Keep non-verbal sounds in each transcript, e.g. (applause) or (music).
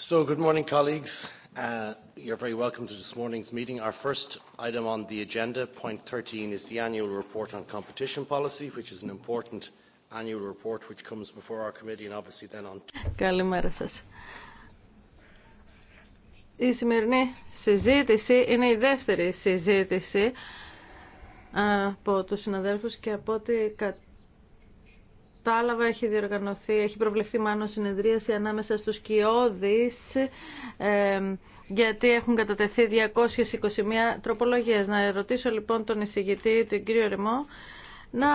So, good morning, colleagues. Uh, you're very welcome to this morning's meeting. Our first item on the agenda, point 13, is the annual report on competition policy, which is an important annual report which comes before our committee and obviously then on... Καλημέρα σας. Η σημερινή συζήτηση είναι η δεύτερη συζήτηση από τους συναδέλφους και από ό,τι κατάλαβα έχει διοργανωθεί, έχει προβλεφθεί μάλλον συνεδρίαση ανάμεσα στους κοιόδης γιατί έχουν κατατεθεί 221 τροπολογίες. Να ρωτήσω λοιπόν τον εισηγητή, τον κύριο Ρημό να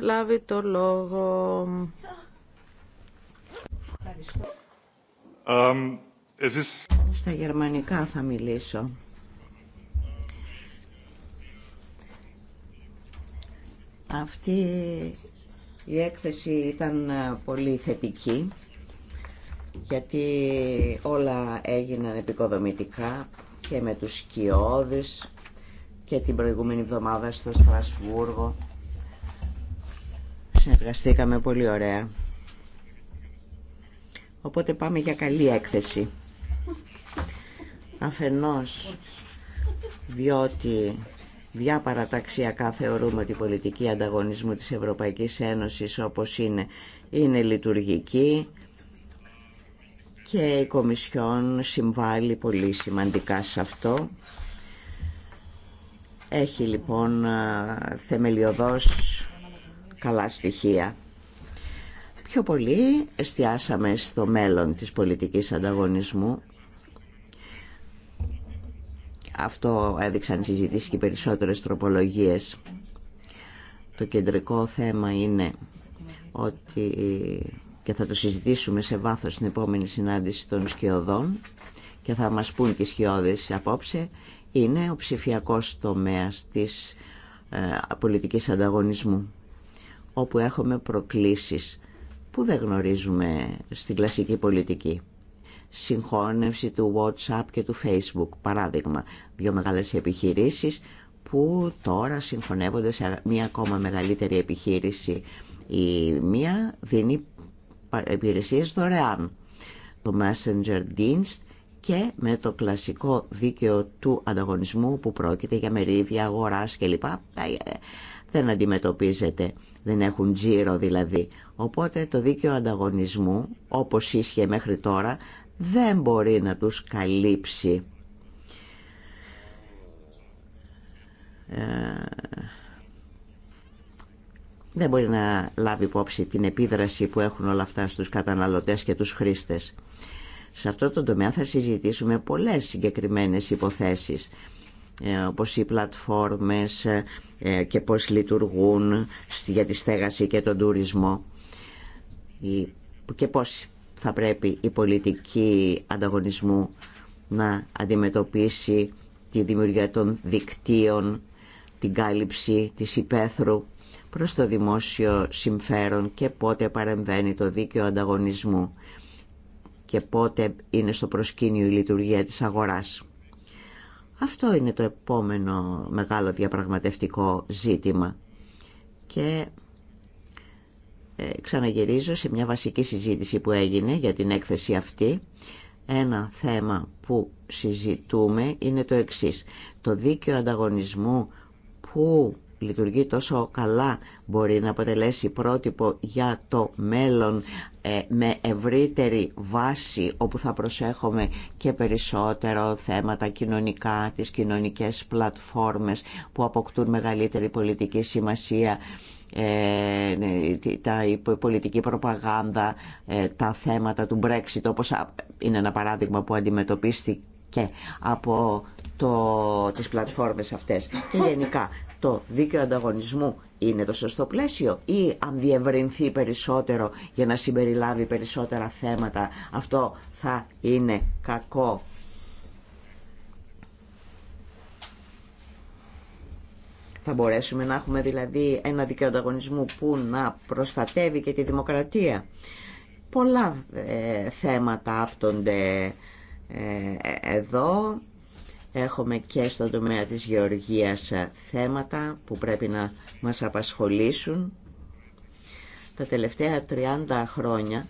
λάβει το λόγο. Um, Στα γερμανικά θα μιλήσω. Αυτή η έκθεση ήταν ε, πολύ θετική γιατί όλα έγιναν επικοδομητικά και με τους σκιώδεις και την προηγούμενη εβδομάδα στο Στρασβούργο. Συνεργαστήκαμε πολύ ωραία. Οπότε πάμε για καλή έκθεση. Αφενός διότι διαπαραταξιακά θεωρούμε ότι η πολιτική ανταγωνισμού της Ευρωπαϊκής Ένωσης όπως είναι, είναι λειτουργική και η Κομισιόν συμβάλλει πολύ σημαντικά σε αυτό. Έχει λοιπόν θεμελιωδώς καλά στοιχεία. Πιο πολύ εστιάσαμε στο μέλλον της πολιτικής ανταγωνισμού αυτό έδειξαν συζητήσεις και περισσότερες τροπολογίες. Το κεντρικό θέμα είναι ότι και θα το συζητήσουμε σε βάθος στην επόμενη συνάντηση των σκιωδών και θα μας πούν και οι σκιώδες απόψε είναι ο ψηφιακός τομέας της ε, πολιτικής ανταγωνισμού όπου έχουμε προκλήσεις που δεν γνωρίζουμε στην κλασική πολιτική συγχώνευση του WhatsApp και του Facebook, παράδειγμα. Δύο μεγάλες επιχειρήσεις που τώρα συγχωνεύονται σε μία ακόμα μεγαλύτερη επιχείρηση. Η μία δίνει υπηρεσίες δωρεάν. Το Messenger Dienst και με το κλασικό δίκαιο του ανταγωνισμού που πρόκειται για μερίδια αγοράς κλπ. Ε, δεν αντιμετωπίζεται, δεν έχουν τζίρο δηλαδή. Οπότε το δίκαιο ανταγωνισμού όπως ίσχυε μέχρι τώρα δεν μπορεί να τους καλύψει. Ε, δεν μπορεί να λάβει υπόψη την επίδραση που έχουν όλα αυτά στους καταναλωτές και τους χρήστες. Σε αυτό το τομέα θα συζητήσουμε πολλές συγκεκριμένες υποθέσεις ε, όπως οι πλατφόρμες ε, και πώς λειτουργούν για τη στέγαση και τον τουρισμό και πώς θα πρέπει η πολιτική ανταγωνισμού να αντιμετωπίσει τη δημιουργία των δικτύων, την κάλυψη της υπαίθρου προς το δημόσιο συμφέρον και πότε παρεμβαίνει το δίκαιο ανταγωνισμού και πότε είναι στο προσκήνιο η λειτουργία της αγοράς. Αυτό είναι το επόμενο μεγάλο διαπραγματευτικό ζήτημα και ε, ξαναγυρίζω σε μια βασική συζήτηση που έγινε για την έκθεση αυτή. Ένα θέμα που συζητούμε είναι το εξής. Το δίκαιο ανταγωνισμού που λειτουργεί τόσο καλά μπορεί να αποτελέσει πρότυπο για το μέλλον ε, με ευρύτερη βάση όπου θα προσέχουμε και περισσότερο θέματα κοινωνικά, τις κοινωνικές πλατφόρμες που αποκτούν μεγαλύτερη πολιτική σημασία ε, ναι, τα πολιτική προπαγάνδα, ε, τα θέματα του Brexit, όπως είναι ένα παράδειγμα που αντιμετωπίστηκε από το, τις πλατφόρμες αυτές. Και γενικά το δίκαιο ανταγωνισμού είναι το σωστό πλαίσιο ή αν διευρυνθεί περισσότερο για να συμπεριλάβει περισσότερα θέματα αυτό θα είναι κακό Θα μπορέσουμε να έχουμε δηλαδή ένα δικαίωτο ανταγωνισμού που να προστατεύει και τη δημοκρατία. Πολλά ε, θέματα άπτονται ε, εδώ. Έχουμε και στον τομέα της γεωργίας ε, θέματα που πρέπει να μας απασχολήσουν. Τα τελευταία 30 χρόνια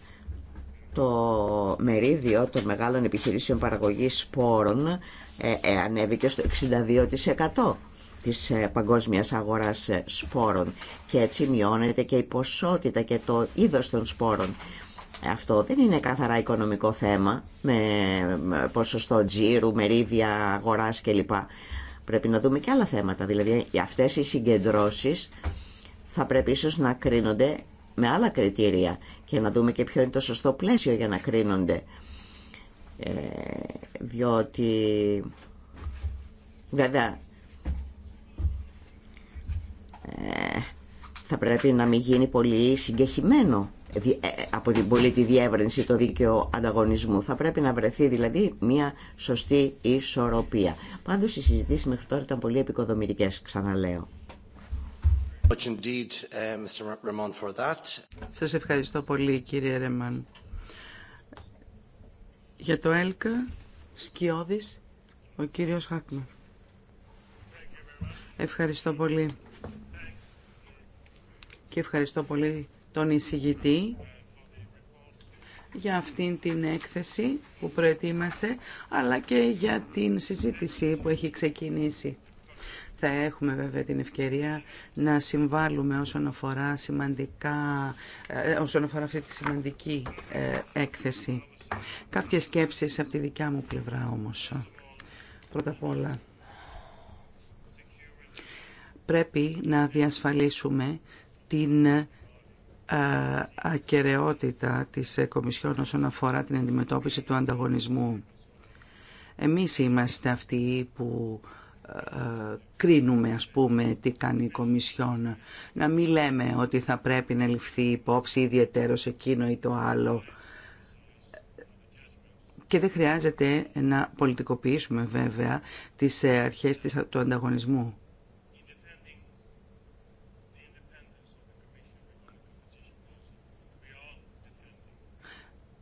το μερίδιο των μεγάλων επιχειρήσεων παραγωγής σπόρων ανέβηκε στο 62% της ε, παγκόσμιας αγοράς ε, σπόρων και έτσι μειώνεται και η ποσότητα και το είδος των σπόρων. Αυτό δεν είναι καθαρά οικονομικό θέμα με ποσοστό τζίρου, μερίδια αγοράς κλπ. Πρέπει να δούμε και άλλα θέματα, δηλαδή αυτές οι συγκεντρώσεις θα πρέπει ίσως να κρίνονται με άλλα κριτήρια και να δούμε και ποιο είναι το σωστό πλαίσιο για να κρίνονται. Ε, διότι βέβαια ε, θα πρέπει να μην γίνει πολύ συγκεχημένο ε, από την πολίτη διεύρυνση το δίκαιο ανταγωνισμού. Θα πρέπει να βρεθεί δηλαδή μια σωστή ισορροπία. Πάντως οι συζητήσει μέχρι τώρα ήταν πολύ επικοδομητικές, ξαναλέω. Uh, Σας ευχαριστώ πολύ κύριε Ρεμάν. Για το ΕΛΚΑ, Σκιώδης, ο κύριος Χάκμα. Ευχαριστώ πολύ και ευχαριστώ πολύ τον εισηγητή για αυτήν την έκθεση που προετοίμασε, αλλά και για την συζήτηση που έχει ξεκινήσει. Θα έχουμε βέβαια την ευκαιρία να συμβάλλουμε όσον αφορά, σημαντικά, ε, όσον αφορά αυτή τη σημαντική ε, έκθεση. Κάποιες σκέψεις από τη δικιά μου πλευρά όμως. Πρώτα απ' όλα, πρέπει να διασφαλίσουμε την ακαιρεότητα της Κομισιόν όσον αφορά την αντιμετώπιση του ανταγωνισμού. Εμείς είμαστε αυτοί που κρίνουμε ας πούμε τι κάνει η Κομισιόν. Να μην λέμε ότι θα πρέπει να ληφθεί υπόψη ιδιαίτερος εκείνο ή το άλλο. Και δεν χρειάζεται να πολιτικοποιήσουμε βέβαια τις αρχές του ανταγωνισμού.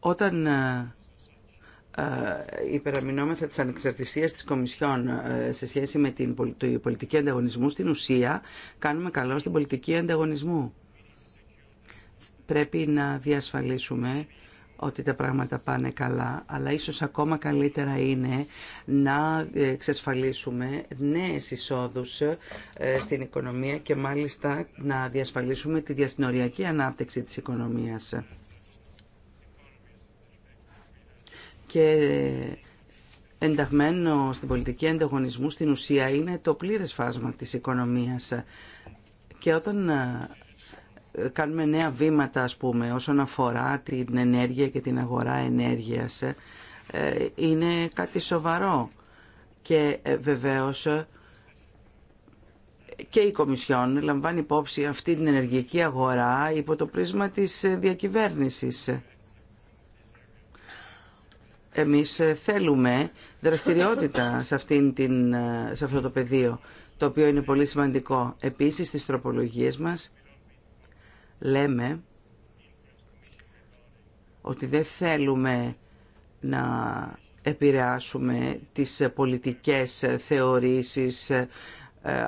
Όταν ε, ε, υπεραμεινόμεθα της ανεξαρτησίας της Κομισιόν ε, σε σχέση με την πολιτική ανταγωνισμού, στην ουσία κάνουμε καλό στην πολιτική ανταγωνισμού. Πρέπει να διασφαλίσουμε ότι τα πράγματα πάνε καλά, αλλά ίσως ακόμα καλύτερα είναι να εξασφαλίσουμε νέες εισόδους στην οικονομία και μάλιστα να διασφαλίσουμε τη διασυνοριακή ανάπτυξη της οικονομίας. και ενταγμένο στην πολιτική ανταγωνισμού στην ουσία είναι το πλήρες φάσμα της οικονομίας. Και όταν ε, κάνουμε νέα βήματα, ας πούμε, όσον αφορά την ενέργεια και την αγορά ενέργειας, ε, είναι κάτι σοβαρό. Και ε, βεβαίως και η Κομισιόν λαμβάνει υπόψη αυτή την ενεργειακή αγορά υπό το πρίσμα της διακυβέρνησης. Εμείς ε, θέλουμε δραστηριότητα σε, αυτήν την, ε, σε αυτό το πεδίο, το οποίο είναι πολύ σημαντικό. Επίσης, στις τροπολογίες μας λέμε ότι δεν θέλουμε να επηρεάσουμε τις πολιτικές θεωρήσεις ε,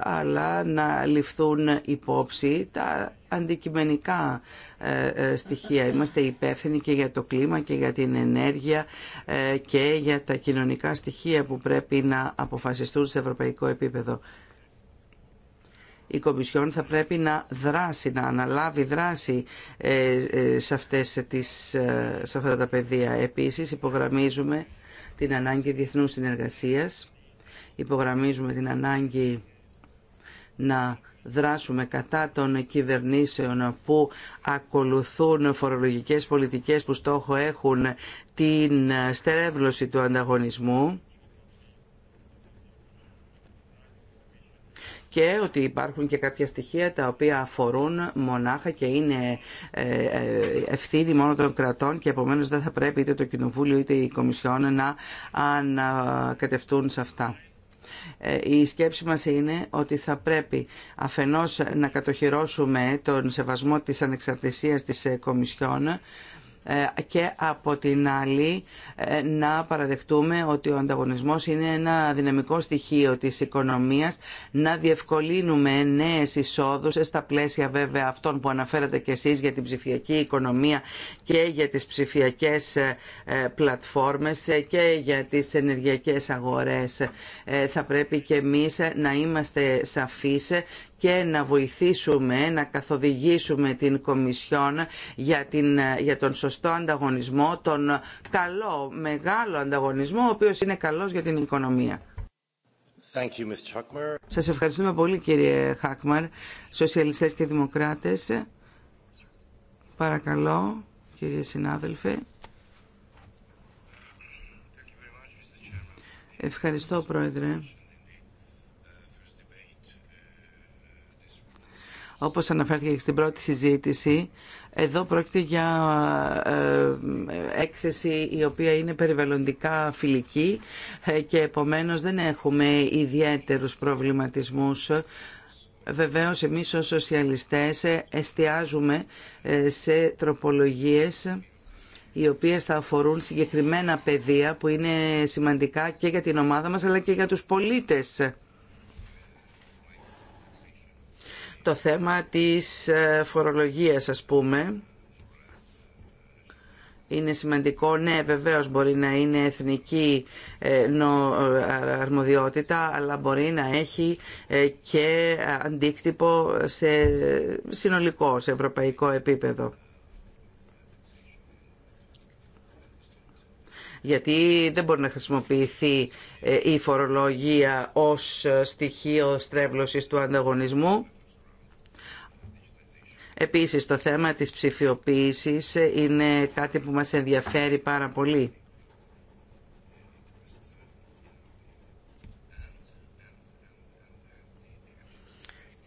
αλλά να ληφθούν υπόψη τα αντικειμενικά ε, ε, στοιχεία. Είμαστε υπεύθυνοι και για το κλίμα και για την ενέργεια ε, και για τα κοινωνικά στοιχεία που πρέπει να αποφασιστούν σε ευρωπαϊκό επίπεδο. Η Κομισιόν θα πρέπει να δράσει, να αναλάβει δράση σε, αυτές τις, σε αυτά τα πεδία. Επίσης υπογραμμίζουμε την ανάγκη διεθνούς συνεργασίας, υπογραμμίζουμε την ανάγκη να δράσουμε κατά των κυβερνήσεων που ακολουθούν φορολογικές πολιτικές που στόχο έχουν την στερεύλωση του ανταγωνισμού και ότι υπάρχουν και κάποια στοιχεία τα οποία αφορούν μονάχα και είναι ε, ε, ευθύνη μόνο των κρατών και επομένως δεν θα πρέπει είτε το Κοινοβούλιο είτε η Κομισιόν να ανακατευτούν σε αυτά. Ε, η σκέψη μας είναι ότι θα πρέπει αφενός να κατοχυρώσουμε τον σεβασμό της ανεξαρτησίας της ε, Κομισιόν ε, και από την άλλη ε, να παραδεχτούμε ότι ο ανταγωνισμός είναι ένα δυναμικό στοιχείο της οικονομίας, να διευκολύνουμε νέες εισόδους ε, στα πλαίσια βέβαια αυτών που αναφέρατε και εσείς για την ψηφιακή οικονομία και για τις ψηφιακές πλατφόρμες και για τις ενεργειακές αγορές. Θα πρέπει και εμείς να είμαστε σαφείς και να βοηθήσουμε, να καθοδηγήσουμε την Κομισιόν για, την, για τον σωστό ανταγωνισμό, τον καλό, μεγάλο ανταγωνισμό, ο οποίος είναι καλός για την οικονομία. Thank you, Σας ευχαριστούμε πολύ κύριε Χάκμαρ, σοσιαλιστές και δημοκράτες. Παρακαλώ, κύριε συνάδελφε. Ευχαριστώ, Πρόεδρε. όπως αναφέρθηκε και στην πρώτη συζήτηση, εδώ πρόκειται για ε, έκθεση η οποία είναι περιβαλλοντικά φιλική ε, και επομένως δεν έχουμε ιδιαίτερους προβληματισμούς Βεβαίως εμείς ως σοσιαλιστές ε, εστιάζουμε σε τροπολογίες οι οποίες θα αφορούν συγκεκριμένα πεδία που είναι σημαντικά και για την ομάδα μας αλλά και για τους πολίτες. το θέμα της ε, φορολογίας ας πούμε είναι σημαντικό. Ναι, βεβαίως μπορεί να είναι εθνική ε, ε, αρμοδιότητα, αλλά μπορεί να έχει και αντίκτυπο σε συνολικό, σε ευρωπαϊκό επίπεδο. Γιατί δεν μπορεί να χρησιμοποιηθεί η φορολογία ως στοιχείο στρέβλωσης του ανταγωνισμού. Επίσης το θέμα της ψηφιοποίησης είναι κάτι που μας ενδιαφέρει πάρα πολύ.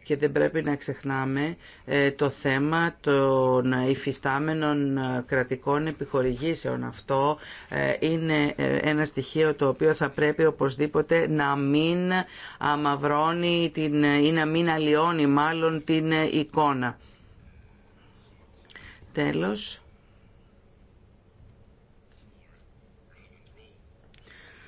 και δεν πρέπει να ξεχνάμε ε, το θέμα των υφιστάμενων ε, κρατικών επιχορηγήσεων. Αυτό ε, είναι ένα στοιχείο το οποίο θα πρέπει οπωσδήποτε να μην αμαυρώνει την, ή να μην αλλοιώνει μάλλον την εικόνα. Τέλος.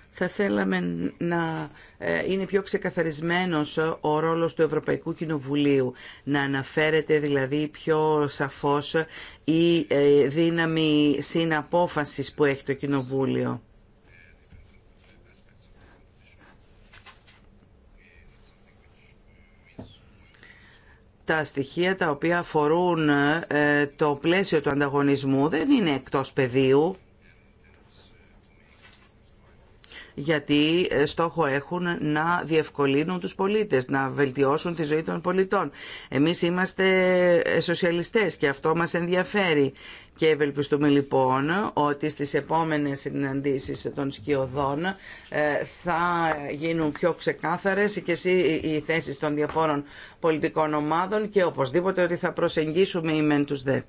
θα θέλαμε να ε, είναι πιο ξεκαθαρισμένος ο ρόλος του Ευρωπαϊκού Κοινοβουλίου, να αναφέρεται δηλαδή πιο σαφώς η ε, δύναμη συναπόφασης που έχει το Κοινοβούλιο. τα στοιχεία τα οποία αφορούν ε, το πλαίσιο του ανταγωνισμού δεν είναι εκτός πεδίου γιατί ε, στόχο έχουν να διευκολύνουν τους πολίτες, να βελτιώσουν τη ζωή των πολιτών. Εμείς είμαστε ε, σοσιαλιστές και αυτό μας ενδιαφέρει. Και ευελπιστούμε λοιπόν ότι στις επόμενες συναντήσεις των σκιωδών ε, θα γίνουν πιο ξεκάθαρες και οι θέσεις των διαφόρων πολιτικών ομάδων και οπωσδήποτε ότι θα προσεγγίσουμε οι μεν τους δε.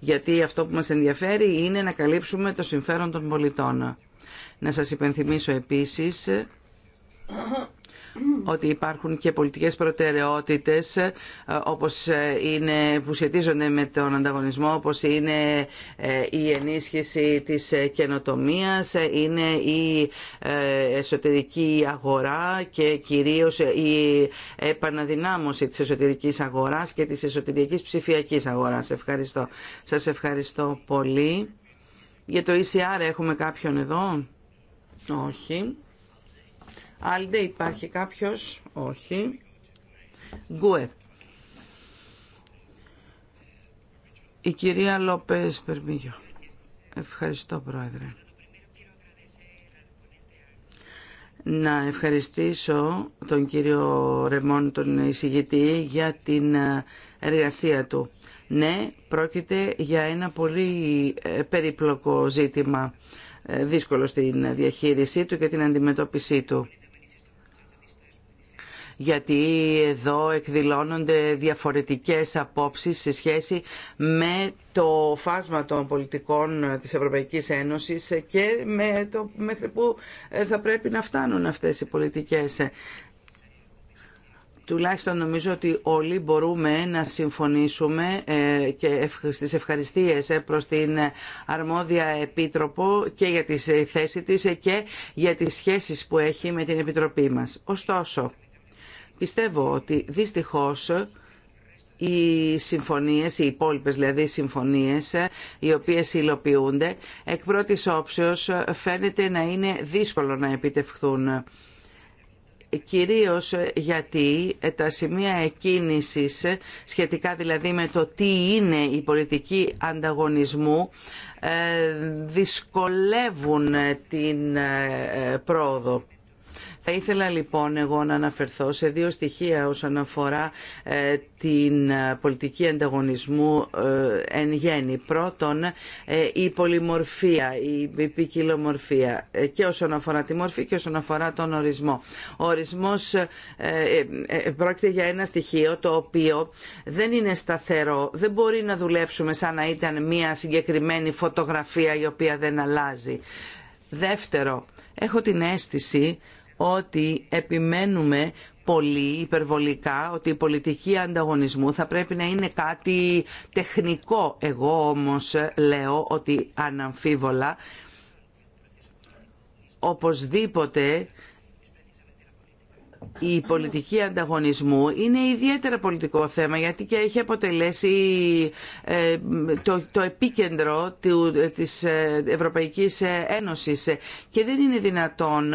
Γιατί αυτό που μας ενδιαφέρει είναι να καλύψουμε το συμφέρον των πολιτών. Να σας υπενθυμίσω επίσης ότι υπάρχουν και πολιτικές προτεραιότητες ε, όπως είναι, που σχετίζονται με τον ανταγωνισμό όπως είναι ε, η ενίσχυση της ε, καινοτομίας, είναι η εσωτερική αγορά και κυρίως η επαναδυνάμωση της εσωτερικής αγοράς και της εσωτερικής ψηφιακής αγοράς. Ευχαριστώ. Σας ευχαριστώ πολύ. Για το ECR έχουμε κάποιον εδώ. Όχι. Άλντε υπάρχει κάποιος. Όχι. Γκουε. Η κυρία Λόπες Περμίγιο. Ευχαριστώ πρόεδρε. Να ευχαριστήσω τον κύριο Ρεμόν τον εισηγητή για την ε, εργασία του. Ναι, πρόκειται για ένα πολύ ε, περίπλοκο ζήτημα, ε, δύσκολο στην διαχείρισή του και την αντιμετώπιση του γιατί εδώ εκδηλώνονται διαφορετικές απόψεις σε σχέση με το φάσμα των πολιτικών της Ευρωπαϊκής Ένωσης και με το μέχρι που ε, θα πρέπει να φτάνουν αυτές οι πολιτικές τουλάχιστον νομίζω ότι όλοι μπορούμε να συμφωνήσουμε ε, και στις ευχαριστίες ε, προς την αρμόδια Επίτροπο και για τη θέση της και για τις σχέσεις που έχει με την Επιτροπή μας. Ωστόσο, Πιστεύω ότι δυστυχώς οι συμφωνίες, οι υπόλοιπες δηλαδή συμφωνίες οι οποίες υλοποιούνται εκ πρώτης όψεως φαίνεται να είναι δύσκολο να επιτευχθούν κυρίως γιατί τα σημεία εκκίνησης σχετικά δηλαδή με το τι είναι η πολιτική ανταγωνισμού ε, δυσκολεύουν την ε, πρόοδο. Θα ήθελα λοιπόν εγώ να αναφερθώ σε δύο στοιχεία όσον αφορά ε, την ε, πολιτική ανταγωνισμού ε, εν γέννη. Πρώτον, η πολυμορφία, η ποικιλομορφία και όσον αφορά τη μορφή και όσον αφορά τον ορισμό. Ο ορισμός πρόκειται για ένα στοιχείο το οποίο δεν είναι σταθερό. Δεν μπορεί να δουλέψουμε σαν να ήταν μια συγκεκριμένη φωτογραφία η οποία δεν αλλάζει. Δεύτερο, έχω την αίσθηση ότι επιμένουμε πολύ υπερβολικά ότι η πολιτική ανταγωνισμού θα πρέπει να είναι κάτι τεχνικό. Εγώ όμως λέω ότι αναμφίβολα οπωσδήποτε η πολιτική ανταγωνισμού είναι ιδιαίτερα πολιτικό θέμα γιατί και έχει αποτελέσει ε, το, το επίκεντρο της ε, Ευρωπαϊκής Ένωσης και δεν είναι δυνατόν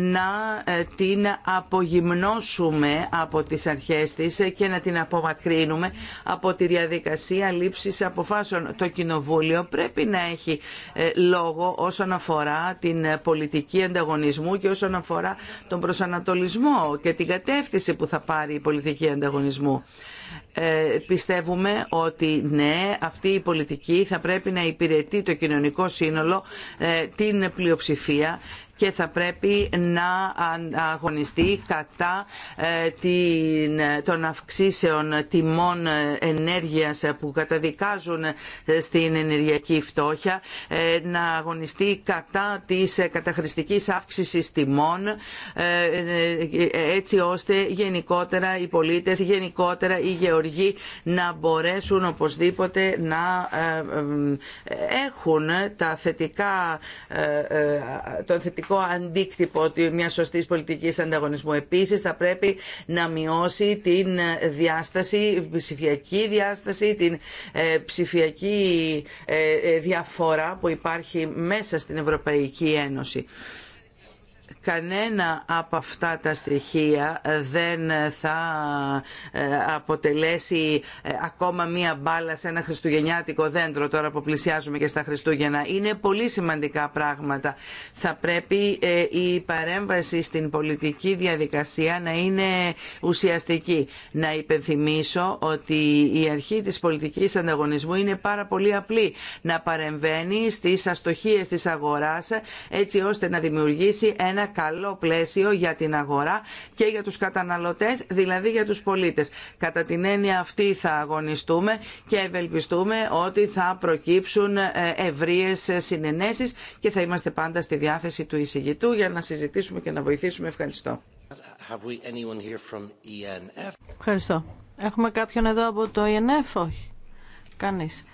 να ε, την απογυμνώσουμε από τις αρχές της και να την απομακρύνουμε από τη διαδικασία λήψης αποφάσεων. Το Κοινοβούλιο πρέπει να έχει ε, λόγο όσον αφορά την πολιτική ανταγωνισμού και όσον αφορά τον προσανατολισμό και την κατεύθυνση που θα πάρει η πολιτική ανταγωνισμού. Ε, πιστεύουμε ότι ναι, αυτή η πολιτική θα πρέπει να υπηρετεί το κοινωνικό σύνολο, την πλειοψηφία και θα πρέπει να αγωνιστεί κατά ε, των αυξήσεων τιμών ε, ενέργειας που καταδικάζουν ε, στην ενεργειακή φτώχεια, να αγωνιστεί κατά της καταχρηστικής αύξησης τιμών έτσι ώστε γενικότερα οι πολίτες, γενικότερα οι γεωργοί να μπορέσουν οπωσδήποτε να έχουν τα θετικά, το θετικό θετικό αντίκτυπο μια σωστή πολιτική ανταγωνισμού. Επίση, θα πρέπει να μειώσει την διάσταση, ψηφιακή διάσταση, την ε, ψηφιακή ε, ε, διαφορά που υπάρχει μέσα στην Ευρωπαϊκή Ένωση κανένα από αυτά τα στοιχεία δεν θα ε, αποτελέσει ε, ακόμα μία μπάλα σε ένα χριστουγεννιάτικο δέντρο τώρα που πλησιάζουμε και στα Χριστούγεννα. Είναι πολύ σημαντικά πράγματα. Θα πρέπει ε, η παρέμβαση στην πολιτική διαδικασία να είναι ουσιαστική. Να υπενθυμίσω ότι η αρχή της πολιτικής ανταγωνισμού είναι πάρα πολύ απλή. Να παρεμβαίνει στις αστοχίες της αγοράς έτσι ώστε να δημιουργήσει ένα καλό πλαίσιο για την αγορά και για τους καταναλωτές, δηλαδή για τους πολίτες. Κατά την έννοια αυτή θα αγωνιστούμε και ευελπιστούμε ότι θα προκύψουν ε, ευρείες συνενέσεις και θα είμαστε πάντα στη διάθεση του εισηγητού για να συζητήσουμε και να βοηθήσουμε. Ευχαριστώ. E Ευχαριστώ. Έχουμε κάποιον εδώ από το ENF. όχι. Κανείς.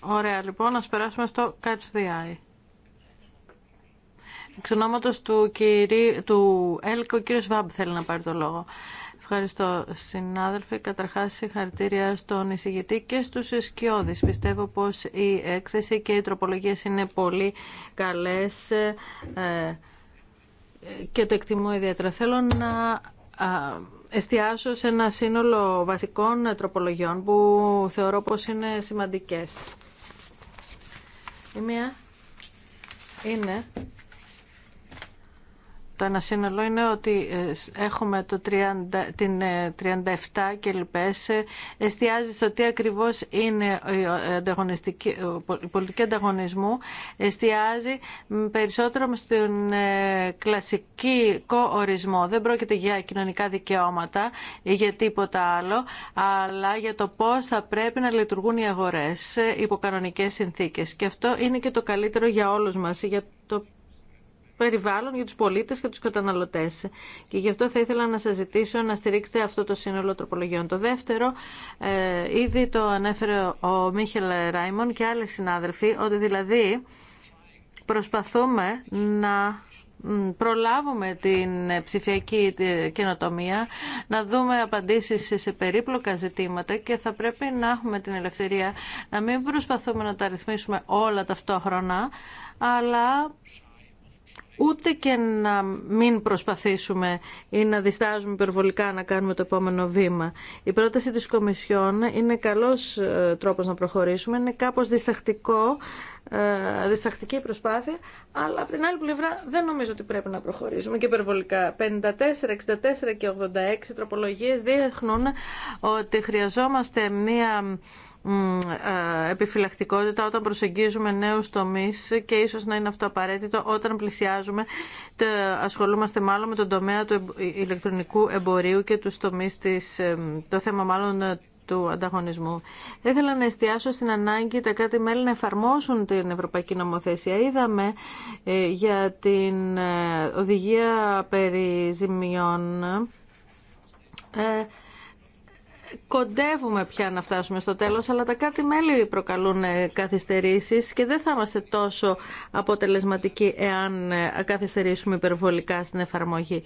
Ωραία, λοιπόν, ας περάσουμε στο Catch the Eye. Εξ ονόματος του, κυρί... του ΕΛΚ, ο κύριος Βάμπ θέλει να πάρει το λόγο. Ευχαριστώ συνάδελφοι. Καταρχάς συγχαρητήρια στον εισηγητή και στους εσκιώδεις. Πιστεύω πως η έκθεση και οι τροπολογίε είναι πολύ καλές ε, και το εκτιμώ ιδιαίτερα. Θέλω να εστιάσω σε ένα σύνολο βασικών τροπολογιών που θεωρώ πως είναι σημαντικές. Η μία είναι το ένα σύνολο είναι ότι ε, έχουμε το 30, την 37 ε, και λοιπές ε, εστιάζει στο τι ακριβώς είναι η, πολιτική ανταγωνισμού εστιάζει περισσότερο στον κλασική ορισμό δεν πρόκειται για κοινωνικά δικαιώματα ή για τίποτα άλλο αλλά για το πώς θα πρέπει να λειτουργούν οι αγορές υπό κανονικές συνθήκες και αυτό είναι και το καλύτερο για όλους μας για το περιβάλλον, για τους πολίτες και τους καταναλωτές. Και γι' αυτό θα ήθελα να σας ζητήσω να στηρίξετε αυτό το σύνολο τροπολογιών. Το δεύτερο, ε, ήδη το ανέφερε ο Μίχελ Ράιμον και άλλοι συνάδελφοι, ότι δηλαδή προσπαθούμε να προλάβουμε την ψηφιακή ε, καινοτομία, να δούμε απαντήσεις σε περίπλοκα ζητήματα και θα πρέπει να έχουμε την ελευθερία να μην προσπαθούμε να τα ρυθμίσουμε όλα ταυτόχρονα, αλλά ούτε και να μην προσπαθήσουμε ή να διστάζουμε υπερβολικά να κάνουμε το επόμενο βήμα. Η πρόταση της Κομισιόν είναι καλός ε, τρόπος να προχωρήσουμε, είναι κάπως διστακτικό, ε, διστακτική προσπάθεια, αλλά από την άλλη πλευρά δεν νομίζω ότι πρέπει να προχωρήσουμε και υπερβολικά. 54, 64 και 86 τροπολογίες δείχνουν ότι χρειαζόμαστε μία ε, επιφυλακτικότητα όταν προσεγγίζουμε νέους τομείς και ίσως να είναι αυτό απαραίτητο όταν πλησιάζουμε, ασχολούμαστε μάλλον με τον τομέα του ε, ηλεκτρονικού εμπορίου και του τομείς της, ε, το θέμα μάλλον του ανταγωνισμού. Θα ήθελα να εστιάσω στην ανάγκη τα κράτη-μέλη να εφαρμόσουν την Ευρωπαϊκή Νομοθεσία. Είδαμε για την οδηγία περί ζημιών κοντεύουμε πια να φτάσουμε στο τέλος, αλλά τα κάτι μέλη προκαλούν ε, καθυστερήσεις και δεν θα είμαστε τόσο αποτελεσματικοί εάν ε, καθυστερήσουμε υπερβολικά στην εφαρμογή.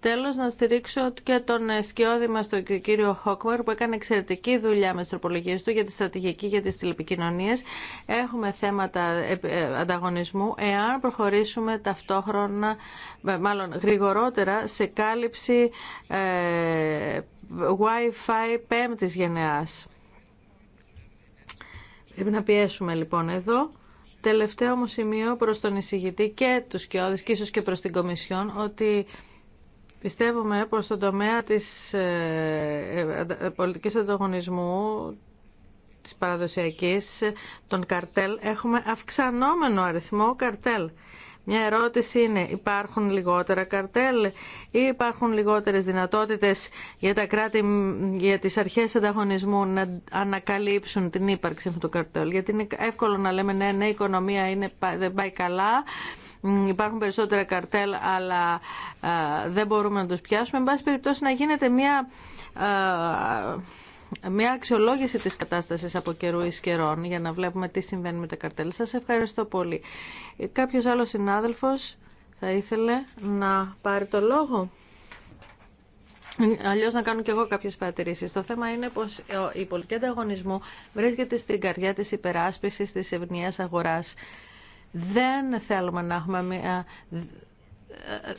Τέλος, να στηρίξω και τον ε, σκιώδη μας τον κύριο Χόκμαρ που έκανε εξαιρετική δουλειά με τις τροπολογίες του για τη στρατηγική για τις τηλεπικοινωνίες. Έχουμε θέματα ανταγωνισμού εάν προχωρήσουμε ταυτόχρονα, μάλλον γρηγορότερα, σε κάλυψη ε, Wi-Fi πέμπτης γενεάς. Πρέπει να πιέσουμε λοιπόν εδώ. Τελευταίο μου σημείο προς τον εισηγητή και τους σκιώδεις και ίσως και προς την Κομισιόν ότι πιστεύουμε πως στον τομέα της ε, ε, πολιτικής ανταγωνισμού της παραδοσιακής ε, των καρτέλ έχουμε αυξανόμενο αριθμό καρτέλ. Μια ερώτηση είναι, υπάρχουν λιγότερα καρτέλ ή υπάρχουν λιγότερες δυνατότητες για, τα κράτη, για τις αρχές ανταγωνισμού να ανακαλύψουν την ύπαρξη αυτού του καρτέλ. Γιατί είναι εύκολο να λέμε ναι, ναι η οικονομία είναι, δεν πάει καλά, υπάρχουν περισσότερα καρτέλ αλλά ε, δεν μπορούμε να τους πιάσουμε. Εν πάση περιπτώσει να γίνεται μια... Ε, μια αξιολόγηση της κατάστασης από καιρού εις καιρών για να βλέπουμε τι συμβαίνει με τα καρτέλ. Σας ευχαριστώ πολύ. Κάποιος άλλος συνάδελφος θα ήθελε να πάρει το λόγο. Αλλιώς να κάνω και εγώ κάποιες παρατηρήσεις. Το θέμα είναι πως ε, η πολιτική ανταγωνισμού βρίσκεται στην καρδιά της υπεράσπιση της ευνοίας αγορά. Δεν θέλουμε να έχουμε μια ε,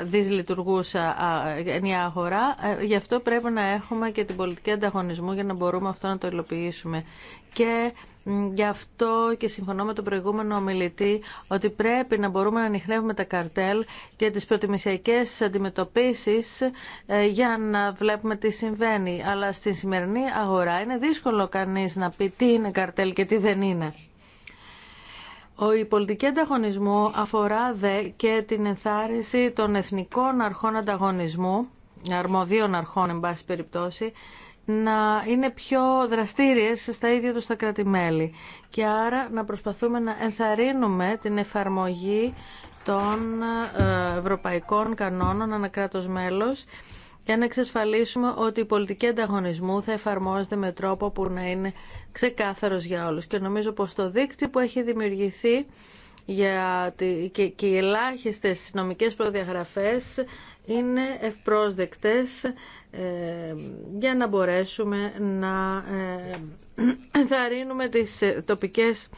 ε, δυσλειτουργούσα ε, ενιαία αγορά. Γι' αυτό πρέπει να έχουμε και την πολιτική ανταγωνισμού για να μπορούμε αυτό να το υλοποιήσουμε. Και γι' αυτό και συμφωνώ με τον προηγούμενο ομιλητή ότι πρέπει να μπορούμε να ανοιχνεύουμε τα καρτέλ και τις προτιμησιακές αντιμετωπίσεις για να βλέπουμε τι συμβαίνει. Αλλά στην σημερινή αγορά είναι δύσκολο κανείς να πει τι είναι καρτέλ και τι δεν είναι. Ο πολιτική ανταγωνισμού αφορά δε και την ενθάρρυνση των εθνικών αρχών ανταγωνισμού, αρμοδίων αρχών εν περιπτώσει, να είναι πιο δραστήριες στα ίδια τους τα κράτη-μέλη και άρα να προσπαθούμε να ενθαρρύνουμε την εφαρμογή των ε, ευρωπαϊκών κανόνων ανακράτως μέλος για να εξασφαλίσουμε ότι η πολιτική ανταγωνισμού θα εφαρμόζεται με τρόπο που να είναι ξεκάθαρος για όλους. Και νομίζω πως το δίκτυο που έχει δημιουργηθεί για τη, και, και οι ελάχιστες νομικές προδιαγραφές είναι ευπρόσδεκτες ε, για να μπορέσουμε να ε, τις ε, τοπικές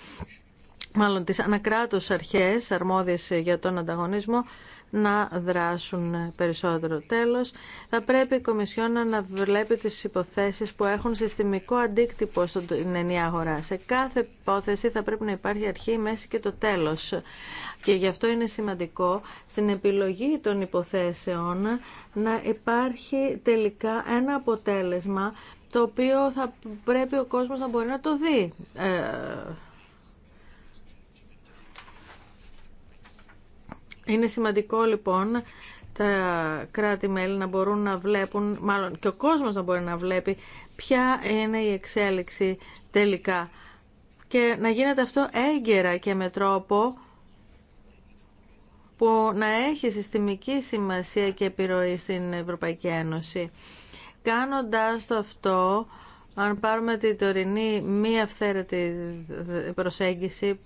μάλλον τις ανακράτους αρχές αρμόδιες για τον ανταγωνισμό να δράσουν περισσότερο. Τέλος, θα πρέπει η Κομισιόν να βλέπει τις υποθέσεις που έχουν συστημικό αντίκτυπο στην ενιαία αγορά. Σε κάθε υπόθεση θα πρέπει να υπάρχει αρχή, μέση και το τέλος. Και γι' αυτό είναι σημαντικό στην επιλογή των υποθέσεων να υπάρχει τελικά ένα αποτέλεσμα το οποίο θα πρέπει ο κόσμος να μπορεί να το δει. Ε, Είναι σημαντικό λοιπόν τα κράτη-μέλη να μπορούν να βλέπουν, μάλλον και ο κόσμος να μπορεί να βλέπει ποια είναι η εξέλιξη τελικά και να γίνεται αυτό έγκαιρα και με τρόπο που να έχει συστημική σημασία και επιρροή στην Ευρωπαϊκή Ένωση. Κάνοντας το αυτό, αν πάρουμε την τωρινή μη αυθαίρετη προσέγγιση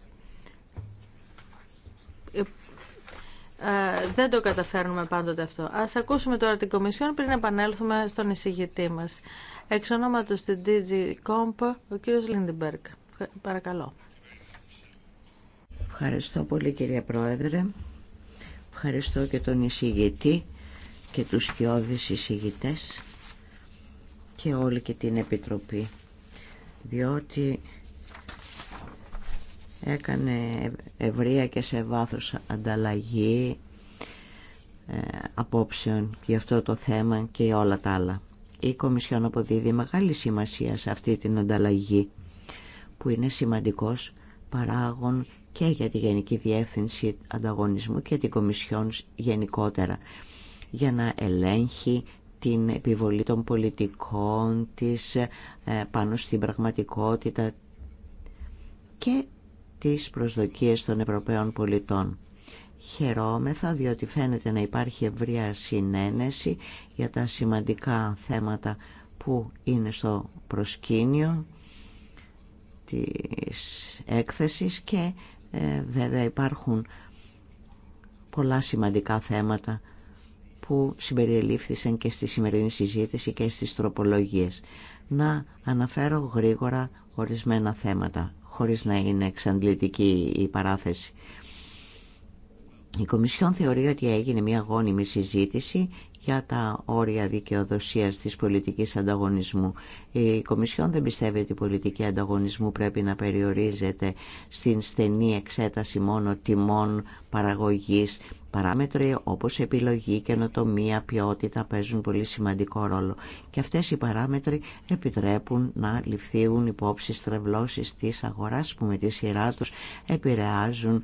ε, δεν το καταφέρνουμε πάντοτε αυτό. Ας ακούσουμε τώρα την Κομισιόν πριν επανέλθουμε στον εισηγητή μας. Εξ ονόματος στην DG Comp, ο κύριος Λίντιμπεργκ. Παρακαλώ. Ευχαριστώ πολύ κυρία Πρόεδρε. Ευχαριστώ και τον εισηγητή και τους σκιώδεις εισηγητές και όλη και την Επιτροπή διότι έκανε ευρεία και σε βάθος ανταλλαγή ε, απόψεων για αυτό το θέμα και όλα τα άλλα. Η Κομισιόν αποδίδει μεγάλη σημασία σε αυτή την ανταλλαγή που είναι σημαντικός παράγων και για τη Γενική Διεύθυνση Ανταγωνισμού και την Κομισιόν γενικότερα για να ελέγχει την επιβολή των πολιτικών της ε, πάνω στην πραγματικότητα και τις προσδοκίες των Ευρωπαίων πολιτών. Χαιρόμεθα διότι φαίνεται να υπάρχει ευρεία συνένεση για τα σημαντικά θέματα που είναι στο προσκήνιο της έκθεσης και ε, βέβαια υπάρχουν πολλά σημαντικά θέματα που συμπεριελήφθησαν και στη σημερινή συζήτηση και στις τροπολογίες. Να αναφέρω γρήγορα ορισμένα θέματα χωρίς να είναι εξαντλητική η παράθεση. Η Κομισιόν θεωρεί ότι έγινε μια γόνιμη συζήτηση για τα όρια δικαιοδοσίας της πολιτικής ανταγωνισμού. Η Κομισιόν δεν πιστεύει ότι η πολιτική ανταγωνισμού πρέπει να περιορίζεται στην στενή εξέταση μόνο τιμών παραγωγής Παράμετροι όπως επιλογή, καινοτομία, ποιότητα παίζουν πολύ σημαντικό ρόλο και αυτές οι παράμετροι επιτρέπουν να ληφθείουν υπόψη στρεβλώσεις της αγοράς που με τη σειρά τους επηρεάζουν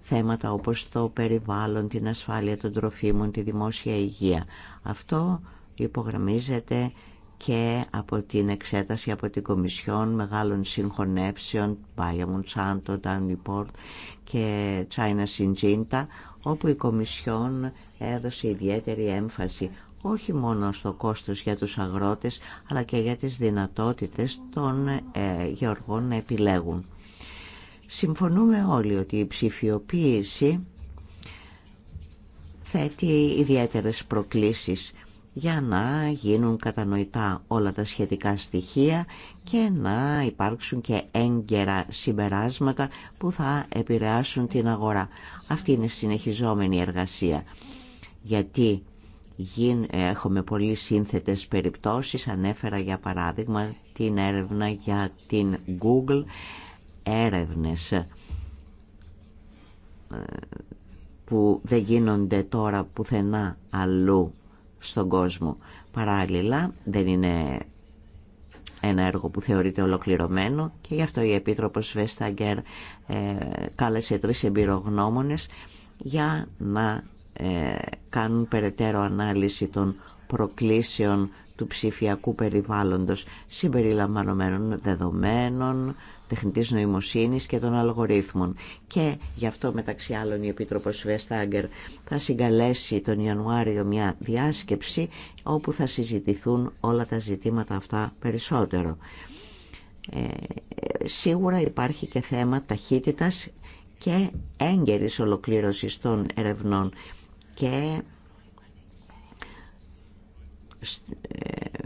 θέματα όπως το περιβάλλον, την ασφάλεια των τροφίμων, τη δημόσια υγεία. Αυτό υπογραμμίζεται και από την εξέταση από την Κομισιόν μεγάλων συγχωνεύσεων Bayer Μουντσάντο, Ντάνι και China Σιντζίντα όπου η Κομισιόν έδωσε ιδιαίτερη έμφαση όχι μόνο στο κόστος για τους αγρότες, αλλά και για τις δυνατότητες των ε, γεωργών να επιλέγουν. Συμφωνούμε όλοι ότι η ψηφιοποίηση θέτει ιδιαίτερες προκλήσεις για να γίνουν κατανοητά όλα τα σχετικά στοιχεία και να υπάρξουν και έγκαιρα συμπεράσματα που θα επηρεάσουν την αγορά. Αυτή είναι συνεχιζόμενη εργασία. Γιατί έχουμε πολύ σύνθετες περιπτώσεις. Ανέφερα για παράδειγμα την έρευνα για την Google έρευνες ε, που δεν γίνονται τώρα πουθενά αλλού στον κόσμο. Παράλληλα, δεν είναι ένα έργο που θεωρείται ολοκληρωμένο και γι' αυτό η Επίτροπος Βέσταγκερ ε, κάλεσε τρεις εμπειρογνώμονες για να ε, κάνουν περαιτέρω ανάλυση των προκλήσεων του ψηφιακού περιβάλλοντος συμπεριλαμβανομένων δεδομένων, τεχνητής νοημοσύνης και των αλγορίθμων. Και γι' αυτό μεταξύ άλλων η Επίτροπος Βεστάγκερ θα συγκαλέσει τον Ιανουάριο μια διάσκεψη όπου θα συζητηθούν όλα τα ζητήματα αυτά περισσότερο. Ε, σίγουρα υπάρχει και θέμα ταχύτητας και έγκαιρης ολοκλήρωσης των ερευνών και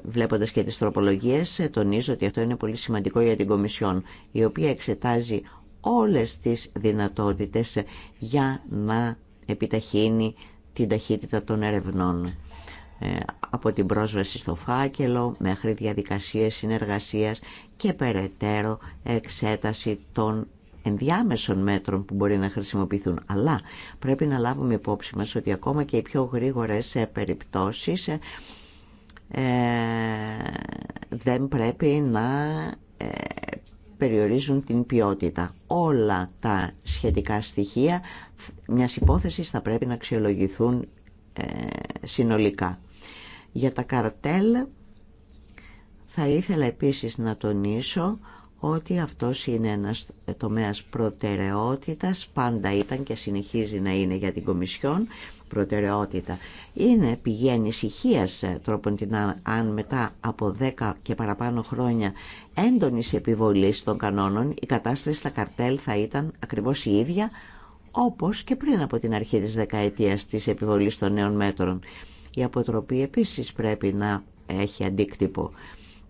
βλέποντας και τι τροπολογίες, ε, τονίζω ότι αυτό είναι πολύ σημαντικό για την Κομισιόν, η οποία εξετάζει όλες τις δυνατότητες ε, για να επιταχύνει την ταχύτητα των ερευνών. Ε, από την πρόσβαση στο φάκελο μέχρι διαδικασίες συνεργασίας και περαιτέρω εξέταση των ενδιάμεσων μέτρων που μπορεί να χρησιμοποιηθούν. Αλλά πρέπει να λάβουμε υπόψη μας ότι ακόμα και οι πιο γρήγορες περιπτώσεις ε, δεν πρέπει να ε, περιορίζουν την ποιότητα. Όλα τα σχετικά στοιχεία μιας υπόθεσης θα πρέπει να αξιολογηθούν ε, συνολικά. Για τα καρτέλ θα ήθελα επίσης να τονίσω ότι αυτός είναι ένας τομέας προτεραιότητας, πάντα ήταν και συνεχίζει να είναι για την Κομισιόν προτεραιότητα. Είναι πηγή ανησυχία ε, τρόπον την αν μετά από 10 και παραπάνω χρόνια έντονη επιβολή των κανόνων η κατάσταση στα καρτέλ θα ήταν ακριβώ η ίδια όπως και πριν από την αρχή της δεκαετίας τη επιβολή των νέων μέτρων. Η αποτροπή επίσης πρέπει να έχει αντίκτυπο.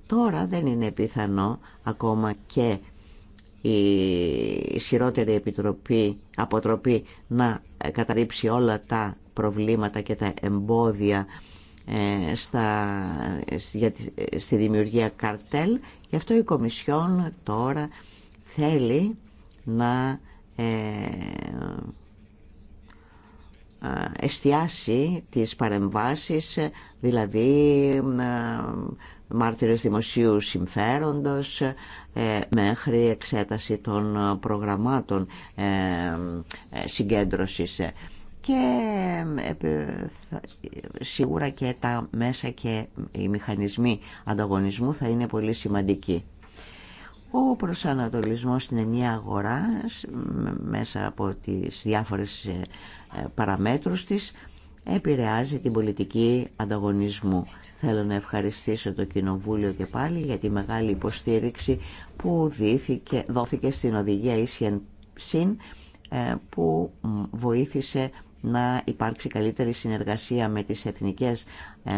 Τώρα δεν είναι πιθανό ακόμα και η ισχυρότερη επιτροπή, αποτροπή να ε, καταρρύψει όλα τα προβλήματα και τα εμπόδια ε, στα, για, στη δημιουργία καρτέλ. Γι' αυτό η Κομισιόν τώρα θέλει να ε, ε, εστιάσει τις παρεμβάσεις, δηλαδή μάρτυρες δημοσίου συμφέροντος μέχρι εξέταση των προγραμμάτων συγκέντρωσης και ε, σίγουρα και τα μέσα και οι μηχανισμοί ανταγωνισμού θα είναι πολύ σημαντικοί. Ο προσανατολισμός στην ενιαία αγορά μέσα από τις διάφορες ε, παραμέτρους της επηρεάζει την πολιτική ανταγωνισμού. Θέλω να ευχαριστήσω το Κοινοβούλιο και πάλι για τη μεγάλη υποστήριξη που δόθηκε στην οδηγία Ίσιαν Συν ε, που βοήθησε να υπάρξει καλύτερη συνεργασία με τις εθνικές ε,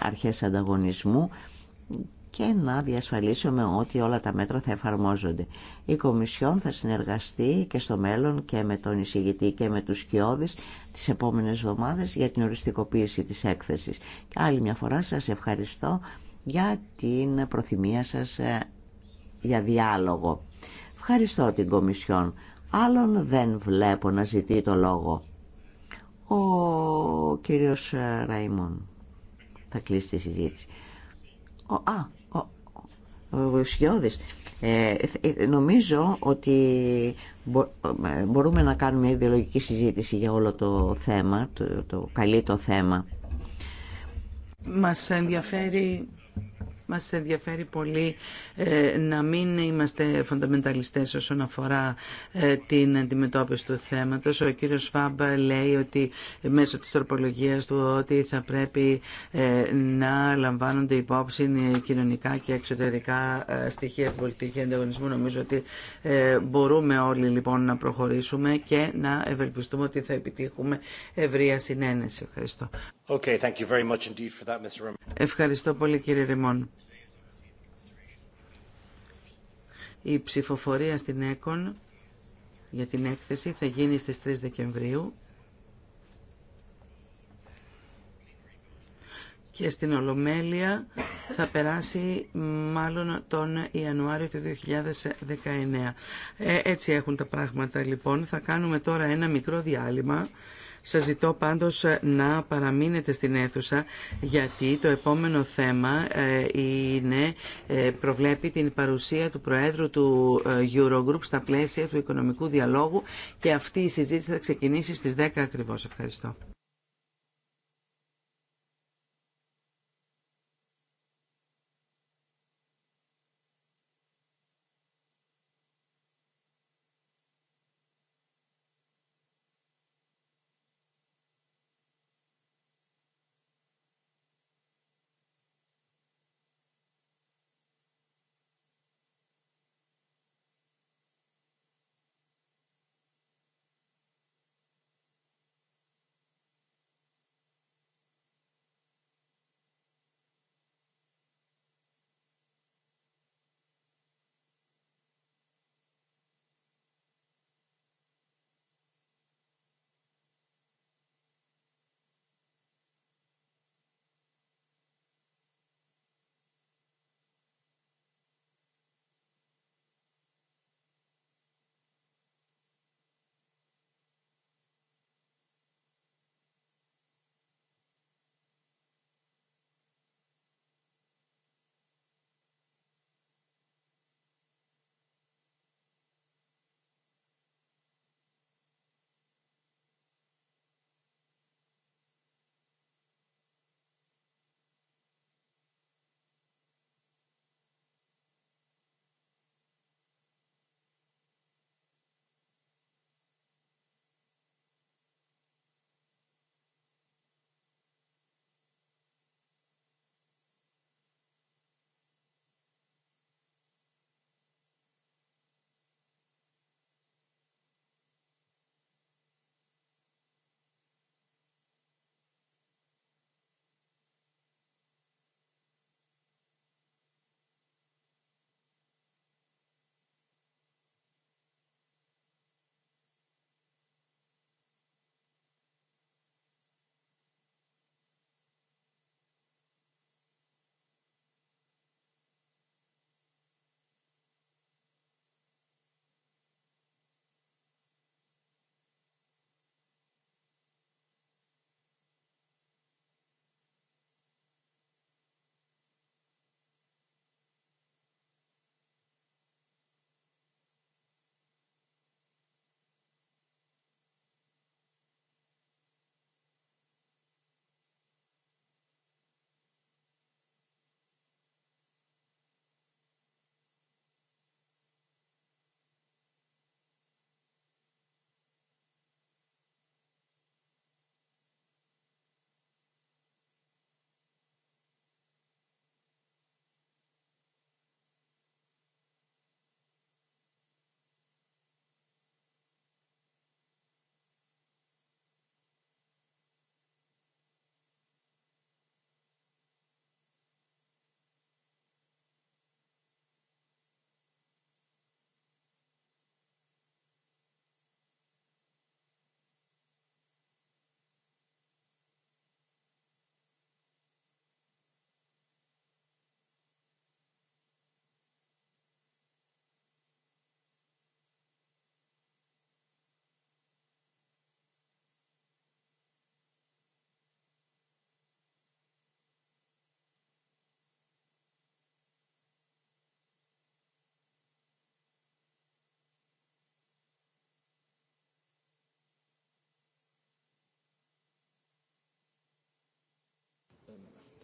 αρχές ανταγωνισμού και να διασφαλίσουμε ότι όλα τα μέτρα θα εφαρμόζονται. Η Κομισιόν θα συνεργαστεί και στο μέλλον και με τον εισηγητή και με τους σκιώδεις τις επόμενες εβδομάδες για την οριστικοποίηση της έκθεσης. Και άλλη μια φορά σας ευχαριστώ για την προθυμία σας ε, για διάλογο. Ευχαριστώ την Κομισιόν. Άλλον δεν βλέπω να ζητεί το λόγο. Ο κύριος Ραϊμόν θα κλείσει τη συζήτηση. Ο, α, ο, ο, ε, ε, νομίζω ότι ε, μπορούμε να κάνουμε μια ιδεολογική συζήτηση για όλο το θέμα, το, το θέμα. Μας ενδιαφέρει μας ενδιαφέρει πολύ ε, να μην είμαστε φονταμενταλιστές όσον αφορά ε, την αντιμετώπιση του θέματος. Ο κύριος Φάμπ λέει ότι ε, μέσω της τροπολογίας του ότι θα πρέπει να λαμβάνονται υπόψη κοινωνικά και εξωτερικά στοιχεία στην πολιτική ανταγωνισμού. Νομίζω ότι μπορούμε όλοι λοιπόν να προχωρήσουμε και να ευελπιστούμε ότι θα επιτύχουμε ευρεία συνένεση. Ευχαριστώ. Ευχαριστώ πολύ κύριε Ρημόν. Η ψηφοφορία στην ΕΚΟΝ για την έκθεση θα γίνει στις 3 Δεκεμβρίου και στην Ολομέλεια θα περάσει μάλλον τον Ιανουάριο του 2019. Ε, έτσι έχουν τα πράγματα λοιπόν. Θα κάνουμε τώρα ένα μικρό διάλειμμα. Σας ζητώ πάντως ε, να παραμείνετε στην αίθουσα γιατί το επόμενο θέμα ε, είναι, ε, προβλέπει την παρουσία του Προέδρου του Eurogroup στα πλαίσια του οικονομικού διαλόγου και αυτή η συζήτηση θα ξεκινήσει στις 10 ακριβώς. Ευχαριστώ.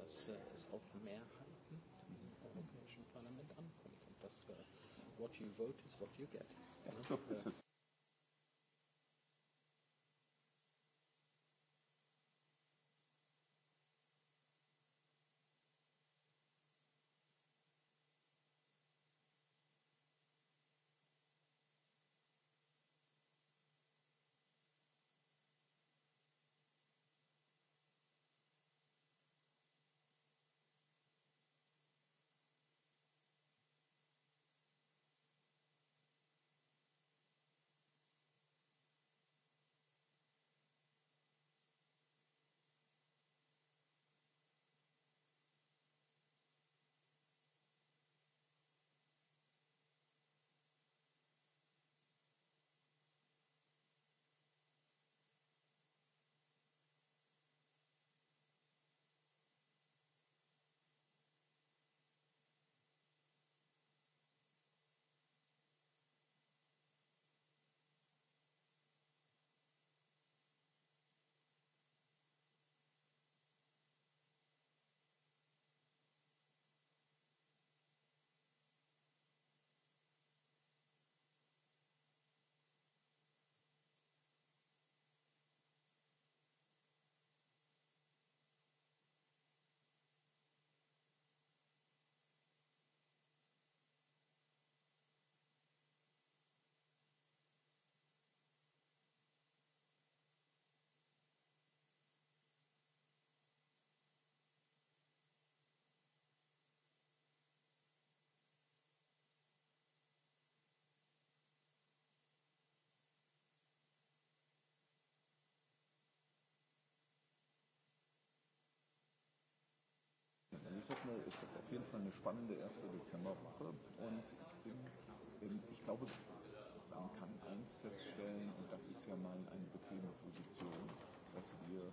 dass es auf Mehrheiten im Europäischen Parlament ankommt und dass what you vote is what you get. So ist es. Es ist auf jeden Fall eine spannende erste Dezemberwoche. Und ich glaube, man kann eins feststellen, und das ist ja mal eine bequeme Position, dass wir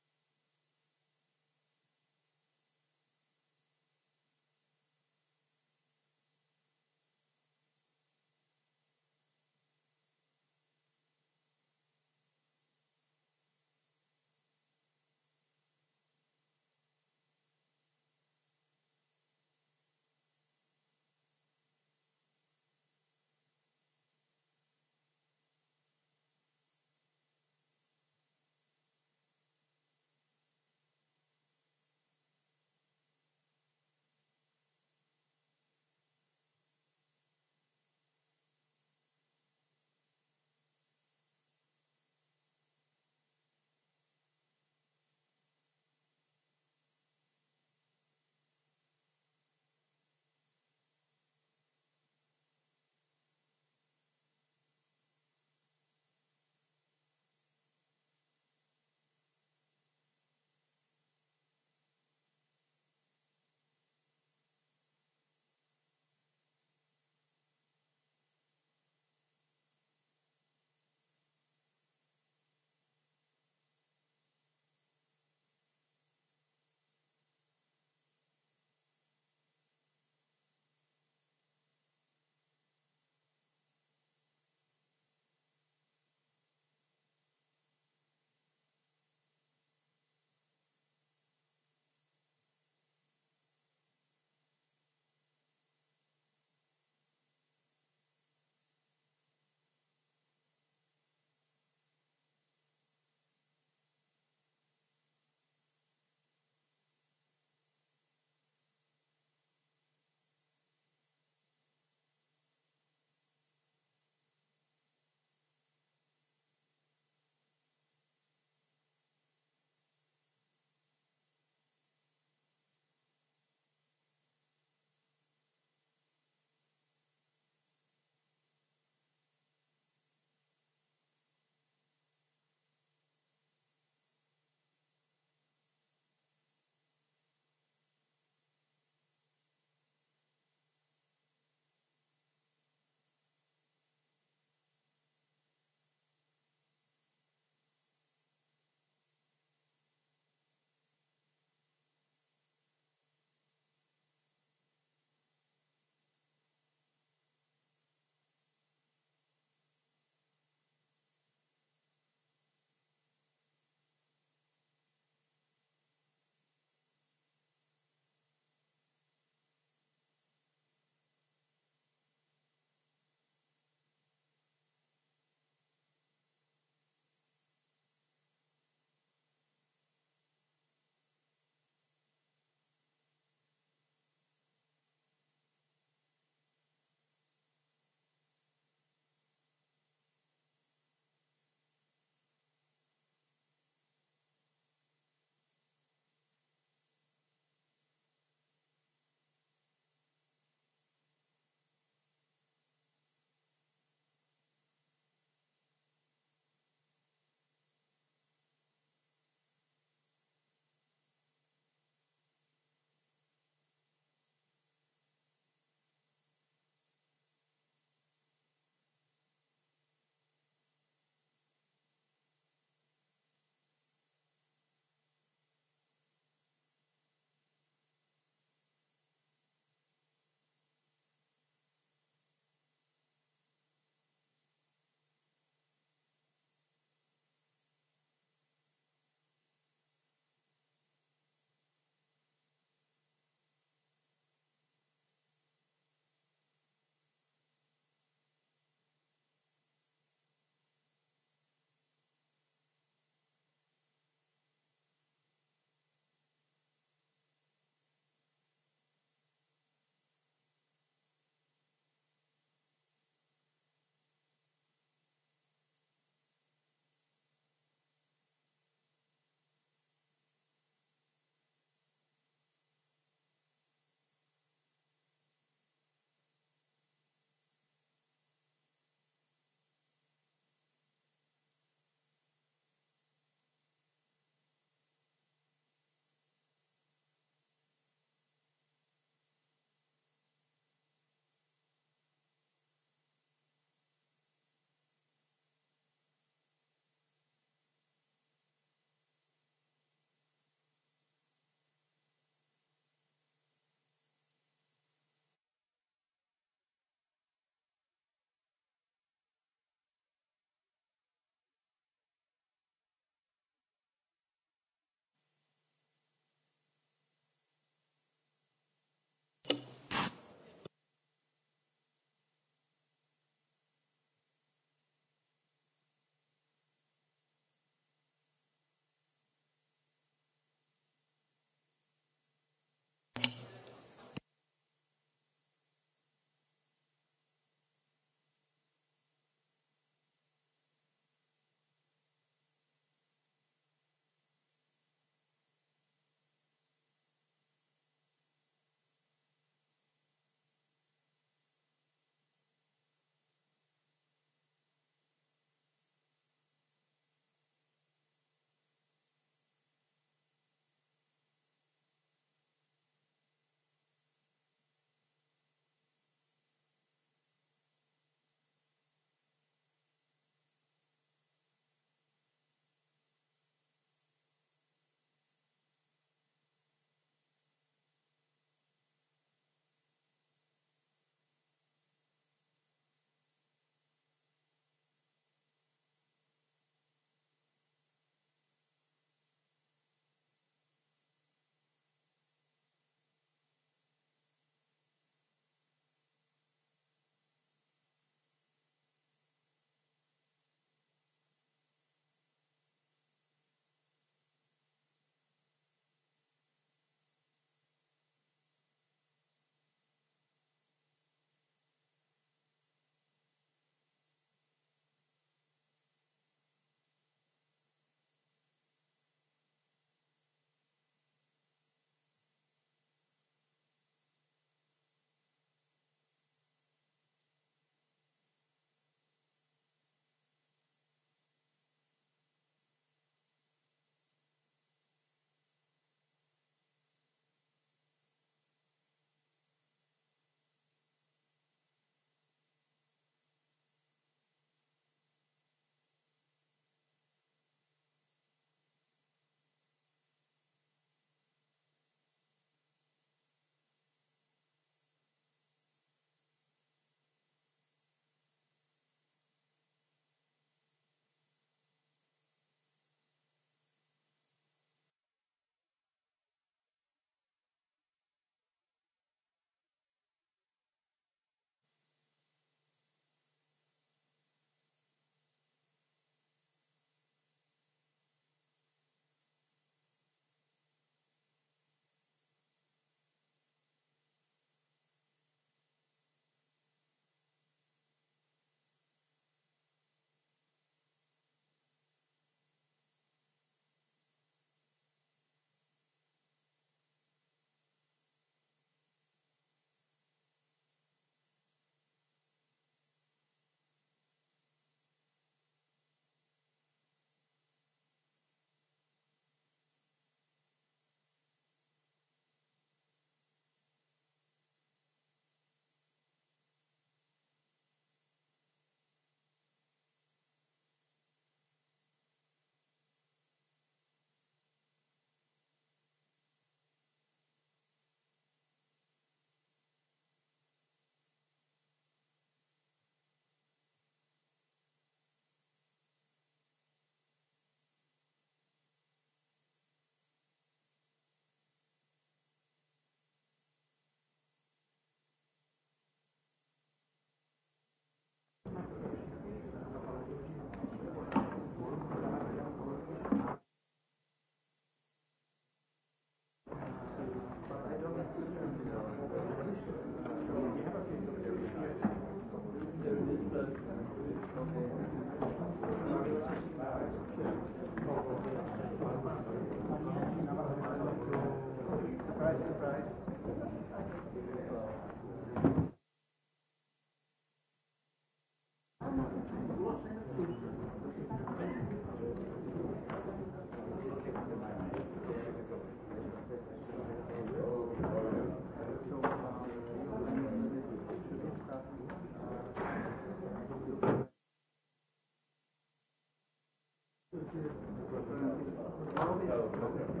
Thank you.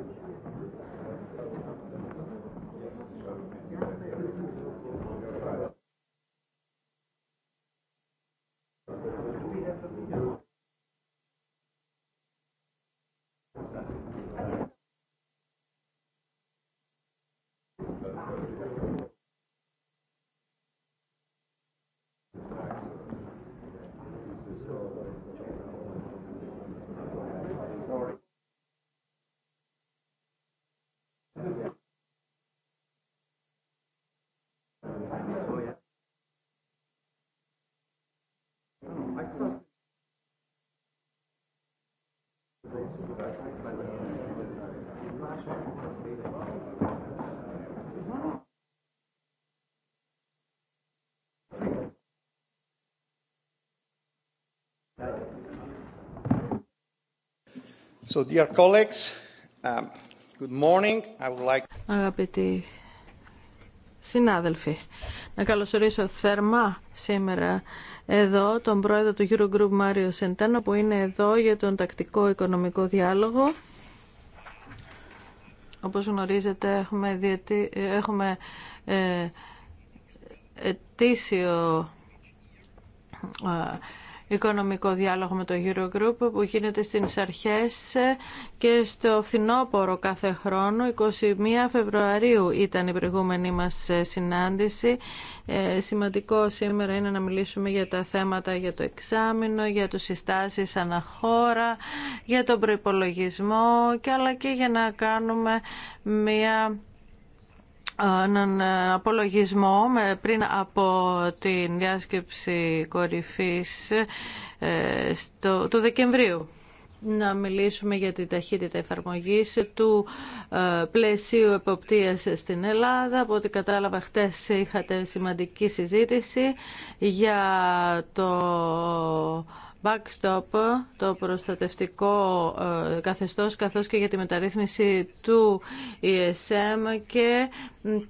So, dear colleagues, um, good morning. I would like... Αγαπητοί Συνάδελφοι, να καλωσορίσω θερμά σήμερα εδώ τον πρόεδρο του Eurogroup Μάριο Σεντένα, που είναι εδώ για τον τακτικό οικονομικό διάλογο. Όπως γνωρίζετε έχουμε, διετή, έχουμε ε, ετήσιο οικονομικό διάλογο με το Eurogroup που γίνεται στις αρχές και στο φθινόπωρο κάθε χρόνο. 21 Φεβρουαρίου ήταν η προηγούμενη μας συνάντηση. Ε, σημαντικό σήμερα είναι να μιλήσουμε για τα θέματα για το εξάμεινο, για τους συστάσεις αναχώρα, για τον προϋπολογισμό και αλλά και για να κάνουμε μια έναν ε, απολογισμό πριν από την διάσκεψη κορυφής ε, στο, του Δεκεμβρίου να μιλήσουμε για την ταχύτητα εφαρμογής του ε, πλαισίου εποπτείας στην Ελλάδα. Από ό,τι κατάλαβα χτες είχατε σημαντική συζήτηση για το backstop, το προστατευτικό ε, καθεστώς, καθώς και για τη μεταρρύθμιση του ESM και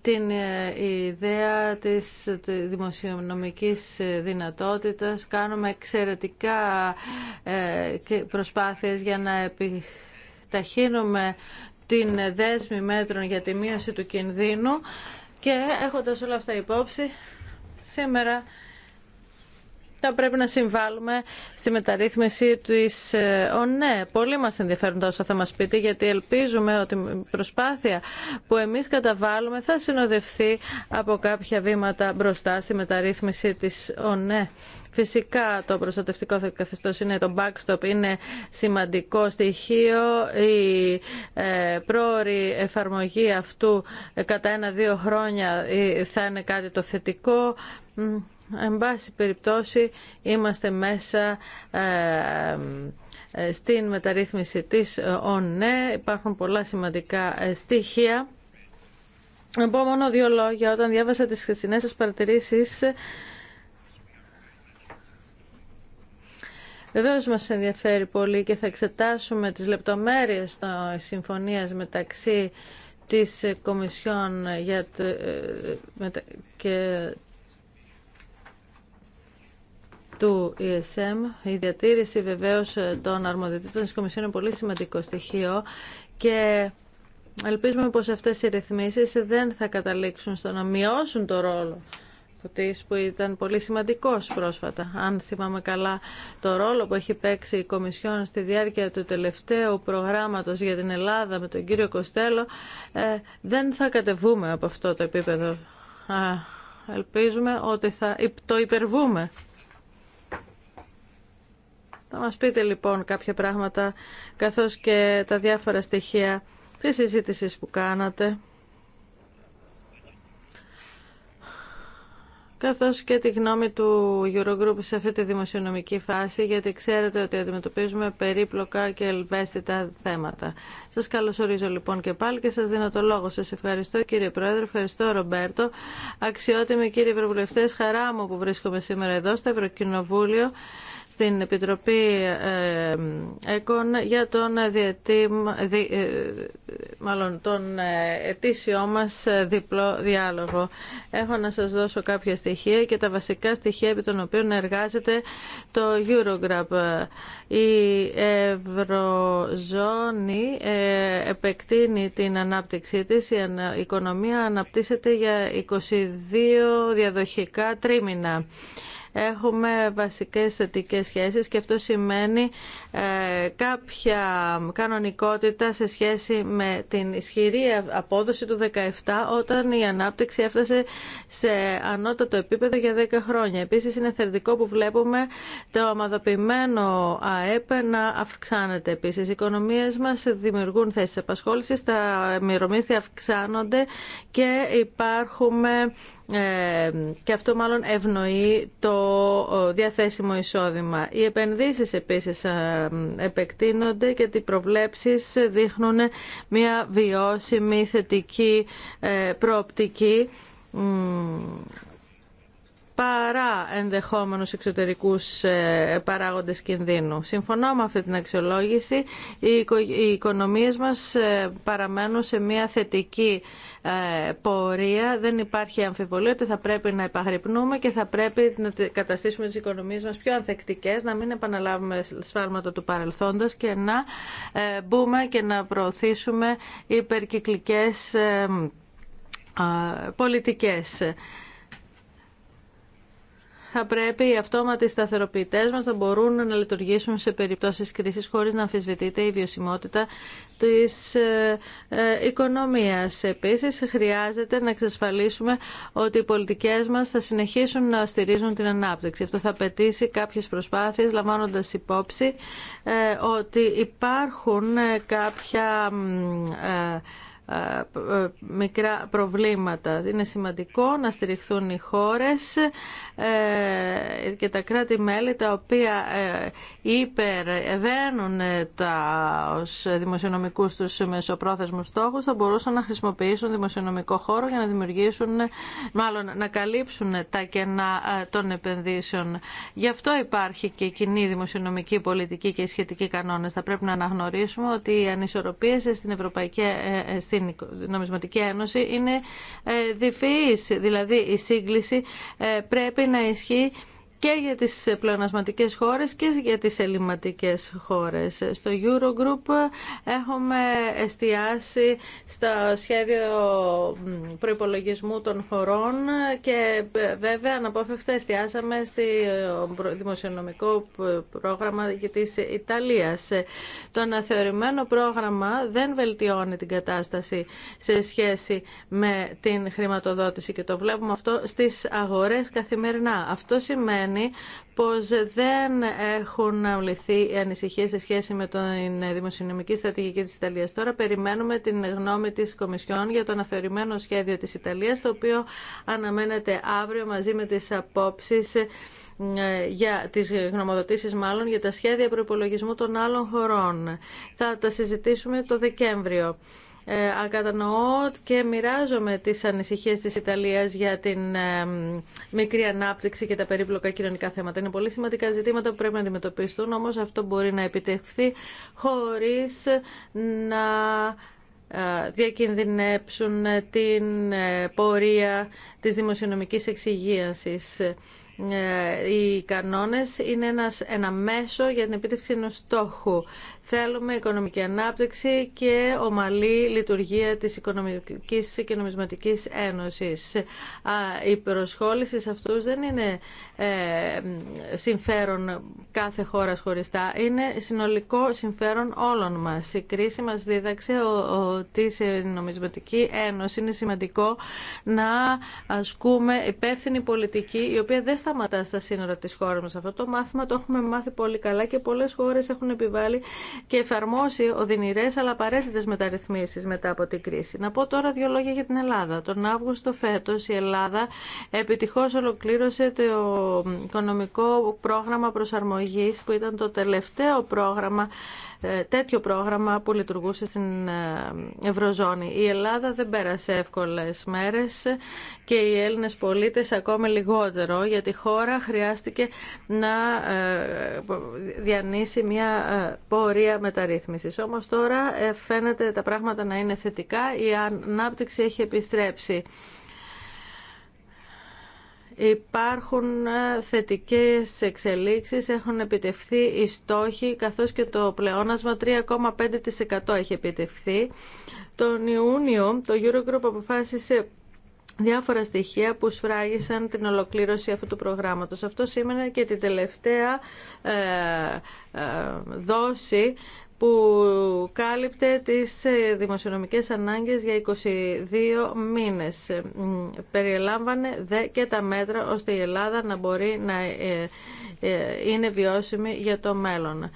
την ε, ιδέα της δημοσιονομικής δυνατότητας. Κάνουμε εξαιρετικά ε, προσπάθειες για να επιταχύνουμε την δέσμη μέτρων για τη μείωση του κινδύνου και έχοντας όλα αυτά υπόψη, σήμερα θα πρέπει να συμβάλλουμε στη μεταρρύθμιση της ε, ΟΝΕ. Ναι. Πολύ μας ενδιαφέρουν τόσο, όσα θα μα πείτε, γιατί ελπίζουμε ότι η προσπάθεια που εμείς καταβάλουμε θα συνοδευτεί από κάποια βήματα μπροστά στη μεταρρύθμιση της ΟΝΕ. Ναι. Φυσικά το προστατευτικό καθεστώ είναι το backstop, είναι σημαντικό στοιχείο. Η ε, πρόορη εφαρμογή αυτού ε, κατά ένα-δύο χρόνια ε, θα είναι κάτι το θετικό. Εν πάση περιπτώσει είμαστε μέσα ε, ε, στην μεταρρύθμιση της ε, ΟΝΕ. Ναι, υπάρχουν πολλά σημαντικά στοιχεία. Να πω μόνο δύο λόγια. Όταν διάβασα τις χριστιανέ σας παρατηρήσεις, Βεβαίω μα ενδιαφέρει πολύ και θα εξετάσουμε τις λεπτομέρειες της συμφωνίας μεταξύ της Κομισιόν για το, και του ESM. Η διατήρηση βεβαίως των αρμοδιοτήτων της Κομισιόν είναι πολύ σημαντικό στοιχείο και ελπίζουμε πως αυτές οι ρυθμίσεις δεν θα καταλήξουν στο να μειώσουν το ρόλο τη που ήταν πολύ σημαντικός πρόσφατα. Αν θυμάμαι καλά το ρόλο που έχει παίξει η Κομισιόν στη διάρκεια του τελευταίου προγράμματος για την Ελλάδα με τον κύριο Κοστέλο, ε, δεν θα κατεβούμε από αυτό το επίπεδο. Ελπίζουμε ότι θα το υπερβούμε. Θα μας πείτε λοιπόν κάποια πράγματα, καθώς και τα διάφορα στοιχεία της συζήτηση που κάνατε. καθώς και τη γνώμη του Eurogroup σε αυτή τη δημοσιονομική φάση, γιατί ξέρετε ότι αντιμετωπίζουμε περίπλοκα και ελβέστητα θέματα. Σας καλωσορίζω λοιπόν και πάλι και σας δίνω το λόγο. Σας ευχαριστώ κύριε Πρόεδρε, ευχαριστώ Ρομπέρτο. Αξιότιμοι κύριοι Ευρωβουλευτές, χαρά μου που βρίσκομαι σήμερα εδώ στο Ευρωκοινοβούλιο στην Επιτροπή ε, ΕΚΟΝ για τον διετή, δι, ε, μάλλον τον ε, ετήσιό μας διπλό διάλογο. Έχω να σας δώσω κάποια στοιχεία και τα βασικά στοιχεία επί των οποίων εργάζεται το Eurogroup. Η Ευρωζώνη επεκτείνει την ανάπτυξή της. Η οικονομία αναπτύσσεται για 22 διαδοχικά τρίμηνα έχουμε βασικές θετικές σχέσεις και αυτό σημαίνει ε, κάποια κανονικότητα σε σχέση με την ισχυρή απόδοση του 17 όταν η ανάπτυξη έφτασε σε ανώτατο επίπεδο για 10 χρόνια. Επίσης είναι θερδικό που βλέπουμε το αμαδοποιημένο ΑΕΠ να αυξάνεται. Επίσης οι οικονομίες μας δημιουργούν θέσεις απασχόλησης, τα μυρωμίστια αυξάνονται και υπάρχουμε ε, και αυτό μάλλον ευνοεί το ε, διαθέσιμο εισόδημα. Οι επενδύσεις επίσης ε, επεκτείνονται και οι προβλέψεις δείχνουν μια βιώσιμη θετική ε, προοπτική παρά ενδεχόμενους εξωτερικούς ε, παράγοντες κινδύνου. Συμφωνώ με αυτή την αξιολόγηση. Οι οικονομίες μας ε, παραμένουν σε μια θετική ε, πορεία. Δεν υπάρχει αμφιβολία ότι θα πρέπει να επαγρυπνούμε και θα πρέπει να καταστήσουμε τις οικονομίες μας πιο ανθεκτικές, να μην επαναλάβουμε σφάλματα του παρελθόντος και να μπούμε και να προωθήσουμε υπερκυκλικές πολιτικές θα πρέπει οι αυτόματοι σταθεροποιητέ μα να μπορούν να λειτουργήσουν σε περιπτώσει κρίση χωρί να αμφισβητείται η βιωσιμότητα τη ε, ε, οικονομία. Επίση, χρειάζεται να εξασφαλίσουμε ότι οι πολιτικέ μα θα συνεχίσουν να στηρίζουν την ανάπτυξη. Αυτό θα απαιτήσει κάποιε προσπάθειε, λαμβάνοντα υπόψη ε, ότι υπάρχουν κάποια ε, ε, μικρά προβλήματα. Είναι σημαντικό να στηριχθούν οι χώρες ε, και τα κράτη-μέλη τα οποία υπερβαίνουν τα δημοσιονομικούς τους μεσοπρόθεσμους στόχους θα μπορούσαν να χρησιμοποιήσουν δημοσιονομικό χώρο για να δημιουργήσουν, μάλλον να καλύψουν τα κενά των επενδύσεων. Γι' αυτό υπάρχει και κοινή δημοσιονομική πολιτική και σχετική κανόνες. Θα πρέπει να αναγνωρίσουμε ότι οι ανισορροπίες στην Ευρωπαϊκή Νομισματική Ένωση είναι ε, διφυής. Δηλαδή η σύγκληση ε, πρέπει να ισχύει και για τις πλεονασματικές χώρες και για τις ελληματικές χώρες. Στο Eurogroup έχουμε εστιάσει στο σχέδιο προϋπολογισμού των χωρών και βέβαια αναπόφευκτα εστιάσαμε στο δημοσιονομικό πρόγραμμα της Ιταλίας. Το αναθεωρημένο πρόγραμμα δεν βελτιώνει την κατάσταση σε σχέση με την χρηματοδότηση και το βλέπουμε αυτό στις αγορές καθημερινά. Αυτό σημαίνει σημαίνει πως δεν έχουν αυληθεί οι ανησυχίες σε σχέση με την δημοσιονομική στρατηγική της Ιταλίας. Τώρα περιμένουμε την γνώμη της Κομισιόν για το αναφερειμένο σχέδιο της Ιταλίας, το οποίο αναμένεται αύριο μαζί με τις απόψεις ε, για τις γνωμοδοτήσεις μάλλον για τα σχέδια προπολογισμού των άλλων χωρών. Θα τα συζητήσουμε το Δεκέμβριο. Ε, ακατανοώ και μοιράζομαι τις ανησυχίες της Ιταλίας για την ε, μικρή ανάπτυξη και τα περίπλοκα κοινωνικά θέματα. Είναι πολύ σημαντικά ζητήματα που πρέπει να αντιμετωπιστούν, όμως αυτό μπορεί να επιτευχθεί χωρίς να ε, διακινδυνεύσουν την πορεία της δημοσιονομικής εξυγίασης. Οι κανόνες είναι ένας, ένα μέσο για την επίτευξη ενός στόχου. Θέλουμε οικονομική ανάπτυξη και ομαλή λειτουργία της Οικονομικής και Νομισματικής Ένωσης. Η προσχόληση σε αυτούς δεν είναι ε, συμφέρον κάθε χώρας χωριστά. Είναι συνολικό συμφέρον όλων μας. Η κρίση μας δίδαξε ότι σε νομισματική ένωση είναι σημαντικό να ασκούμε υπεύθυνη πολιτική η οποία δεν σταματά στα σύνορα της χώρας μας. Αυτό το μάθημα το έχουμε μάθει πολύ καλά και πολλές χώρες έχουν επιβάλει και εφαρμόσει οδυνηρέ αλλά απαραίτητε μεταρρυθμίσει μετά από την κρίση. Να πω τώρα δύο λόγια για την Ελλάδα. Τον Αύγουστο φέτο η Ελλάδα επιτυχώ ολοκλήρωσε το οικονομικό πρόγραμμα προσαρμογή που ήταν το τελευταίο πρόγραμμα ε, τέτοιο πρόγραμμα που λειτουργούσε στην ε, Ευρωζώνη. Η Ελλάδα δεν πέρασε εύκολες μέρες και οι Έλληνες πολίτες ακόμη λιγότερο, γιατί η χώρα χρειάστηκε να ε, διανύσει μια πορεία μεταρρύθμισης. Όμως τώρα φαίνεται τα πράγματα να είναι θετικά, η ανάπτυξη έχει επιστρέψει υπάρχουν ε, θετικές εξελίξεις, έχουν επιτευχθεί οι στόχοι, καθώς και το πλεόνασμα 3,5% έχει επιτευχθεί. Τον Ιούνιο το Eurogroup αποφάσισε διάφορα στοιχεία που σφράγισαν την ολοκλήρωση αυτού του προγράμματος. Αυτό σήμαινε και την τελευταία ε, ε, δόση που κάλυπτε τις ε, δημοσιονομικές ανάγκες για 22 μήνες. Ε, περιελάμβανε και τα μέτρα ώστε η Ελλάδα να μπορεί να ε, είναι βιώσιμη για το μέλλον.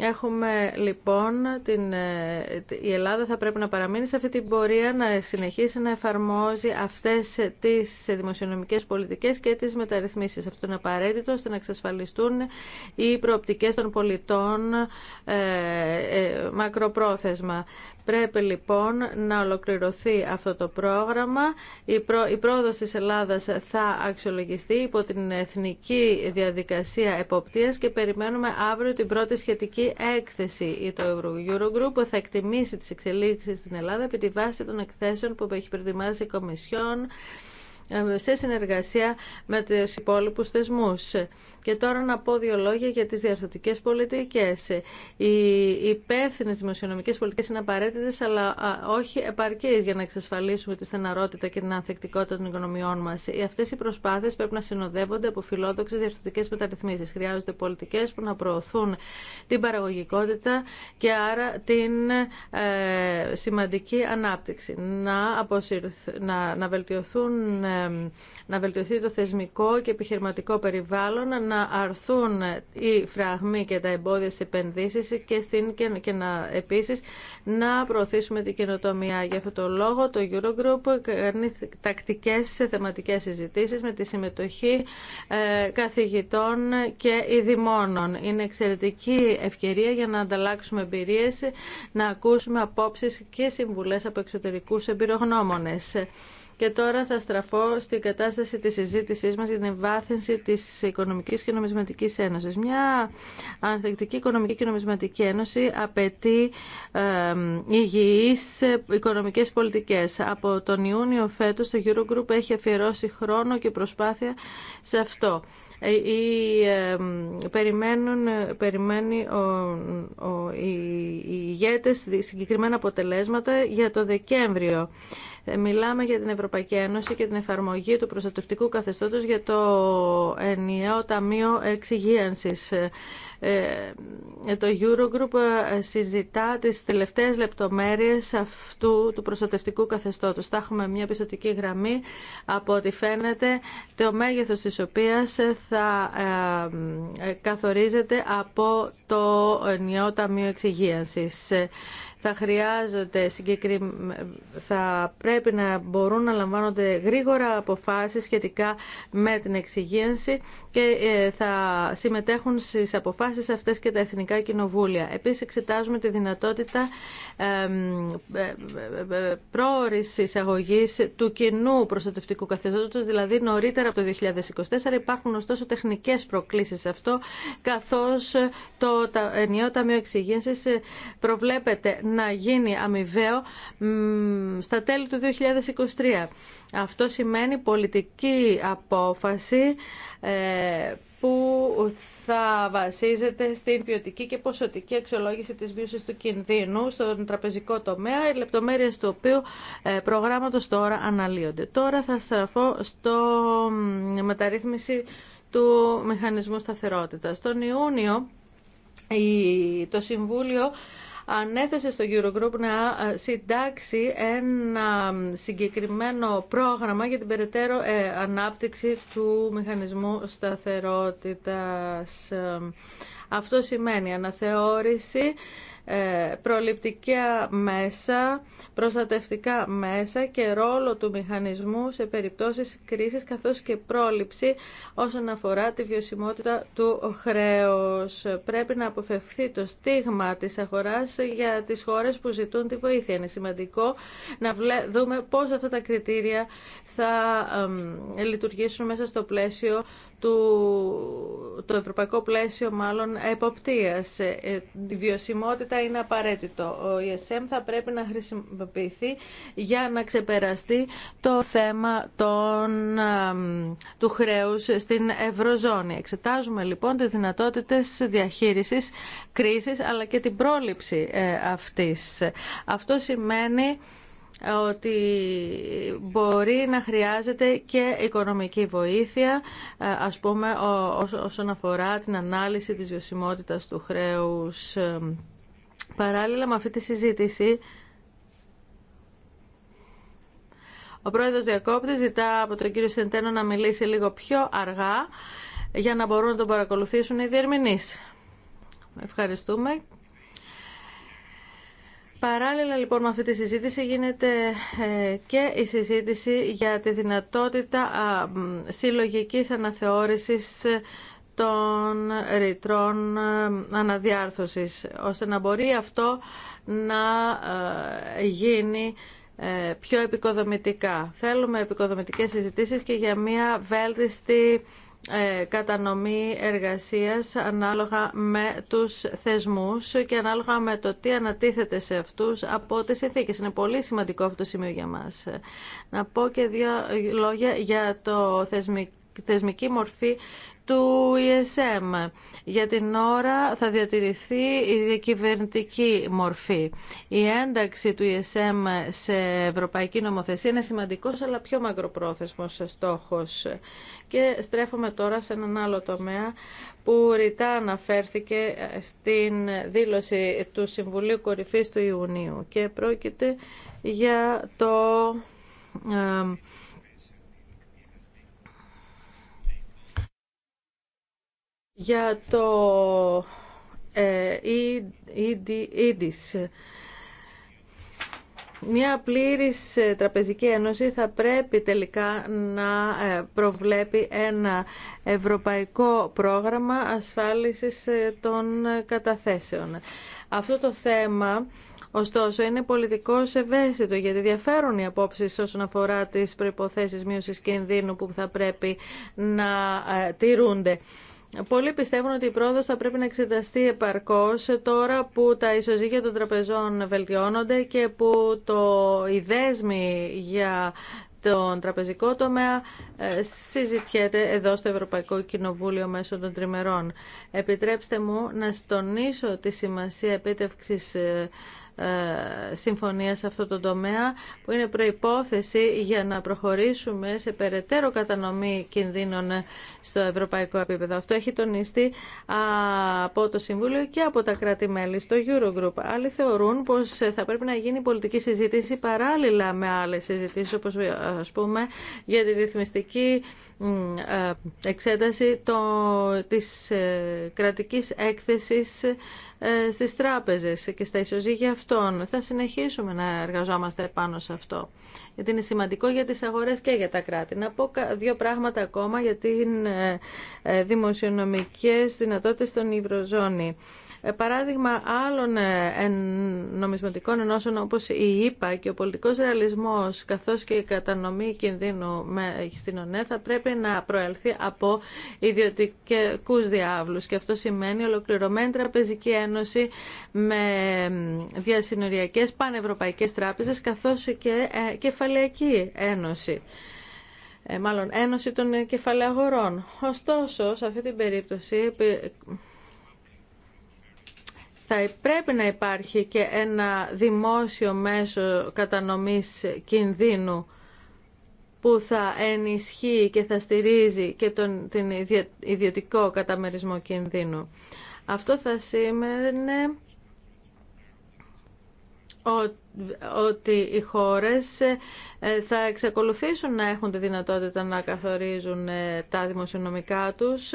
Έχουμε λοιπόν την, ε, η Ελλάδα θα πρέπει να παραμείνει σε αυτή την πορεία να συνεχίσει να εφαρμόζει αυτές τις δημοσιονομικές πολιτικές και τις μεταρρυθμίσεις. Αυτό είναι απαραίτητο ώστε να εξασφαλιστούν οι προοπτικές των πολιτών ε, ε μακροπρόθεσμα. Πρέπει λοιπόν να ολοκληρωθεί αυτό το πρόγραμμα. Η, προ... η πρόοδος της Ελλάδας θα αξιολογιστεί υπό την Εθνική Διαδικασία Εποπτείας και περιμένουμε αύριο την πρώτη σχετική έκθεση. Το Eurogroup θα εκτιμήσει τις εξελίξεις στην Ελλάδα επί τη βάση των εκθέσεων που έχει προετοιμάσει η Κομισιόν ε, σε συνεργασία με τους υπόλοιπους θεσμούς. Και τώρα να πω δύο λόγια για τις διαρθρωτικές πολιτικές. Οι υπεύθυνε δημοσιονομικές πολιτικές είναι απαραίτητες, αλλά όχι επαρκείς για να εξασφαλίσουμε τη στεναρότητα και την ανθεκτικότητα των οικονομιών μας. Ε, αυτές οι προσπάθειες πρέπει να συνοδεύονται από φιλόδοξες διαρθρωτικές μεταρρυθμίσεις. Χρειάζονται πολιτικές που να προωθούν την παραγωγικότητα και άρα την ε, σημαντική ανάπτυξη. Να, να, να βελτιωθούν να βελτιωθεί το θεσμικό και επιχειρηματικό περιβάλλον, να αρθούν οι φραγμοί και τα εμπόδια στι και, στην, και να, επίσης να προωθήσουμε την καινοτομία. Για αυτό το λόγο το Eurogroup κάνει τακτικές θεματικέ συζητήσει με τη συμμετοχή ε, καθηγητών και ειδημόνων. Είναι εξαιρετική ευκαιρία για να ανταλλάξουμε εμπειρίες, να ακούσουμε απόψει και συμβουλέ από εξωτερικούς εμπειρογνώμονε. Και τώρα θα στραφώ στην κατάσταση της συζήτησή μας για την ευάθυνση της Οικονομικής και Νομισματικής Ένωσης. Μια ανθεκτική Οικονομική και Νομισματική Ένωση απαιτεί ε, υγιείς οικονομικές πολιτικές. Από τον Ιούνιο φέτος το Eurogroup έχει αφιερώσει χρόνο και προσπάθεια σε αυτό. Ή, ε, περιμένουν, περιμένει ο, οι, οι ηγέτες συγκεκριμένα αποτελέσματα για το Δεκέμβριο. Ε, μιλάμε για την Ευρωπαϊκή Ένωση και την εφαρμογή του προστατευτικού καθεστώτος για το ενιαίο Ταμείο Εξυγίανσης. Ε, ε, το Eurogroup συζητά τις τελευταίες λεπτομέρειες αυτού του προστατευτικού καθεστώτος. Θα έχουμε μια πιστοτική γραμμή από ό,τι φαίνεται το μέγεθος της οποίας θα καθορίζεται από το ενιαίο Ταμείο θα χρειάζονται συγκεκριμένα θα πρέπει να μπορούν να λαμβάνονται γρήγορα αποφάσεις σχετικά με την εξυγίανση και ε, θα συμμετέχουν στις αποφάσεις αυτές και τα εθνικά κοινοβούλια. Επίσης εξετάζουμε τη δυνατότητα ε, ε, πρόορης εισαγωγής του κοινού προστατευτικού καθεστώτος, δηλαδή νωρίτερα από το 2024. Υπάρχουν ωστόσο τεχνικές προκλήσεις σε αυτό, καθώς το ενιαίο Ταμείο Εξυγίανσης προβλέπεται να γίνει αμοιβαίο στα τέλη του 2023. Αυτό σημαίνει πολιτική απόφαση ε, που θα βασίζεται στην ποιοτική και ποσοτική αξιολόγηση της μείωση του κινδύνου στον τραπεζικό τομέα, οι λεπτομέρειες του οποίου ε, προγράμματος τώρα αναλύονται. Τώρα θα στραφώ στο μεταρρύθμιση του μηχανισμού σταθερότητας. Στον Ιούνιο το Συμβούλιο ανέθεσε στο Eurogroup να ε, συντάξει ένα συγκεκριμένο πρόγραμμα για την περαιτέρω ε, ανάπτυξη του μηχανισμού σταθερότητας. Ε, αυτό σημαίνει αναθεώρηση ε, προληπτικά μέσα, προστατευτικά μέσα και ρόλο του μηχανισμού σε περιπτώσεις κρίσης καθώς και πρόληψη όσον αφορά τη βιωσιμότητα του χρέους. Πρέπει να αποφευχθεί το στίγμα της αγοράς για τις χώρες που ζητούν τη βοήθεια. Είναι σημαντικό να δούμε πώς αυτά τα κριτήρια θα λειτουργήσουν μέσα στο πλαίσιο το ευρωπαϊκό πλαίσιο μάλλον εποπτείας. Ε, ε, η βιωσιμότητα είναι απαραίτητο. Ο ESM θα πρέπει να χρησιμοποιηθεί για να ξεπεραστεί το θέμα των, του χρέους στην Ευρωζώνη. Εξετάζουμε λοιπόν τις δυνατότητες διαχείρισης κρίσης αλλά και την πρόληψη ε, αυτής. Αυτό σημαίνει ότι μπορεί να χρειάζεται και οικονομική βοήθεια, ας πούμε όσον αφορά την ανάλυση της βιωσιμότητας του χρέους. Παράλληλα με αυτή τη συζήτηση, ο πρόεδρος Διακόπτη ζητά από τον κύριο Σεντένο να μιλήσει λίγο πιο αργά για να μπορούν να τον παρακολουθήσουν οι διερμηνείς. Ευχαριστούμε. Παράλληλα λοιπόν με αυτή τη συζήτηση γίνεται ε, και η συζήτηση για τη δυνατότητα συλλογικής αναθεώρησης των ρητρών ε, αναδιάρθρωσης, ώστε να μπορεί αυτό να ε, γίνει πιο επικοδομητικά. Θέλουμε επικοδομητικές συζητήσεις και για μια βέλτιστη ε, κατανομή εργασίας ανάλογα με τους θεσμούς και ανάλογα με το τι ανατίθεται σε αυτούς από τις συνθήκες. Είναι πολύ σημαντικό αυτό το σημείο για μας. Να πω και δύο λόγια για το θεσμική μορφή του ESM. Για την ώρα θα διατηρηθεί η διακυβερνητική μορφή. Η ένταξη του ESM σε ευρωπαϊκή νομοθεσία είναι σημαντικός αλλά πιο μακροπρόθεσμος στόχος. Και στρέφουμε τώρα σε έναν άλλο τομέα που ρητά αναφέρθηκε στην δήλωση του Συμβουλίου Κορυφής του Ιουνίου και πρόκειται για το ε, για το ε, Μια πλήρης ε, τραπεζική ένωση θα πρέπει τελικά να ε, προβλέπει ένα ευρωπαϊκό πρόγραμμα ασφάλισης ε, των καταθέσεων. Αυτό το θέμα Ωστόσο, είναι πολιτικό ευαίσθητο γιατί διαφέρουν οι απόψεις όσον αφορά τις προϋποθέσεις μείωσης κινδύνου που θα πρέπει να τηρούνται. Πολλοί πιστεύουν ότι η πρόοδος θα πρέπει να εξεταστεί επαρκώς τώρα που τα ισοζύγια των τραπεζών βελτιώνονται και που το, οι δέσμοι για τον τραπεζικό τομέα ε, συζητιέται εδώ στο Ευρωπαϊκό Κοινοβούλιο μέσω των τριμερών. Επιτρέψτε μου να στονίσω τη σημασία επίτευξης ε, ε, συμφωνία σε αυτό το τομέα που είναι προϋπόθεση για να προχωρήσουμε σε περαιτέρω κατανομή κινδύνων στο ευρωπαϊκό επίπεδο. Αυτό έχει τονιστεί από το Συμβούλιο και από τα κράτη-μέλη στο Eurogroup. Άλλοι θεωρούν πως θα πρέπει να γίνει πολιτική συζήτηση παράλληλα με άλλες συζητήσεις όπως ας πούμε για τη ρυθμιστική ε, εξέταση το, της ε, κρατικής έκθεσης ε, στις τράπεζες και στα ισοζύγια αυτών. Θα συνεχίσουμε να εργαζόμαστε πάνω σε αυτό. Γιατί είναι σημαντικό για τις αγορές και για τα κράτη. Να πω δύο πράγματα ακόμα για τις ε, ε, δημοσιονομικές δυνατότητες των Ευρωζώνη. Ε, παράδειγμα άλλων ε, νομισματικών ενώσεων όπως η ΕΠΑ και ο πολιτικός ρεαλισμός καθώς και η κατανομή κινδύνου στην ΟΝΕ θα πρέπει να προελθεί από ιδιωτικούς διάβλους και αυτό σημαίνει ολοκληρωμένη τραπεζική ένωση με διασυνοριακές πανευρωπαϊκές τράπεζες καθώς και ε, κεφαλαιακή ένωση. μάλλον ένωση των κεφαλαίων αγορών. Ωστόσο, σε αυτή την περίπτωση θα πρέπει να υπάρχει και ένα δημόσιο μέσο κατανομής κινδύνου που θα ενισχύει και θα στηρίζει και τον την ιδιωτικό καταμερισμό κινδύνου. Αυτό θα σήμαινε ότι ότι οι χώρες ε, θα εξακολουθήσουν να έχουν τη δυνατότητα να καθορίζουν ε, τα δημοσιονομικά τους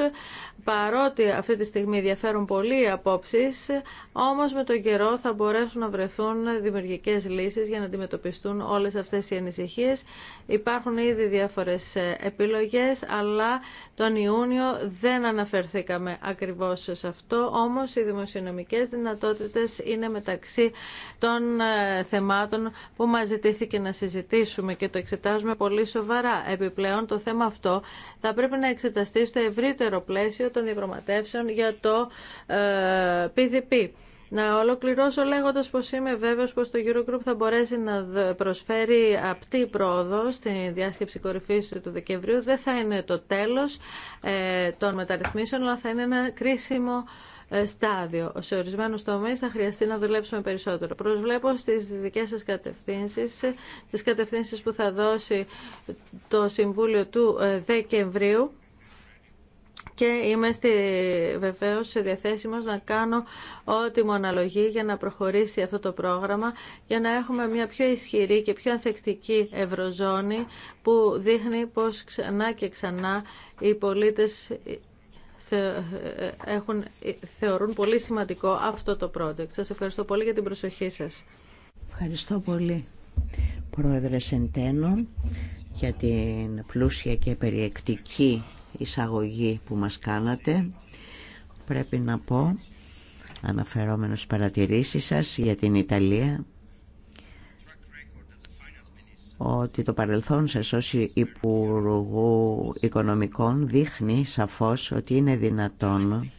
παρότι αυτή τη στιγμή διαφέρουν πολλοί απόψεις όμως με τον καιρό θα μπορέσουν να βρεθούν δημιουργικές λύσεις για να αντιμετωπιστούν όλες αυτές οι ανησυχίες υπάρχουν ήδη διάφορες ε, επιλογές αλλά τον Ιούνιο δεν αναφερθήκαμε ακριβώς σε αυτό όμως οι δημοσιονομικές δυνατότητες είναι μεταξύ των θεμάτων που μας ζητήθηκε να συζητήσουμε και το εξετάζουμε πολύ σοβαρά. Επιπλέον το θέμα αυτό θα πρέπει να εξεταστεί στο ευρύτερο πλαίσιο των διαπραγματεύσεων για το PDP. Ε, να ολοκληρώσω λέγοντας πως είμαι βέβαιος πως το Eurogroup θα μπορέσει να προσφέρει απτή πρόοδο στη διάσκεψη κορυφής του Δεκεμβρίου. Δεν θα είναι το τέλος ε, των μεταρρυθμίσεων, αλλά θα είναι ένα κρίσιμο ε, στάδιο. Σε ορισμένου τομεί θα χρειαστεί να δουλέψουμε περισσότερο. Προσβλέπω στι δικέ σα κατευθύνσει, ε, τι κατευθύνσει που θα δώσει το Συμβούλιο του ε, Δεκεμβρίου και είμαι στη, βεβαίως διαθέσιμος να κάνω ό,τι μου αναλογεί για να προχωρήσει αυτό το πρόγραμμα για να έχουμε μια πιο ισχυρή και πιο ανθεκτική ευρωζώνη που δείχνει πως ξανά και ξανά οι πολίτες ε, ε, έχουν, ε, θεωρούν πολύ σημαντικό αυτό το project. Σας ευχαριστώ πολύ για την προσοχή σας. Ευχαριστώ πολύ. Πρόεδρε Σεντένο για την πλούσια και περιεκτική εισαγωγή που μας κάνατε. Πρέπει να πω αναφερόμενος παρατηρήσεις σας για την Ιταλία ότι το παρελθόν σα ω Υπουργού Οικονομικών δείχνει σαφώς ότι είναι δυνατόν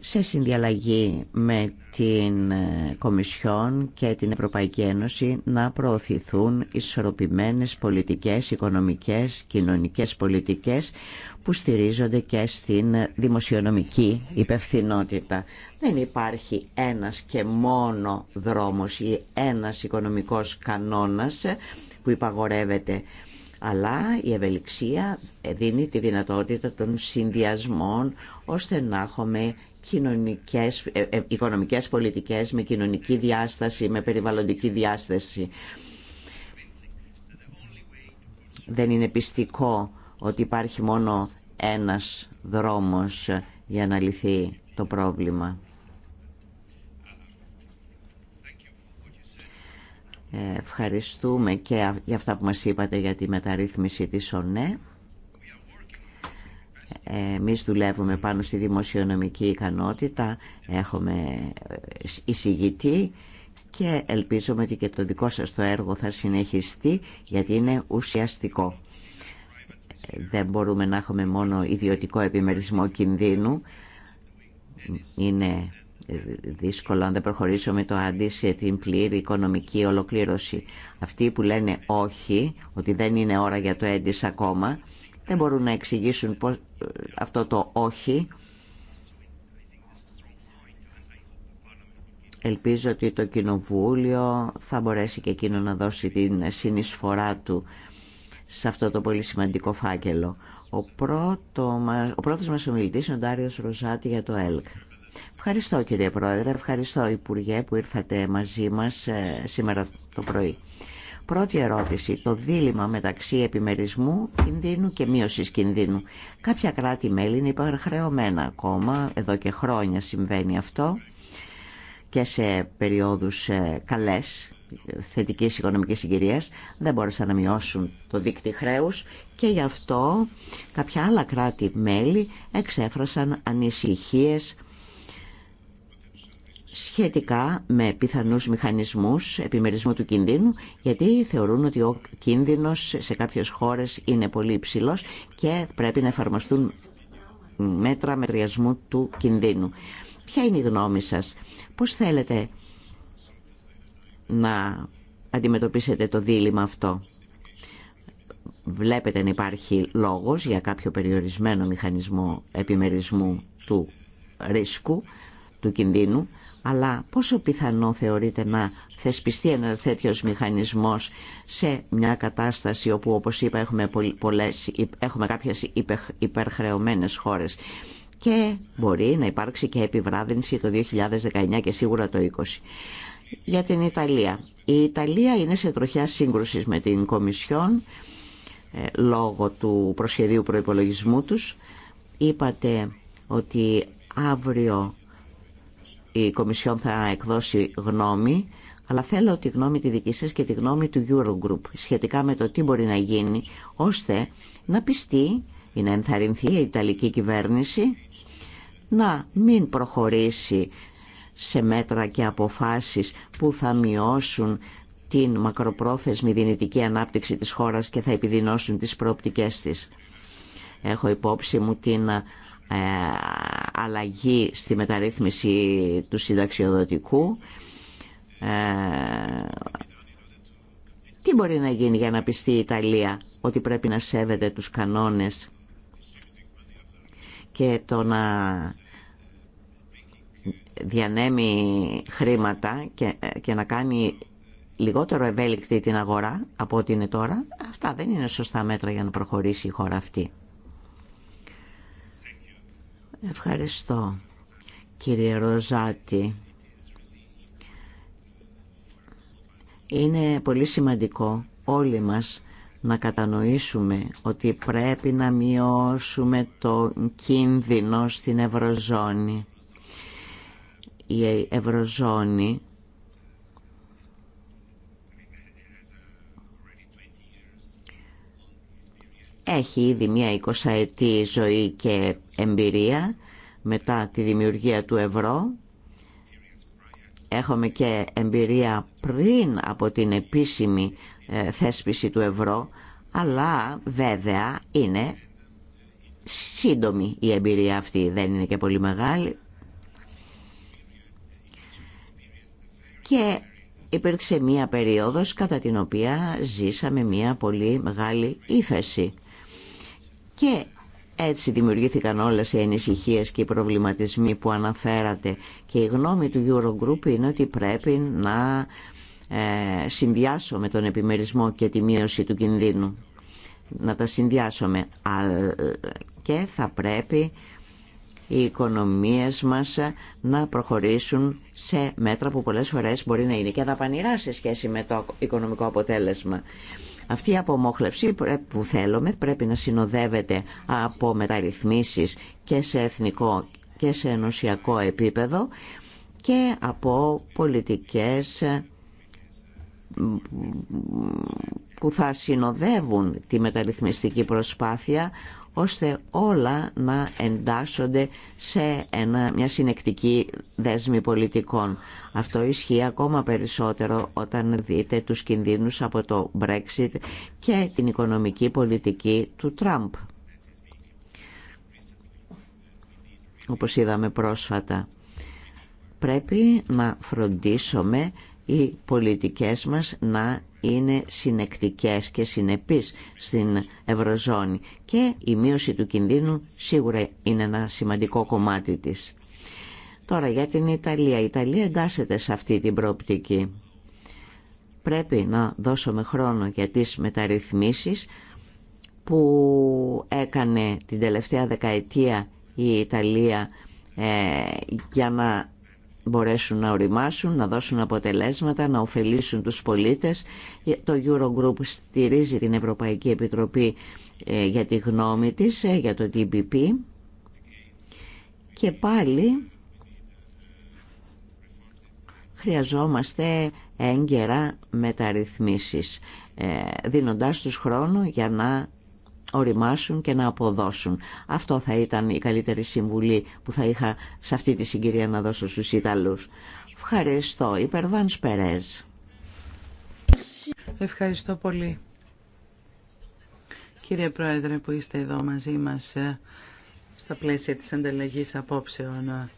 σε συνδιαλλαγή με την ε, Κομισιόν και την Ευρωπαϊκή Ένωση να προωθηθούν ισορροπημένες πολιτικές, οικονομικές, κοινωνικές πολιτικές που στηρίζονται και στην δημοσιονομική υπευθυνότητα. Δεν υπάρχει ένας και μόνο δρόμος ή ένας οικονομικός κανόνας που υπαγορεύεται αλλά η ευελιξία δίνει τη δυνατότητα των συνδυασμών ώστε να έχουμε κοινωνικές, ε, ε, οικονομικές πολιτικές με κοινωνική διάσταση, με περιβαλλοντική διάσταση. Δεν είναι πιστικό ότι υπάρχει μόνο ένας δρόμος για να λυθεί το πρόβλημα. Ε, ευχαριστούμε και για αυτά που μας είπατε για τη μεταρρύθμιση της ΟΝΕ. Εμεί δουλεύουμε πάνω στη δημοσιονομική ικανότητα, έχουμε εισηγητή και ελπίζουμε ότι και το δικό σας το έργο θα συνεχιστεί γιατί είναι ουσιαστικό. Δεν μπορούμε να έχουμε μόνο ιδιωτικό επιμερισμό κινδύνου. Είναι δύσκολο αν δεν προχωρήσουμε το αντί την πλήρη οικονομική ολοκλήρωση. Αυτοί που λένε όχι, ότι δεν είναι ώρα για το έντις ακόμα, δεν μπορούν να εξηγήσουν ε, αυτό το όχι. Ελπίζω ότι το Κοινοβούλιο θα μπορέσει και εκείνο να δώσει την συνεισφορά του σε αυτό το πολύ σημαντικό φάκελο. Ο, πρώτο ο πρώτος μας ομιλητής είναι ο Ντάριος Ροζάτη για το ΕΛΚ. Ευχαριστώ κύριε Πρόεδρε, ευχαριστώ Υπουργέ που ήρθατε μαζί μας ε, σήμερα το πρωί. Πρώτη ερώτηση, το δίλημα μεταξύ επιμερισμού κινδύνου και μείωση κινδυνου κινδύνου. Κάποια κράτη-μέλη είναι υπερχρεωμένα ακόμα, εδώ και χρόνια συμβαίνει αυτό και σε περιόδους ε, καλές θετικής οικονομικής συγκυρίας δεν μπόρεσαν να μειώσουν το δίκτυο χρέους και γι' αυτό κάποια άλλα κράτη-μέλη εξέφρασαν ανησυχίες σχετικά με πιθανούς μηχανισμούς επιμερισμού του κινδύνου γιατί θεωρούν ότι ο κίνδυνος σε κάποιες χώρες είναι πολύ υψηλός και πρέπει να εφαρμοστούν μέτρα μετριασμού του κινδύνου. Ποια είναι η γνώμη σας, πώς θέλετε να αντιμετωπίσετε το δίλημα αυτό. Βλέπετε να υπάρχει λόγος για κάποιο περιορισμένο μηχανισμό επιμερισμού του ρίσκου, του κινδύνου αλλά πόσο πιθανό θεωρείται να θεσπιστεί ένα τέτοιο μηχανισμός σε μια κατάσταση όπου όπως είπα έχουμε, πολλές, έχουμε κάποιες υπερχρεωμένες χώρες και μπορεί να υπάρξει και επιβράδυνση το 2019 και σίγουρα το 2020. Για την Ιταλία. Η Ιταλία είναι σε τροχιά σύγκρουσης με την Κομισιόν ε, λόγω του προσχεδίου προϋπολογισμού τους. Είπατε ότι αύριο η Κομισιόν θα εκδώσει γνώμη, αλλά θέλω τη γνώμη τη δική σας και τη γνώμη του Eurogroup σχετικά με το τι μπορεί να γίνει, ώστε να πιστεί ή να ενθαρρυνθεί η Ιταλική κυβέρνηση να μην προχωρήσει σε μέτρα και αποφάσεις που θα μειώσουν την μακροπρόθεσμη δυνητική ανάπτυξη της χώρας και θα επιδεινώσουν τις προοπτικές της. Έχω υπόψη μου την ε, αλλαγή στη μεταρρύθμιση του συνταξιοδοτικού. Ε, τι μπορεί να γίνει για να πιστεί η Ιταλία ότι πρέπει να σέβεται τους κανόνες και το να διανέμει χρήματα και, και να κάνει λιγότερο ευέλικτη την αγορά από ό,τι είναι τώρα, αυτά δεν είναι σωστά μέτρα για να προχωρήσει η χώρα αυτή. Ευχαριστώ κύριε Ροζάτη. Είναι πολύ σημαντικό όλοι μας να κατανοήσουμε ότι πρέπει να μειώσουμε το κίνδυνο στην Ευρωζώνη. Η Ευρωζώνη Έχει ήδη μια 20ετή ζωή και εμπειρία μετά τη δημιουργία του ευρώ. Έχουμε και εμπειρία πριν από την επίσημη ε, θέσπιση του ευρώ, αλλά βέβαια είναι σύντομη η εμπειρία αυτή, δεν είναι και πολύ μεγάλη. Και υπήρξε μία περίοδος κατά την οποία ζήσαμε μία πολύ μεγάλη ύφεση. Και έτσι δημιουργήθηκαν όλες οι ανησυχίες και οι προβληματισμοί που αναφέρατε. Και η γνώμη του Eurogroup είναι ότι πρέπει να ε, συνδυάσω με τον επιμερισμό και τη μείωση του κινδύνου. Να τα συνδυάσουμε. Ε, και θα πρέπει οι οικονομίες μας να προχωρήσουν σε μέτρα που πολλές φορές μπορεί να είναι και δαπανηρά σε σχέση με το οικονομικό αποτέλεσμα. Αυτή η απομόχλευση που θέλουμε πρέπει να συνοδεύεται από μεταρρυθμίσεις και σε εθνικό και σε ενωσιακό επίπεδο και από πολιτικές ε, που θα συνοδεύουν τη μεταρρυθμιστική προσπάθεια ώστε όλα να εντάσσονται σε ένα, μια συνεκτική δέσμη πολιτικών. Αυτό ισχύει ακόμα περισσότερο όταν δείτε τους κινδύνους από το Brexit και την οικονομική πολιτική του Τραμπ. Όπως είδαμε πρόσφατα. Πρέπει να φροντίσουμε οι πολιτικές μας να είναι συνεκτικές και συνεπείς στην Ευρωζώνη και η μείωση του κινδύνου σίγουρα είναι ένα σημαντικό κομμάτι της. Τώρα για την Ιταλία. Η Ιταλία εντάσσεται σε αυτή την προοπτική. Πρέπει να δώσουμε χρόνο για τις μεταρρυθμίσεις που έκανε την τελευταία δεκαετία η Ιταλία ε, για να μπορέσουν να οριμάσουν, να δώσουν αποτελέσματα, να ωφελήσουν τους πολίτες. Το Eurogroup στηρίζει την Ευρωπαϊκή Επιτροπή ε, για τη γνώμη της, ε, για το TPP. Και πάλι χρειαζόμαστε έγκαιρα μεταρρυθμίσεις, ε, δίνοντάς τους χρόνο για να οριμάσουν και να αποδώσουν. Αυτό θα ήταν η καλύτερη συμβουλή που θα είχα σε αυτή τη συγκυρία να δώσω στους Ιταλούς. Ευχαριστώ. Υπερβάν Σπερές. Ευχαριστώ πολύ. Κύριε Πρόεδρε που είστε εδώ μαζί μας ε, στα πλαίσια της ανταλλαγής απόψεων. Ε,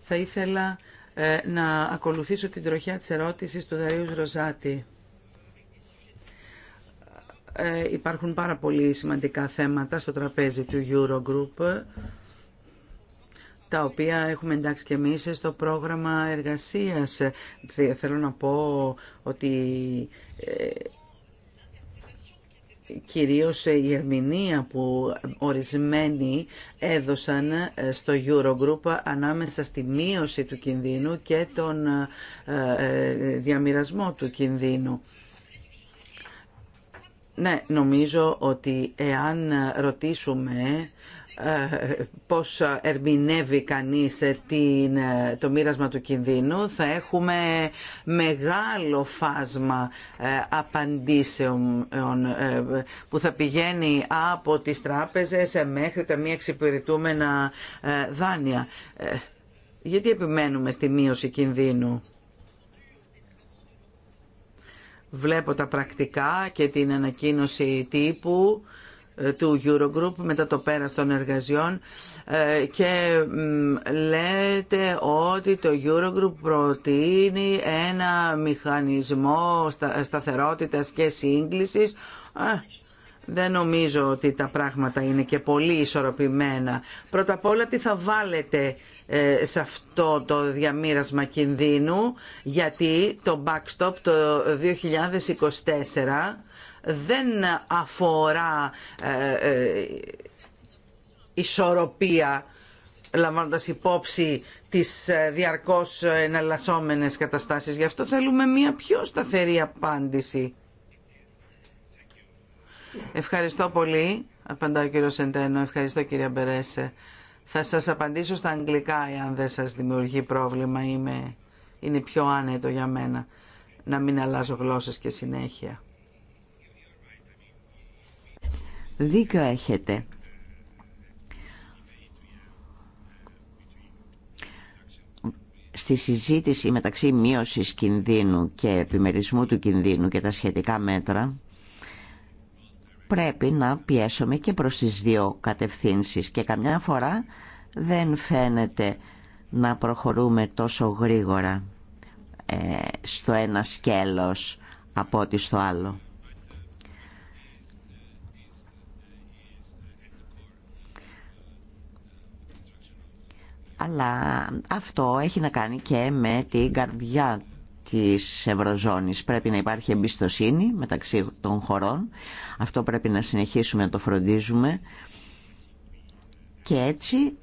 θα ήθελα ε, να ακολουθήσω την τροχιά της ερώτησης του Δαρίου Ροζάτη ε, υπάρχουν πάρα πολύ σημαντικά θέματα στο τραπέζι του Eurogroup τα οποία έχουμε εντάξει και εμείς στο πρόγραμμα εργασίας. Θέλω να πω ότι ε, κυρίως η ερμηνεία που ορισμένοι έδωσαν ε, στο Eurogroup ανάμεσα στη μείωση του κινδύνου και τον διαμοιρασμό του κινδύνου. Ναι, νομίζω ότι εάν ρωτήσουμε ε, πώς ερμηνεύει κανείς ε, την, ε, το μοίρασμα του κινδύνου θα έχουμε μεγάλο φάσμα απαντήσεων που θα πηγαίνει από τις τράπεζες μέχρι τα μη εξυπηρετούμενα δάνεια. Γιατί επιμένουμε στη μείωση κινδύνου. Βλέπω τα πρακτικά και την ανακοίνωση τύπου ε, του Eurogroup μετά το πέρας των εργαζιών ε, και λέτε ότι το Eurogroup προτείνει ένα μηχανισμό σταθερότητας και σύγκλησης. Δεν νομίζω ότι τα πράγματα είναι και πολύ ισορροπημένα. Πρώτα απ' όλα τι θα βάλετε ε, σε αυτό το διαμήρασμα κινδύνου γιατί το backstop το 2024 δεν αφορά ε, ε, ισορροπία λαμβάνοντας υπόψη τις διαρκώς εναλλασσόμενες καταστάσεις. Γι' αυτό θέλουμε μια πιο σταθερή απάντηση. Ευχαριστώ πολύ. Απαντά ο κύριος Σεντένο. Ευχαριστώ κύριε Μπερέσε. Θα σας απαντήσω στα αγγλικά εάν δεν σας δημιουργεί πρόβλημα. Είναι πιο άνετο για μένα να μην αλλάζω γλώσσες και συνέχεια. Δίκιο έχετε. στη συζήτηση μεταξύ μείωσης κινδύνου και επιμερισμού του κινδύνου και τα σχετικά μέτρα πρέπει να πιέσουμε και προς τις δύο κατευθύνσεις και καμιά φορά δεν φαίνεται να προχωρούμε τόσο γρήγορα ε, στο ένα σκέλος από ό,τι στο άλλο. Αλλά αυτό έχει να κάνει και με την καρδιά της Ευρωζώνης. Πρέπει να υπάρχει εμπιστοσύνη μεταξύ των χωρών. Αυτό πρέπει να συνεχίσουμε να το φροντίζουμε. Και έτσι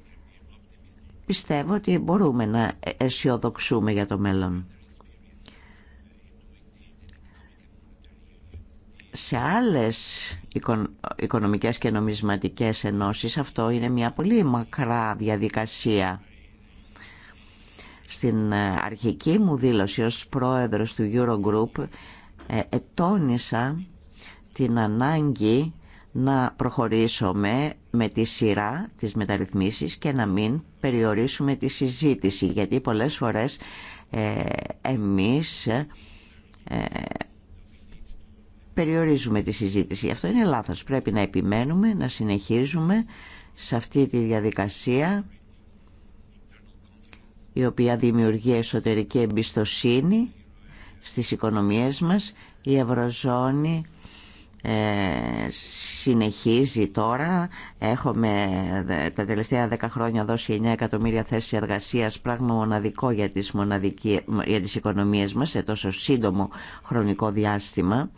πιστεύω ότι μπορούμε να αισιοδοξούμε για το μέλλον. Σε άλλες οικονομικές και νομισματικές ενώσεις αυτό είναι μια πολύ μακρά διαδικασία στην ε, αρχική μου δήλωση ως πρόεδρος του Eurogroup ε, ετώνησα την ανάγκη να προχωρήσουμε με τη σειρά της μεταρρυθμίσεις και να μην περιορίσουμε τη συζήτηση γιατί πολλές φορές ε, εμείς περιορίζουμε τη συζήτηση. Αυτό είναι λάθος. Πρέπει να επιμένουμε, να συνεχίζουμε σε αυτή τη διαδικασία η οποία δημιουργεί εσωτερική εμπιστοσύνη στις οικονομίες μας. Η Ευρωζώνη ε, συνεχίζει τώρα. Έχουμε τα τελευταία 10 χρόνια δώσει 9 εκατομμύρια θέσεις εργασίας, πράγμα μοναδικό για τις, μοναδική, για τις οικονομίες μας σε τόσο σύντομο χρονικό διάστημα.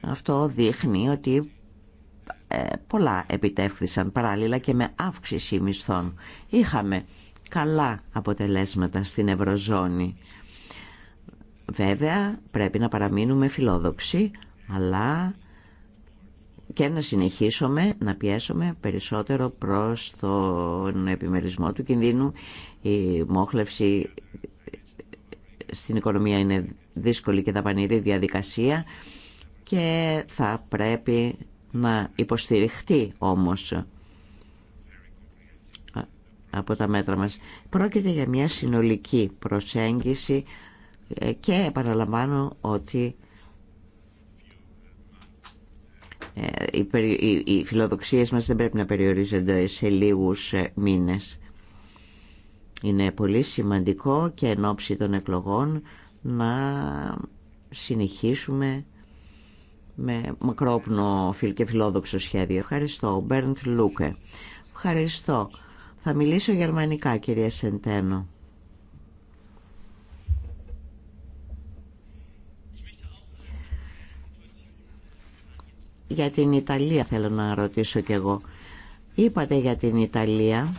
Αυτό δείχνει ότι ε, πολλά επιτεύχθησαν παράλληλα και με αύξηση μισθών. Είχαμε καλά αποτελέσματα στην Ευρωζώνη. Βέβαια πρέπει να παραμείνουμε φιλόδοξοι, αλλά και να συνεχίσουμε να πιέσουμε περισσότερο προς τον επιμερισμό του κινδύνου. Η μόχλευση στην οικονομία είναι δύσκολη και δαπανηρή διαδικασία και θα πρέπει να υποστηριχτεί όμως από τα μέτρα μας. Πρόκειται για μια συνολική προσέγγιση ε, και επαναλαμβάνω ότι ε, οι φιλοδοξίες μας δεν πρέπει να περιορίζονται σε λίγους ε, μήνες. Είναι πολύ σημαντικό και εν ώψη των εκλογών να συνεχίσουμε με μακρόπνο και φιλόδοξο σχέδιο. Ευχαριστώ. Μπέρντ Λούκε. Ευχαριστώ. Θα μιλήσω γερμανικά, κυρία Σεντένο. Για την Ιταλία θέλω να ρωτήσω κι εγώ. Είπατε για την Ιταλία.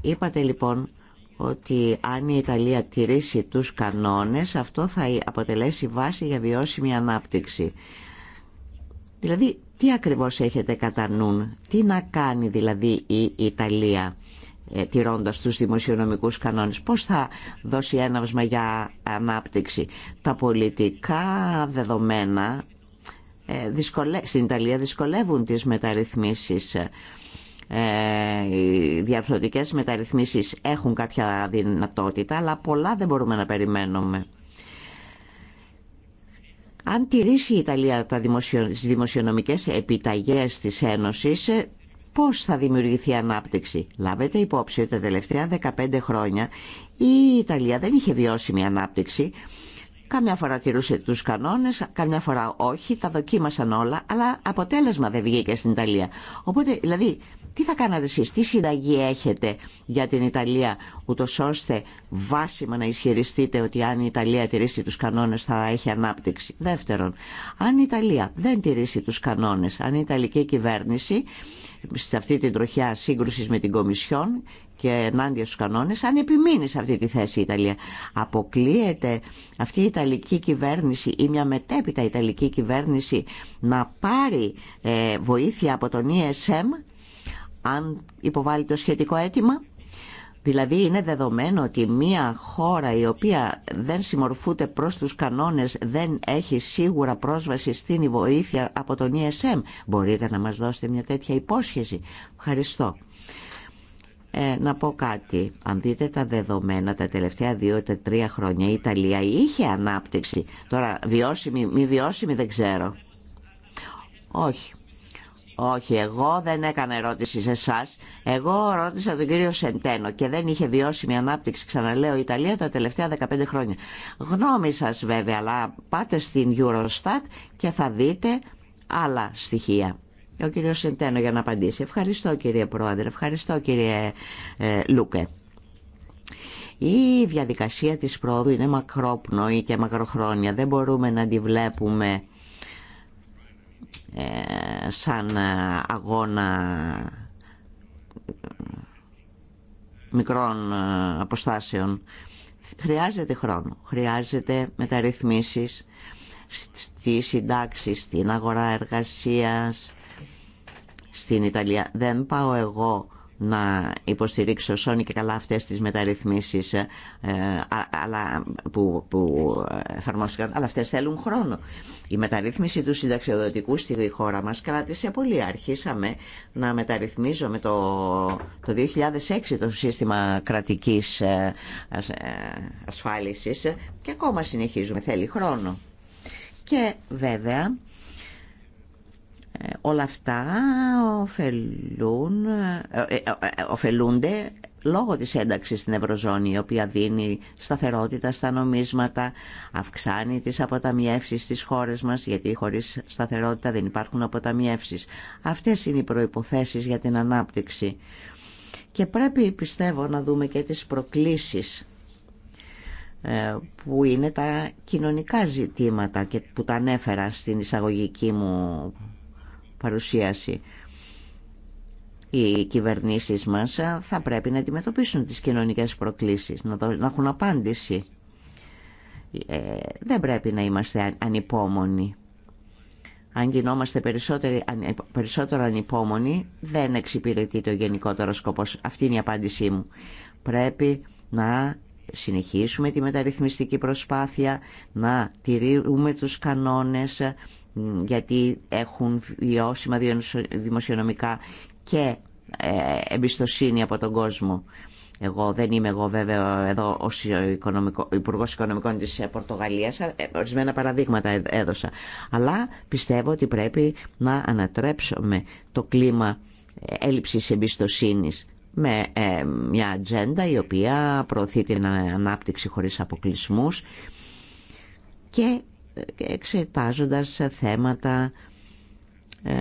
Είπατε λοιπόν ότι αν η Ιταλία τηρήσει τους κανόνες αυτό θα αποτελέσει βάση για βιώσιμη ανάπτυξη. Δηλαδή τι ακριβώς έχετε κατά νου, τι να κάνει δηλαδή η Ιταλία ε, τηρώντας τους δημοσιονομικούς κανόνες. Πώς θα δώσει έναυσμα για ανάπτυξη. Τα πολιτικά δεδομένα ε, στην Ιταλία δυσκολεύουν τις μεταρρυθμίσεις. Ε, οι διαρθρωτικές μεταρρυθμίσεις έχουν κάποια δυνατότητα, αλλά πολλά δεν μπορούμε να περιμένουμε. Αν τηρήσει η Ιταλία τα δημοσιο... τις δημοσιονομικές επιταγές της Ένωσης, ε, πώς θα δημιουργηθεί ανάπτυξη. Λάβετε υπόψη ότι τα τελευταία 15 χρόνια η Ιταλία δεν είχε βιώσιμη ανάπτυξη. Καμιά φορά τηρούσε τους κανόνες, καμιά φορά όχι, τα δοκίμασαν όλα, αλλά αποτέλεσμα δεν βγήκε στην Ιταλία. Οπότε, δηλαδή, τι θα κάνατε εσείς, τι συνταγή έχετε για την Ιταλία, ούτω ώστε βάσιμα να ισχυριστείτε ότι αν η Ιταλία τηρήσει τους κανόνες θα έχει ανάπτυξη. Δεύτερον, αν η Ιταλία δεν τηρήσει τους κανόνες, αν η Ιταλική κυβέρνηση σε αυτή την τροχιά σύγκρουσης με την Κομισιόν και ενάντια στους κανόνες, αν επιμείνει σε αυτή τη θέση η Ιταλία. Αποκλείεται αυτή η Ιταλική κυβέρνηση ή μια μετέπειτα Ιταλική κυβέρνηση να πάρει ε, βοήθεια από τον ESM ε αν υποβάλει το σχετικό αίτημα. Δηλαδή είναι δεδομένο ότι μια χώρα η οποία δεν συμμορφούται προς τους κανόνες δεν έχει σίγουρα πρόσβαση στην βοήθεια από τον ESM. Μπορείτε να μας δώσετε μια τέτοια υπόσχεση. Ευχαριστώ. Ε, να πω κάτι. Αν δείτε τα δεδομένα τα τελευταία δύο-τρία χρόνια η Ιταλία είχε ανάπτυξη. Τώρα βιώσιμη, μη βιώσιμη δεν ξέρω. Όχι. Όχι, εγώ δεν έκανα ερώτηση σε εσά. Εγώ ρώτησα τον κύριο Σεντένο και δεν είχε βιώσιμη ανάπτυξη, ξαναλέω, η Ιταλία τα τελευταία 15 χρόνια. Γνώμη σα βέβαια, αλλά πάτε στην Eurostat και θα δείτε άλλα στοιχεία. Ο κύριος Σεντένο για να απαντήσει. Ευχαριστώ κύριε Πρόεδρε, ευχαριστώ κύριε ε, Λούκε. Η διαδικασία της πρόοδου είναι μακρόπνοη και μακροχρόνια. Δεν μπορούμε να τη βλέπουμε ε, σαν ε, αγώνα ε, μικρών αποστάσεων. Χρειάζεται χρόνο, χρειάζεται μεταρρυθμίσεις στη συντάξη, στην αγορά εργασίας, στην Ιταλία. Δεν πάω εγώ να υποστηρίξω σόνι και καλά αυτέ τι μεταρρυθμίσεις ε, αλλά, που, που εφαρμόστηκαν, αλλά αυτέ θέλουν χρόνο. Η μεταρρύθμιση του συνταξιοδοτικού στη χώρα μας κράτησε πολύ. Αρχίσαμε να μεταρρυθμίζουμε το, το 2006 το σύστημα κρατικής ε, ε, ασφάλισης και ακόμα συνεχίζουμε, θέλει χρόνο. Και βέβαια ε, όλα αυτά ε, ε, ωφελούνται λόγω της ένταξης στην Ευρωζώνη, η οποία δίνει σταθερότητα στα νομίσματα, αυξάνει τις αποταμιεύσεις στις χώρες μας, γιατί χωρίς σταθερότητα δεν υπάρχουν αποταμιεύσεις. Αυτές είναι οι προϋποθέσεις για την ανάπτυξη. Και πρέπει, πιστεύω, να δούμε και τις προκλήσεις που είναι τα κοινωνικά ζητήματα και που τα ανέφερα στην εισαγωγική μου παρουσίαση. Οι κυβερνήσεις μας θα πρέπει να αντιμετωπίσουν τις κοινωνικές προκλήσεις, να έχουν απάντηση. Ε, δεν πρέπει να είμαστε ανυπόμονοι. Αν γινόμαστε ε, περισσότερο ανυπόμονοι, δεν εξυπηρετεί το γενικότερο σκοπό. Αυτή είναι η απάντησή μου. Πρέπει να συνεχίσουμε τη μεταρρυθμιστική προσπάθεια, να τηρούμε τους κανόνες, γιατί έχουν βιώσιμα δημοσιονομικά και ε, εμπιστοσύνη από τον κόσμο. Εγώ δεν είμαι εγώ βέβαια εδώ ως οικονομικό, Υπουργός Οικονομικών της ε, Πορτογαλίας, ε, ορισμένα παραδείγματα έδωσα. Αλλά πιστεύω ότι πρέπει να ανατρέψουμε το κλίμα έλλειψης εμπιστοσύνης με μια ατζέντα η οποία προωθεί την ανάπτυξη χωρίς αποκλεισμούς και εξετάζοντας θέματα ε,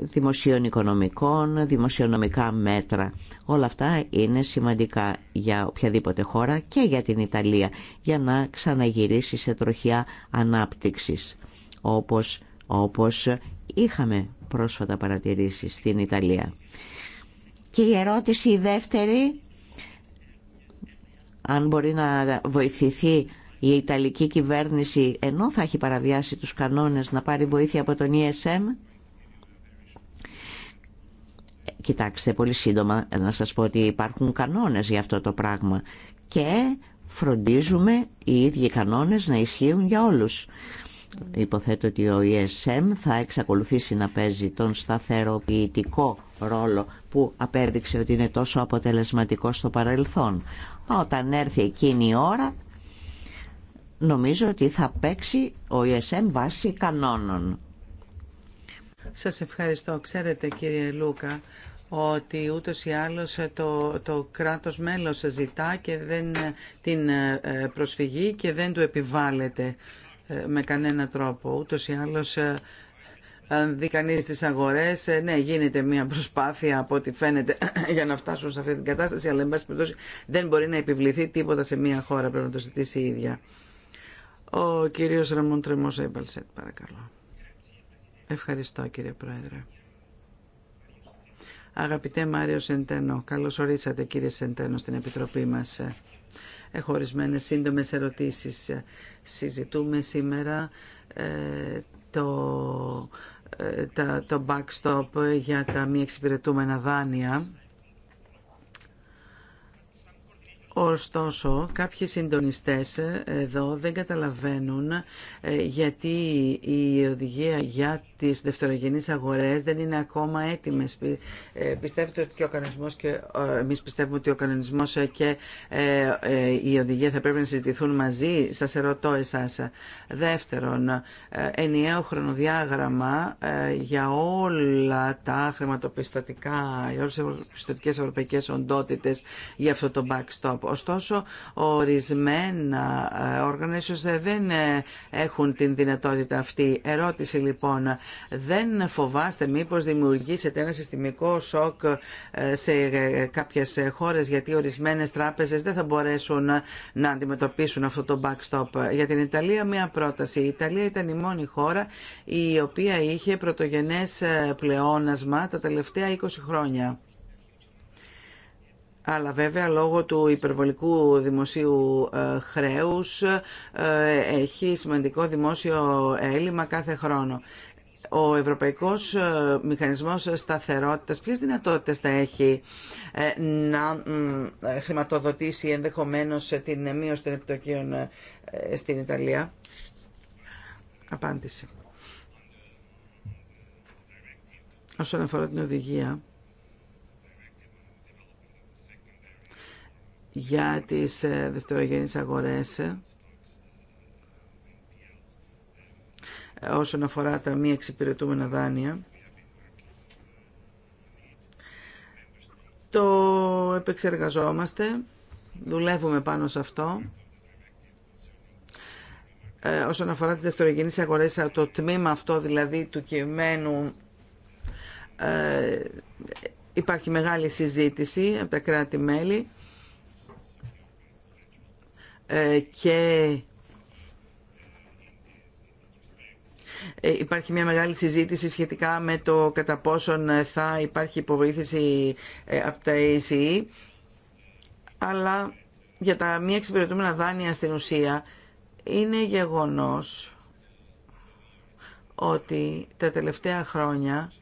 δημοσίων οικονομικών, δημοσιονομικά μέτρα. Όλα αυτά είναι σημαντικά για οποιαδήποτε χώρα και για την Ιταλία για να ξαναγυρίσει σε τροχιά ανάπτυξης όπως, όπως είχαμε πρόσφατα παρατηρήσει στην Ιταλία. Και η ερώτηση η δεύτερη αν μπορεί να βοηθηθεί η Ιταλική κυβέρνηση ενώ θα έχει παραβιάσει τους κανόνες να πάρει βοήθεια από τον ESM Κοιτάξτε πολύ σύντομα να σας πω ότι υπάρχουν κανόνες για αυτό το πράγμα και φροντίζουμε οι ίδιοι κανόνες να ισχύουν για όλους. Υποθέτω ότι ο ESM θα εξακολουθήσει να παίζει τον σταθεροποιητικό ρόλο που απέδειξε ότι είναι τόσο αποτελεσματικό στο παρελθόν. Όταν έρθει εκείνη η ώρα νομίζω ότι θα παίξει ο ESM βάσει κανόνων. Σας ευχαριστώ. Ξέρετε κύριε Λούκα ότι ούτως ή άλλως το, το κράτος μέλος ζητά και δεν την ε, προσφυγή και δεν του επιβάλλεται ε, με κανένα τρόπο. Ούτως ή άλλως ε, αν δει κανεί τι αγορέ, ναι, γίνεται μια προσπάθεια από ό,τι φαίνεται (clears throat) για να φτάσουν σε αυτή την κατάσταση, αλλά εν πάση περιπτώσει δεν μπορεί να επιβληθεί τίποτα σε μια χώρα, πρέπει να το ζητήσει η ίδια. Ο κύριος Ραμόν Τρεμός παρακαλώ. Ευχαριστώ κύριε Πρόεδρε. Αγαπητέ Μάριο Σεντένο, καλώς ορίσατε κύριε Σεντένο στην Επιτροπή μας. Έχω ορισμένε σύντομε ερωτήσεις. Συζητούμε σήμερα ε, το, ε, το backstop για τα μη εξυπηρετούμενα δάνεια Ωστόσο, κάποιοι συντονιστές εδώ δεν καταλαβαίνουν ε, γιατί η οδηγία για τις δευτερογενείς αγορές δεν είναι ακόμα έτοιμες. Ε, πιστεύετε ότι και ο κανονισμός και ε, εμείς πιστεύουμε ότι ο κανονισμός και η οδηγία θα πρέπει να συζητηθούν μαζί. Σας ερωτώ εσάς. Δεύτερον, ενιαίο χρονοδιάγραμμα για όλα τα χρηματοπιστωτικά, για όλες τις πιστωτικές ευρωπαϊκές οντότητες για αυτό το backstop. Ωστόσο, ορισμένα ε, όργανα ε, δεν ε, έχουν την δυνατότητα αυτή. Ερώτηση λοιπόν, δεν φοβάστε μήπως δημιουργήσετε ένα συστημικό σοκ σε κάποιες χώρες γιατί ορισμένες τράπεζες δεν θα μπορέσουν να αντιμετωπίσουν αυτό το backstop. Για την Ιταλία μια πρόταση. Η Ιταλία ήταν η μόνη χώρα η οποία είχε πρωτογενέ πλεόνασμα τα τελευταία 20 χρόνια αλλά βέβαια λόγω του υπερβολικού δημοσίου ε, χρέους ε, έχει σημαντικό δημόσιο έλλειμμα κάθε χρόνο. Ο Ευρωπαϊκός ε, Μηχανισμός Σταθερότητας ποιες δυνατότητες θα έχει να χρηματοδοτήσει ενδεχομένως την μείωση των επιτοκίων στην Ιταλία. Απάντηση. Όσον αφορά την οδηγία, για τις ε, δευτερογενείς αγορές ε, όσον αφορά τα μη εξυπηρετούμενα δάνεια. Το επεξεργαζόμαστε, δουλεύουμε πάνω σε αυτό. Ε, όσον αφορά τις δευτερογενείς αγορές, το τμήμα αυτό δηλαδή του κειμένου υπάρχει μεγάλη συζήτηση από τα κράτη-μέλη. Ε, και ε, υπάρχει μια μεγάλη συζήτηση σχετικά με το κατά πόσον θα υπάρχει υποβοήθηση ε, από τα ACE, αλλά για τα μη εξυπηρετούμενα δάνεια στην ουσία είναι γεγονός ότι τα τελευταία χρόνια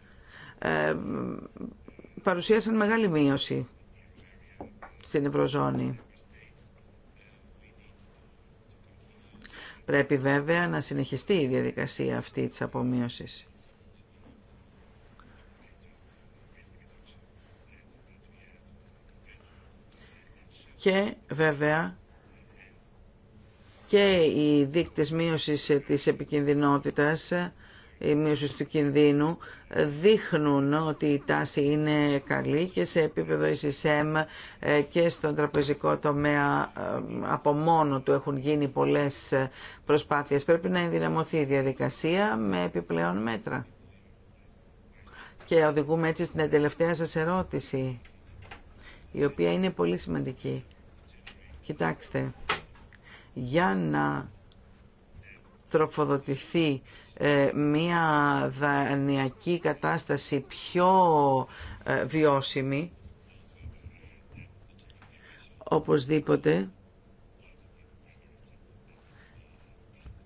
παρουσίασαν μεγάλη μείωση στην Ευρωζώνη. Πρέπει βέβαια να συνεχιστεί η διαδικασία αυτή της απομείωσης. Και βέβαια και οι δείκτες μείωσης της επικινδυνότητας μείωση του κινδύνου δείχνουν ότι η τάση είναι καλή και σε επίπεδο SSM ε, και στον τραπεζικό τομέα ε, από μόνο του έχουν γίνει πολλές ε, προσπάθειες. Πρέπει να ενδυναμωθεί η διαδικασία με επιπλέον μέτρα. Και οδηγούμε έτσι στην τελευταία σας ερώτηση, η οποία είναι πολύ σημαντική. Κοιτάξτε, για να τροφοδοτηθεί ε, μια δανειακή κατάσταση πιο ε, βιώσιμη, οπωσδήποτε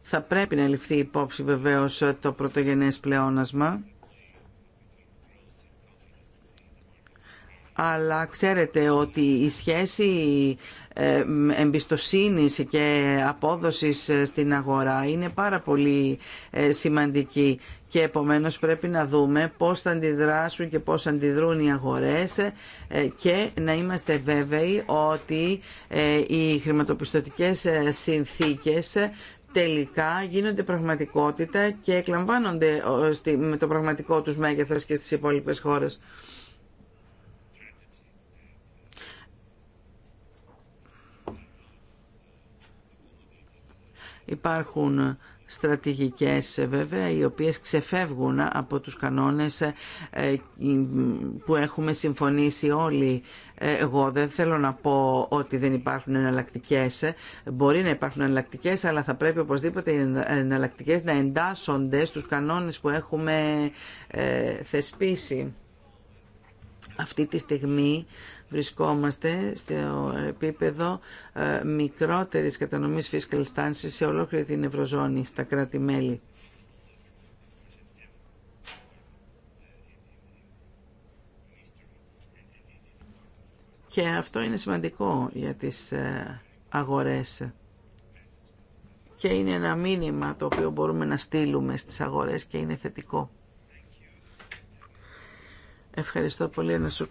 θα πρέπει να ληφθεί υπόψη βεβαίως το πρωτογενές πλεόνασμα αλλά ξέρετε ότι η σχέση ε, εμπιστοσύνης και απόδοσης ε, στην αγορά είναι πάρα πολύ ε, σημαντική και επομένως πρέπει να δούμε πώς θα αντιδράσουν και πώς αντιδρούν οι αγορές και να είμαστε βέβαιοι ότι οι χρηματοπιστωτικές συνθήκες τελικά γίνονται πραγματικότητα και εκλαμβάνονται με το πραγματικό τους μέγεθος και στις υπόλοιπες χώρες. Υπάρχουν στρατηγικές ε, βέβαια οι οποίες ξεφεύγουν από τους κανόνες ε, ε, που έχουμε συμφωνήσει όλοι. Εγώ δεν θέλω να πω ότι δεν υπάρχουν εναλλακτικέ. Μπορεί να υπάρχουν εναλλακτικέ, αλλά θα πρέπει οπωσδήποτε οι εναλλακτικέ να εντάσσονται στους κανόνες που έχουμε θεσπίσει. Αυτή τη στιγμή βρισκόμαστε στο επίπεδο ε, μικρότερης κατανομής fiscal stance σε ολόκληρη την Ευρωζώνη, στα κράτη-μέλη. Και αυτό είναι σημαντικό για τις ε, αγορές και είναι ένα μήνυμα το οποίο μπορούμε να στείλουμε στις αγορές και είναι θετικό. Ευχαριστώ πολύ να σου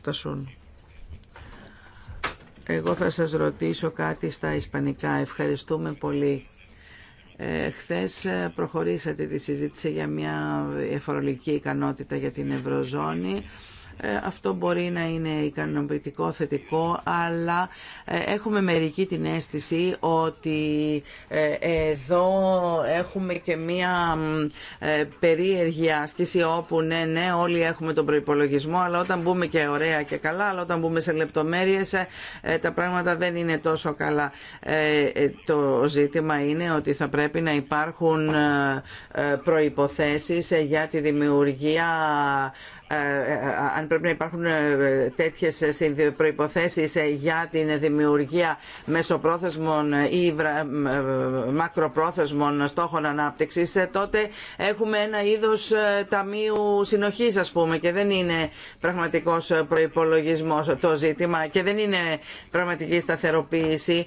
εγώ θα σας ρωτήσω κάτι στα ισπανικά. Ευχαριστούμε πολύ. Ε, χθες ε, προχωρήσατε τη συζήτηση για μια εφορολογική ικανότητα για την Ευρωζώνη. Ε, αυτό μπορεί να είναι ικανοποιητικό, θετικό, αλλά ε, έχουμε μερική την αίσθηση ότι ε, εδώ έχουμε και μία περίεργη άσκηση όπου ναι, ναι, όλοι έχουμε τον προϋπολογισμό, αλλά όταν μπούμε και ωραία και καλά, αλλά όταν μπούμε σε λεπτομέρειες τα πράγματα δεν είναι τόσο καλά. Το ζήτημα είναι ότι θα πρέπει να υπάρχουν προϋποθέσεις για τη δημιουργία ε, ε, αν πρέπει να υπάρχουν ε, τέτοιε προϋποθέσεις για την δημιουργία μεσοπρόθεσμων ή μακροπρόθεσμων στόχων ανάπτυξης, τότε έχουμε ένα είδος ταμείου συνοχής, ας πούμε, και δεν είναι πραγματικός προπολογισμό το ζήτημα και δεν είναι πραγματική σταθεροποίηση.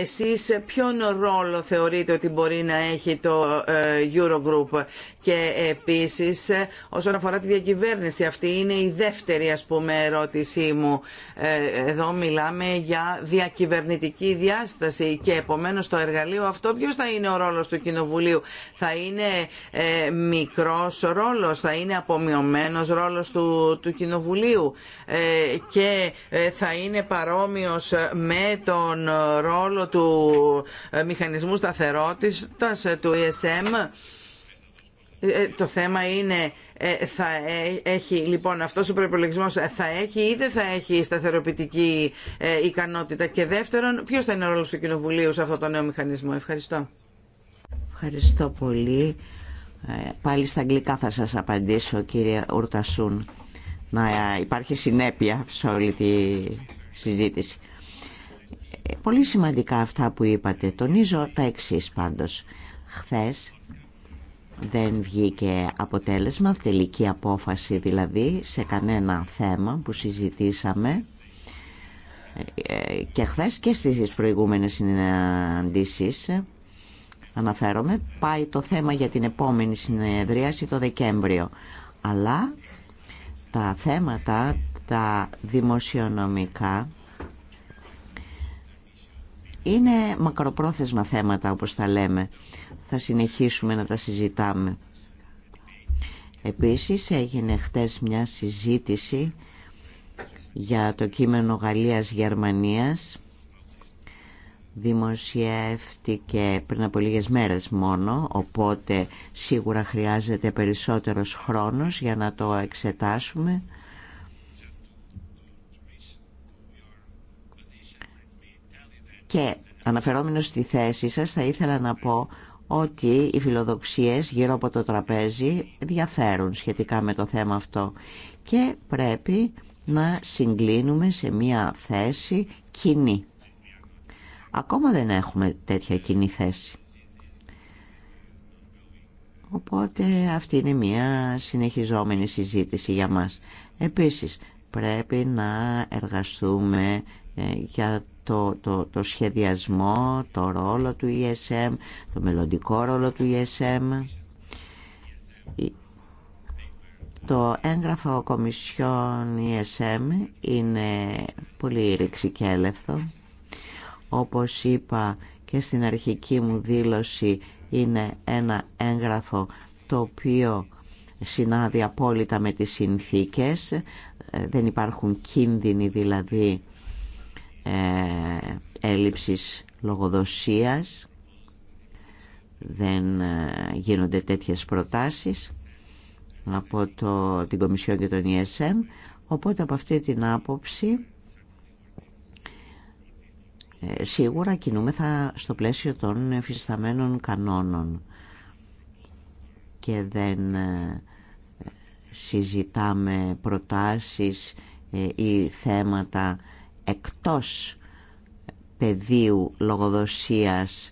Εσείς ποιον ρόλο θεωρείτε ότι μπορεί να έχει το Eurogroup και επίση όσον αφορά τη διακυβέρνηση αυτή είναι η δεύτερη ας πούμε ερώτησή μου. Ε, εδώ μιλάμε για διακυβερνητική διάσταση και επομένως το εργαλείο αυτό ποιος θα είναι ο ρόλος του Κοινοβουλίου. Θα είναι ε, μικρός ρόλος, θα είναι απομειωμένος ρόλος του, του Κοινοβουλίου ε, και ε, θα είναι παρόμοιος με τον ρόλο του Μηχανισμού Σταθερότητας του ESM ε, ε, το θέμα είναι, ε, θα έχει λοιπόν αυτός ο προπολογισμό θα έχει ή δεν θα έχει σταθεροποιητική ικανότητα και δεύτερον ποιος θα είναι ο ρόλος του Κοινοβουλίου σε αυτό το νέο μηχανισμό. Ευχαριστώ. Ευχαριστώ πολύ. Πάλι στα αγγλικά θα σας απαντήσω κύριε Ουρτασούν να υπάρχει συνέπεια σε όλη τη συζήτηση. Πολύ σημαντικά αυτά που είπατε. Τονίζω τα εξής πάντως. Χθες δεν βγήκε αποτέλεσμα, τελική απόφαση δηλαδή, σε κανένα θέμα που συζητήσαμε ε, και χθε και στις προηγούμενες συναντήσεις ε, αναφέρομαι, πάει το θέμα για την επόμενη συνεδρίαση το Δεκέμβριο. Αλλά τα θέματα, τα δημοσιονομικά, είναι μακροπρόθεσμα θέματα όπως τα λέμε θα συνεχίσουμε να τα συζητάμε. Επίσης έγινε χτες μια συζήτηση για το κείμενο Γαλλίας-Γερμανίας. Δημοσιεύτηκε πριν από λίγες μέρες μόνο, οπότε σίγουρα χρειάζεται περισσότερος χρόνος για να το εξετάσουμε. Και αναφερόμενος στη θέση σας θα ήθελα να πω ότι οι φιλοδοξίες γύρω από το τραπέζι διαφέρουν σχετικά με το θέμα αυτό και πρέπει να συγκλίνουμε σε μία θέση κοινή. Ακόμα δεν έχουμε τέτοια κοινή θέση. Οπότε αυτή είναι μία συνεχιζόμενη συζήτηση για μας. Επίσης, πρέπει να εργαστούμε ε, για το, το, σχεδιασμό, το ρόλο του ESM, το μελλοντικό ρόλο του ESM. Το έγγραφο Κομισιόν ESM είναι πολύ ρηξικέλευθο. Όπως είπα και στην αρχική μου δήλωση είναι ένα έγγραφο το οποίο συνάδει απόλυτα με τις συνθήκες. Ε, δεν υπάρχουν κίνδυνοι δηλαδή ε, έλλειψης λογοδοσίας δεν ε, γίνονται τέτοιες προτάσεις από το, την Κομισιόν και τον ESM οπότε από αυτή την άποψη ε, σίγουρα κινούμεθα στο πλαίσιο των εφισταμένων κανόνων και δεν συζητάμε προτάσεις ή θέματα εκτός πεδίου λογοδοσίας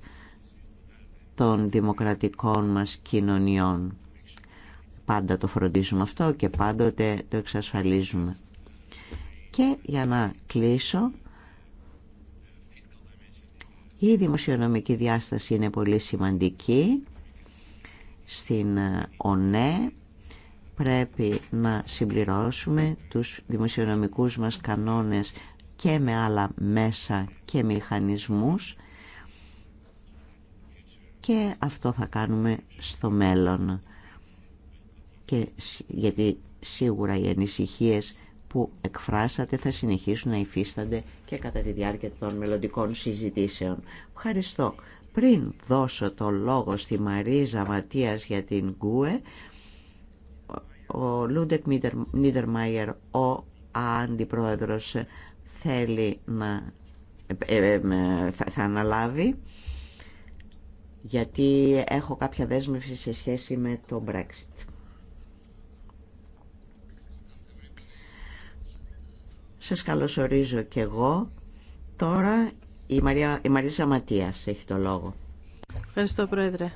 των δημοκρατικών μας κοινωνιών. Πάντα το φροντίζουμε αυτό και πάντοτε το εξασφαλίζουμε. Και για να κλείσω, η δημοσιονομική διάσταση είναι πολύ σημαντική. Στην ε, ΟΝΕ πρέπει να συμπληρώσουμε τους δημοσιονομικούς μας κανόνες και με άλλα μέσα και μηχανισμούς και αυτό θα κάνουμε στο μέλλον και γιατί σίγουρα οι ανησυχίες που εκφράσατε θα συνεχίσουν να υφίστανται και κατά τη διάρκεια των μελλοντικών συζητήσεων. Ευχαριστώ. Πριν δώσω το λόγο στη Μαρίζα Ματίας για την ΚΟΕ, ο Λούντεκ Νίτερμαϊερ, ο αντιπρόεδρος θέλει να ε, ε, θα αναλάβει γιατί έχω κάποια δέσμευση σε σχέση με το Brexit. Σας καλωσορίζω και εγώ. Τώρα η, Μαρία, η Μαρίζα Ματίας έχει το λόγο. Ευχαριστώ Πρόεδρε.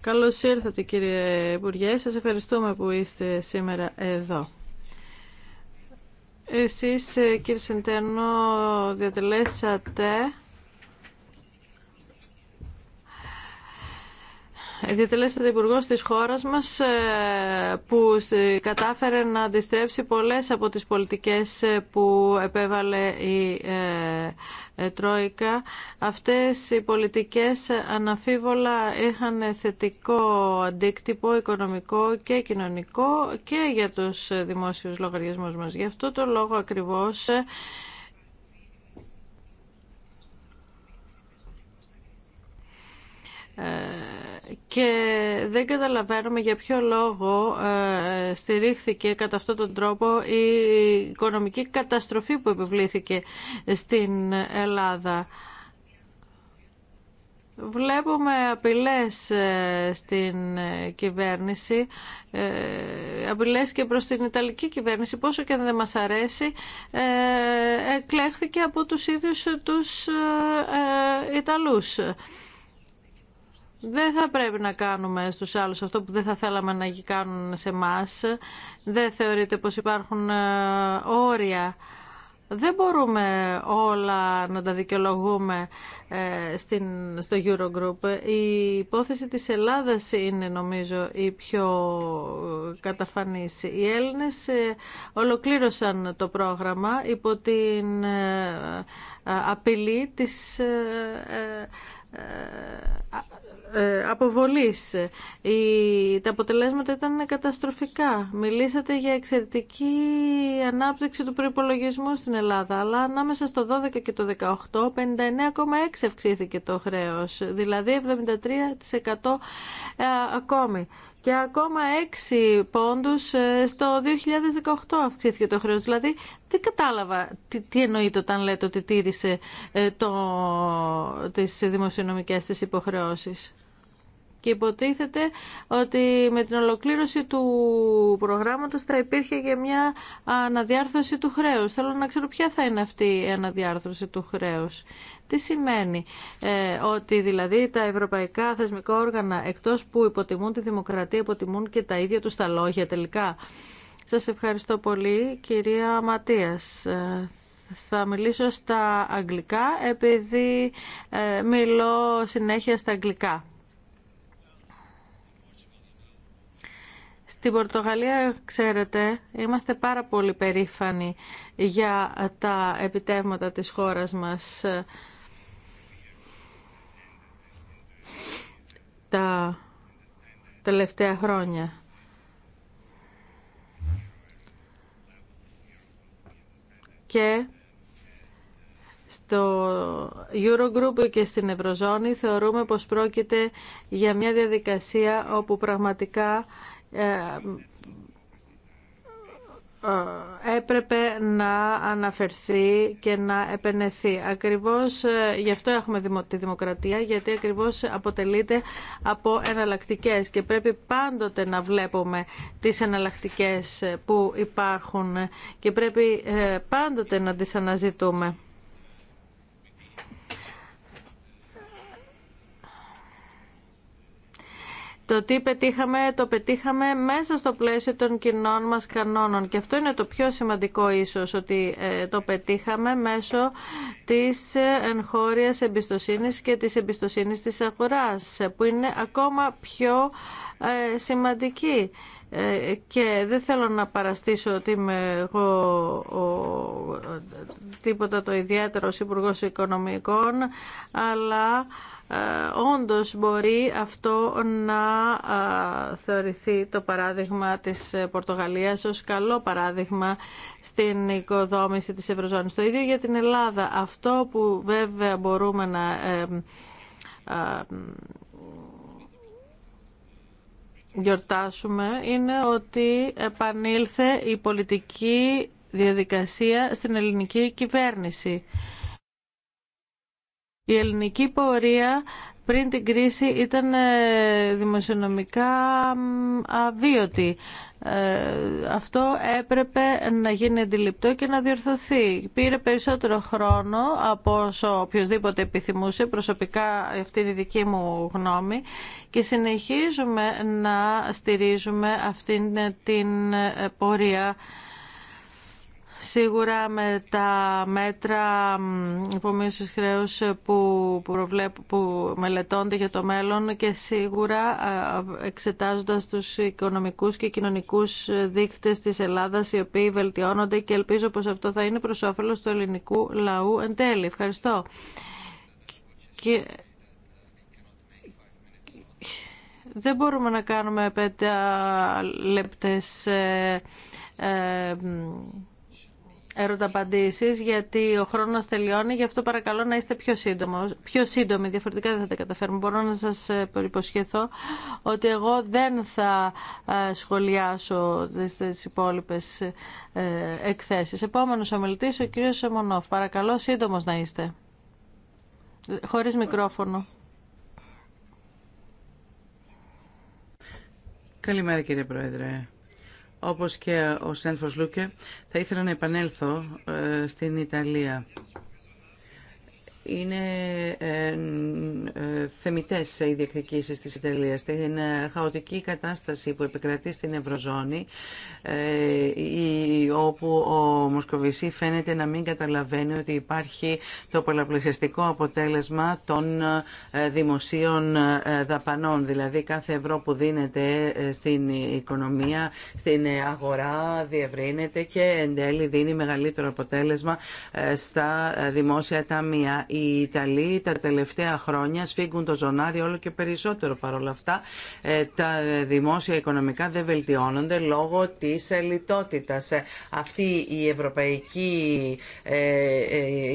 Καλώς ήρθατε κύριε Υπουργέ. Σας ευχαριστούμε που είστε σήμερα εδώ. Εσείς ε, κύριε Σεντένο διατελέσατε Διατελέσατε υπουργό τη χώρα μα ε, που κατάφερε να αντιστρέψει πολλέ από τι πολιτικέ ε, που επέβαλε η ε, Τρόικα. Αυτές οι πολιτικές αναφίβολα είχαν θετικό αντίκτυπο οικονομικό και κοινωνικό και για τους δημόσιους λογαριασμούς μας. Γι' αυτό το λόγο ακριβώς Ε, και δεν καταλαβαίνουμε για ποιο λόγο ε, στηρίχθηκε κατά αυτόν τον τρόπο η οικονομική καταστροφή που επιβλήθηκε στην Ελλάδα. Βλέπουμε απειλές ε, στην κυβέρνηση, απειλές και προς την Ιταλική κυβέρνηση, πόσο και αν δεν μας αρέσει, εκλέχθηκε από τους ίδιους τους Ιταλούς δεν θα πρέπει να κάνουμε στους άλλους αυτό που δεν θα θέλαμε να κάνουν σε εμά. Δεν θεωρείται πως υπάρχουν ε, όρια. Δεν μπορούμε όλα να τα δικαιολογούμε ε, στην, στο Eurogroup. Η υπόθεση της Ελλάδας είναι νομίζω η πιο ε, καταφανής. Οι Έλληνες ολοκλήρωσαν το πρόγραμμα υπό την απειλή της ε, ε, ε, αποβολής. Η, τα αποτελέσματα ήταν καταστροφικά. Μιλήσατε για εξαιρετική ανάπτυξη του προϋπολογισμού στην Ελλάδα, αλλά ανάμεσα στο 12 και το 18, 59,6 αυξήθηκε το χρέος, δηλαδή 73% ακόμη και ακόμα 6 πόντους ε, στο 2018 αυξήθηκε το χρέο. Δηλαδή δεν κατάλαβα τι, τι εννοείται όταν λέτε ότι τήρησε ε, το, τις δημοσιονομικές της υποχρεώσεις. Και υποτίθεται ότι με την ολοκλήρωση του προγράμματος θα υπήρχε και μια αναδιάρθρωση του χρέους. Θέλω να ξέρω ποια θα είναι αυτή η αναδιάρθρωση του χρέους. Τι σημαίνει ε, ότι δηλαδή τα ευρωπαϊκά θεσμικά όργανα εκτός που υποτιμούν τη δημοκρατία υποτιμούν και τα ίδια τους τα λόγια τελικά. Σας ευχαριστώ πολύ κυρία Ματίας. Ε, θα μιλήσω στα αγγλικά επειδή ε, μιλώ συνέχεια στα αγγλικά. Στην Πορτογαλία, ξέρετε, είμαστε πάρα πολύ περήφανοι για τα επιτεύγματα της χώρας μας. Τα τελευταία χρόνια. Και στο Eurogroup και στην Ευρωζώνη θεωρούμε πως πρόκειται για μια διαδικασία όπου πραγματικά ε, ε, έπρεπε να αναφερθεί και να επενεθεί. Ακριβώς ε, γι' αυτό έχουμε τη δημοκρατία, γιατί ακριβώς αποτελείται από εναλλακτικέ και πρέπει πάντοτε να βλέπουμε τις εναλλακτικέ που υπάρχουν και πρέπει πάντοτε να τις αναζητούμε. Το τι πετύχαμε, το πετύχαμε μέσα στο πλαίσιο των κοινών μας κανόνων. Και αυτό είναι το πιο σημαντικό ίσως, ότι ε, το πετύχαμε μέσω της ε, εγχώριας εμπιστοσύνης και της εμπιστοσύνης της αγοράς, ε, που είναι ακόμα πιο σημαντική και δεν θέλω να παραστήσω ότι είμαι εγώ ο, τίποτα το ιδιαίτερο υπουργό Οικονομικών αλλά ε, όντως μπορεί αυτό να ε, θεωρηθεί το παράδειγμα της Πορτογαλίας ως καλό παράδειγμα στην οικοδόμηση της Ευρωζώνης. Το ίδιο για την Ελλάδα. Αυτό που βέβαια μπορούμε να ε, γιορτάσουμε είναι ότι επανήλθε η πολιτική διαδικασία στην ελληνική κυβέρνηση. Η ελληνική πορεία πριν την κρίση ήταν ε, δημοσιονομικά αβίωτη. Ε, αυτό έπρεπε να γίνει αντιληπτό και να διορθωθεί. Πήρε περισσότερο χρόνο από όσο οποιοδήποτε επιθυμούσε, προσωπικά αυτή είναι η δική μου γνώμη, και συνεχίζουμε να στηρίζουμε αυτή την ε, πορεία Σίγουρα με τα μέτρα υπομείωσης χρέους που, που μελετώνται για το μέλλον και σίγουρα εξετάζοντας τους οικονομικούς και κοινωνικούς δείκτες της Ελλάδας οι οποίοι βελτιώνονται και ελπίζω πως αυτό θα είναι προς όφελος του ελληνικού λαού εν τέλει. Ευχαριστώ. Και... Δεν μπορούμε να κάνουμε πέντε λεπτές ε, ε, ερωταπαντήσεις γιατί ο χρόνος τελειώνει, γι' αυτό παρακαλώ να είστε πιο, σύντομο, πιο σύντομοι, διαφορετικά δεν θα τα καταφέρουμε. Μπορώ να σας ε, υποσχεθώ ότι εγώ δεν θα ε, σχολιάσω τις υπόλοιπες ε, εκθέσεις. Επόμενος ομιλητής, ο κύριος Σεμονόφ. Παρακαλώ σύντομος να είστε. Χωρίς μικρόφωνο. Καλημέρα κύριε Πρόεδρε. Όπως και ο συνάδελφος Λούκε, θα ήθελα να επανέλθω ε, στην Ιταλία είναι ε, ε, θεμητές οι διεκδικήσεις της Ιταλίας. Στην ε, χαοτική κατάσταση που επικρατεί στην Ευρωζώνη, όπου ο Μοσκοβισή φαίνεται να μην καταλαβαίνει ότι υπάρχει το πολλαπλασιαστικό αποτέλεσμα των δημοσίων δαπανών. Δηλαδή κάθε ευρώ που δίνεται στην οικονομία, στην αγορά, διευρύνεται και εν τέλει δίνει μεγαλύτερο αποτέλεσμα στα δημόσια ταμεία οι Ιταλοί τα τελευταία χρόνια σφίγγουν το ζωνάρι όλο και περισσότερο. Παρ' όλα αυτά ε, τα δημόσια οικονομικά δεν βελτιώνονται λόγω της λιτότητας. Ε, αυτή η ευρωπαϊκή, ε,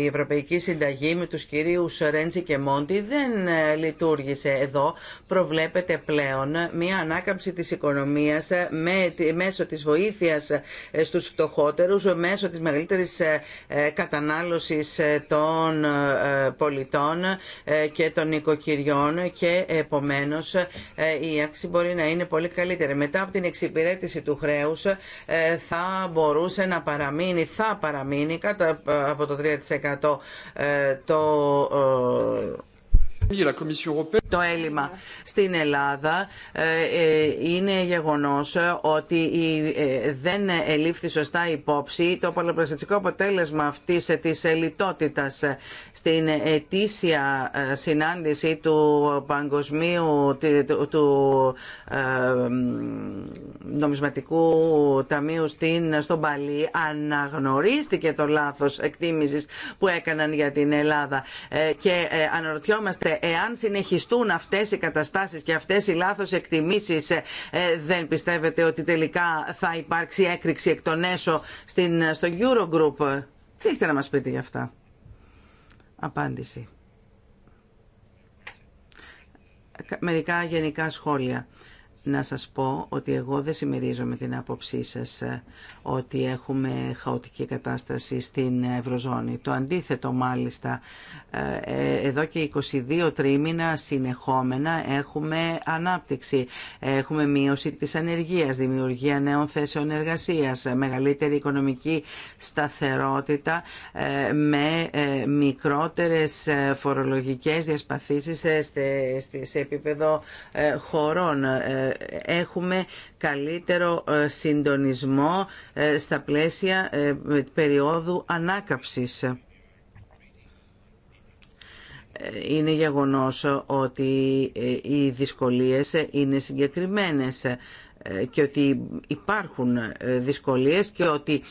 η ευρωπαϊκή συνταγή με τους κυρίους Ρέντζι και Μόντι δεν λειτουργήσε εδώ. Προβλέπεται πλέον μια ανάκαμψη της οικονομίας με, μέσω της βοήθειας στους φτωχότερου, μέσω της μεγαλύτερης κατανάλωσης των ε, πολιτών ε, και των οικοκυριών και επομένως ε, η αύξηση μπορεί να είναι πολύ καλύτερη. Μετά από την εξυπηρέτηση του χρέους θα μπορούσε να παραμείνει, θα παραμείνει από το 3% το το έλλειμμα στην Ελλάδα ε, ε, είναι γεγονός ότι ε, δεν ελήφθη σωστά υπόψη το πολλαπλασιαστικό αποτέλεσμα αυτής της ελιτότητας Στην ετήσια συνάντηση του Παγκοσμίου του, του Νομισματικού Ταμείου στην, στον Παλή αναγνωρίστηκε το λάθος εκτίμησης που έκαναν για την Ελλάδα και αναρωτιόμαστε εάν συνεχιστούν αυτές οι καταστάσεις και αυτές οι λάθος εκτιμήσεις ε, ε, δεν πιστεύετε ότι τελικά θα υπάρξει έκρηξη εκ των έσω στην, στο Eurogroup. Τι έχετε να μας πείτε γι' αυτά. Απάντηση. Μερικά γενικά σχόλια να σας πω ότι εγώ δεν συμμερίζομαι την άποψή σας ε, ότι έχουμε χαοτική κατάσταση στην Ευρωζώνη. Το αντίθετο μάλιστα, ε, ε, εδώ και 22 τρίμηνα συνεχόμενα έχουμε ανάπτυξη, έχουμε μείωση της ανεργίας, δημιουργία νέων θέσεων εργασίας, μεγαλύτερη οικονομική σταθερότητα με μικρότερες φορολογικές διασπαθήσεις σε επίπεδο χωρών έχουμε καλύτερο ε, συντονισμό ε, στα πλαίσια ε, περίοδου ανάκαψης. Είναι γεγονός ότι οι δυσκολίες είναι συγκεκριμένες και ότι υπάρχουν δυσκολίες και ότι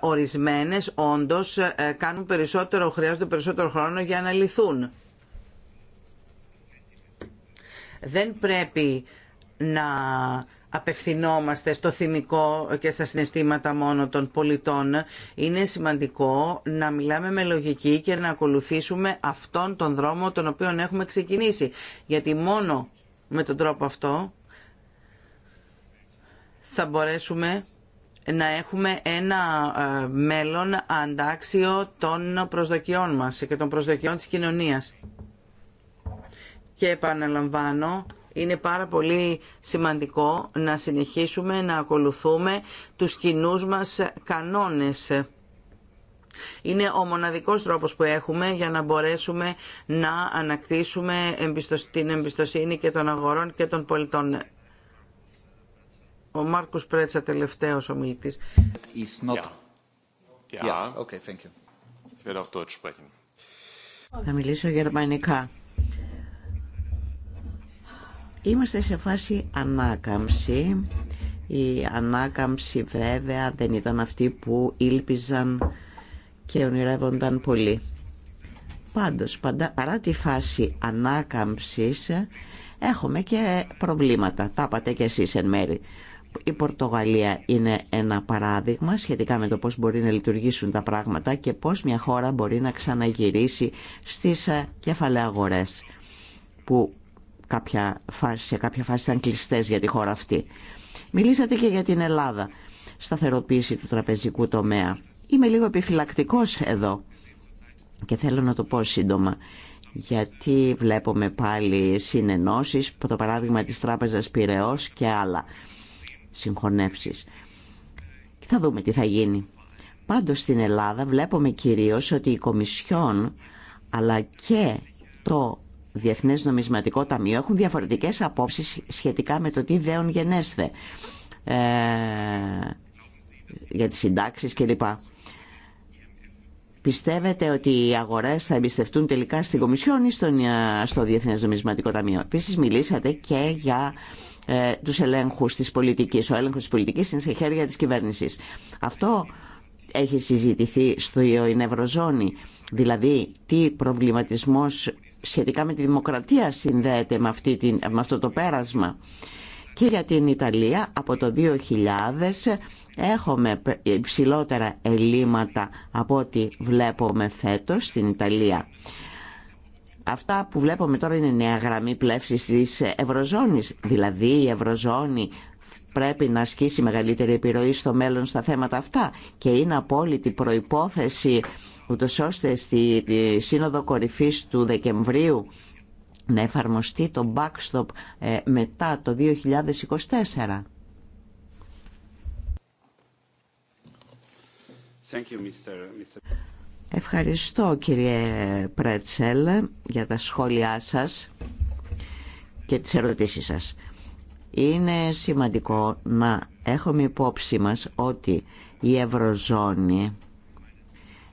ορισμένες όντως κάνουν περισσότερο, χρειάζονται περισσότερο χρόνο για να λυθούν. Δεν πρέπει να απευθυνόμαστε στο θυμικό και στα συναισθήματα μόνο των πολιτών. Είναι σημαντικό να μιλάμε με λογική και να ακολουθήσουμε αυτόν τον δρόμο τον οποίο έχουμε ξεκινήσει. Γιατί μόνο με τον τρόπο αυτό θα μπορέσουμε να έχουμε ένα ε, μέλλον αντάξιο των προσδοκιών μας και των προσδοκιών της κοινωνίας. Και επαναλαμβάνω, είναι πάρα πολύ σημαντικό να συνεχίσουμε να ακολουθούμε τους κοινού μας κανόνες. Είναι ο μοναδικός τρόπος που έχουμε για να μπορέσουμε να ανακτήσουμε την εμπιστοσύνη και των αγορών και των πολιτών. Ο Μάρκος Πρέτσα, τελευταίος ομιλητής. Not... Θα μιλήσω γερμανικά. Είμαστε σε φάση ανάκαμψη. Η ανάκαμψη βέβαια δεν ήταν αυτή που ήλπιζαν και ονειρεύονταν πολύ. Πάντως, παρά τη φάση ανάκαμψης, έχουμε και προβλήματα. Τα είπατε κι εσείς εν μέρη. Η Πορτογαλία είναι ένα παράδειγμα σχετικά με το πώς μπορεί να λειτουργήσουν τα πράγματα και πώς μια χώρα μπορεί να ξαναγυρίσει στις ε, κεφαλαίες αγορές που κάποια φάση, σε κάποια φάση ήταν κλειστέ για τη χώρα αυτή. Μιλήσατε και για την Ελλάδα, σταθεροποίηση του τραπεζικού τομέα. Είμαι λίγο επιφυλακτικός εδώ και θέλω να το πω σύντομα γιατί βλέπουμε πάλι συνενώσεις, το παράδειγμα της Τράπεζας Πυραιός και άλλα συγχωνεύσεις. Και θα δούμε τι θα γίνει. Πάντως στην Ελλάδα βλέπουμε κυρίως ότι η Κομισιόν αλλά και το Διεθνές Νομισματικό Ταμείο έχουν διαφορετικές απόψεις σχετικά με το τι δέον γενέστε. ε, για τις συντάξεις κλπ. Πιστεύετε ότι οι αγορές θα εμπιστευτούν τελικά στην Κομισιόν ή στον, ε, στο Διεθνές Νομισματικό Ταμείο. Επίσης μιλήσατε και για ε, τους ελέγχους της πολιτικής. Ο έλεγχος της πολιτικής είναι σε χέρια της κυβέρνησης. Αυτό έχει συζητηθεί στο Ευρωζώνη. Δηλαδή, τι προβληματισμός σχετικά με τη δημοκρατία συνδέεται με, αυτή την, αυτό το πέρασμα. Και για την Ιταλία, από το 2000 έχουμε υψηλότερα ελλείμματα από ό,τι βλέπουμε φέτος στην Ιταλία. Αυτά που βλέπουμε τώρα είναι νέα γραμμή πλεύσης της Ευρωζώνης. Δηλαδή η Ευρωζώνη πρέπει να ασκήσει μεγαλύτερη επιρροή στο μέλλον στα θέματα αυτά και είναι απόλυτη προϋπόθεση ούτω ώστε στη Σύνοδο Κορυφής του Δεκεμβρίου να εφαρμοστεί το backstop ε, μετά το 2024. Ευχαριστώ κύριε Πρέτσελ για τα σχόλιά σας και τις ερωτήσεις σας. Είναι σημαντικό να έχουμε υπόψη μας ότι η Ευρωζώνη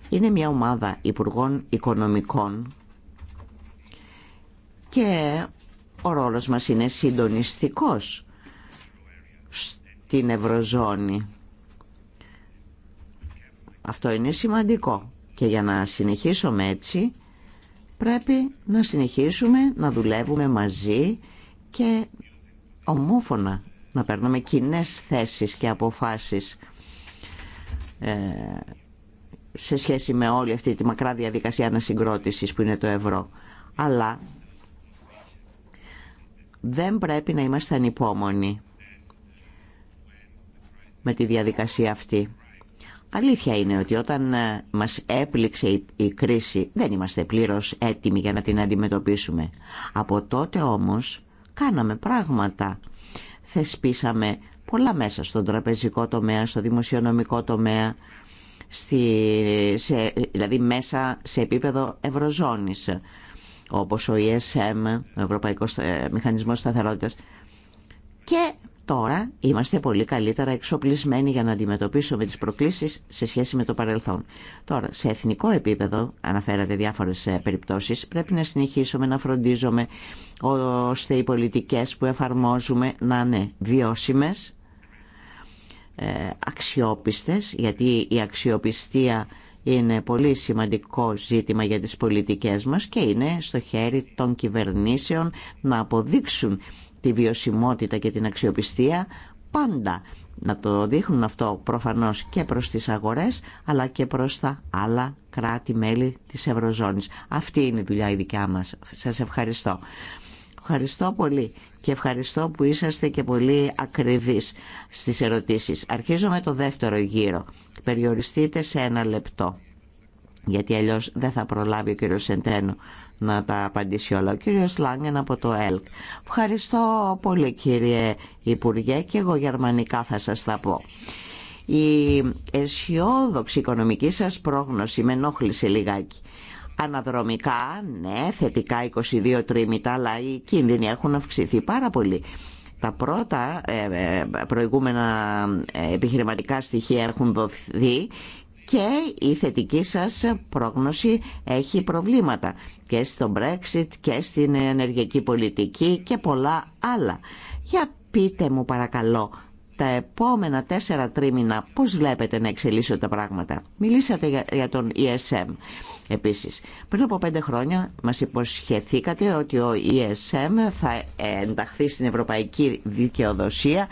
είναι μια ομάδα υπουργών οικονομικών και ο ρόλος μας είναι συντονιστικός στην Ευρωζώνη. Αυτό είναι σημαντικό και για να συνεχίσουμε έτσι πρέπει να συνεχίσουμε να δουλεύουμε μαζί και ομόφωνα, να παίρνουμε κοινέ θέσεις και αποφάσεις ε, σε σχέση με όλη αυτή τη μακρά διαδικασία ανασυγκρότησης που είναι το ευρώ. Αλλά δεν πρέπει να είμαστε ανυπόμονοι με τη διαδικασία αυτή. Αλήθεια είναι ότι όταν ε, μας έπληξε η κρίση δεν είμαστε πλήρως έτοιμοι για να την αντιμετωπίσουμε. Από τότε όμως Κάναμε πράγματα. Θεσπίσαμε πολλά μέσα στον τραπεζικό τομέα, στο δημοσιονομικό τομέα, στη, σε, δηλαδή μέσα σε επίπεδο ευρωζώνης, όπως ο ESM, ο Ευρωπαϊκός ε, Μηχανισμός Σταθερότητας. Και Τώρα είμαστε πολύ καλύτερα εξοπλισμένοι για να αντιμετωπίσουμε τις προκλήσεις σε σχέση με το παρελθόν. Τώρα, σε εθνικό επίπεδο, αναφέρατε διάφορες ε, περιπτώσεις, πρέπει να συνεχίσουμε να φροντίζουμε ώστε οι πολιτικές που εφαρμόζουμε να είναι βιώσιμες, ε, αξιόπιστες, γιατί η αξιοπιστία είναι πολύ σημαντικό ζήτημα για τις πολιτικές μας και είναι στο χέρι των κυβερνήσεων να αποδείξουν τη βιωσιμότητα και την αξιοπιστία πάντα να το δείχνουν αυτό προφανώς και προς τις αγορές αλλά και προς τα άλλα κράτη-μέλη της Ευρωζώνης. Αυτή είναι η δουλειά η δικιά μας. Σας ευχαριστώ. Ευχαριστώ πολύ και ευχαριστώ που είσαστε και πολύ ακριβείς στις ερωτήσεις. Αρχίζω με το δεύτερο γύρο. Περιοριστείτε σε ένα λεπτό γιατί αλλιώς δεν θα προλάβει ο κύριος Σεντένου να τα απαντήσει όλα. Ο κύριος Λάγκεν από το ΕΛΚ. Ευχαριστώ πολύ κύριε Υπουργέ και εγώ γερμανικά θα σας τα πω. Η αισιόδοξη οικονομική σας πρόγνωση με ενόχλησε λιγάκι. Αναδρομικά, ναι, θετικά 22 τρίμητα, αλλά οι κίνδυνοι έχουν αυξηθεί πάρα πολύ. Τα πρώτα ε, ε, προηγούμενα ε, επιχειρηματικά στοιχεία έχουν δοθεί και η θετική σας πρόγνωση έχει προβλήματα και στο Brexit και στην ενεργειακή πολιτική και πολλά άλλα. Για πείτε μου παρακαλώ τα επόμενα τέσσερα τρίμηνα πώς βλέπετε να εξελίσσονται τα πράγματα. Μιλήσατε για, τον ESM. Επίσης, πριν από πέντε χρόνια μας υποσχεθήκατε ότι ο ESM θα ενταχθεί στην ευρωπαϊκή δικαιοδοσία.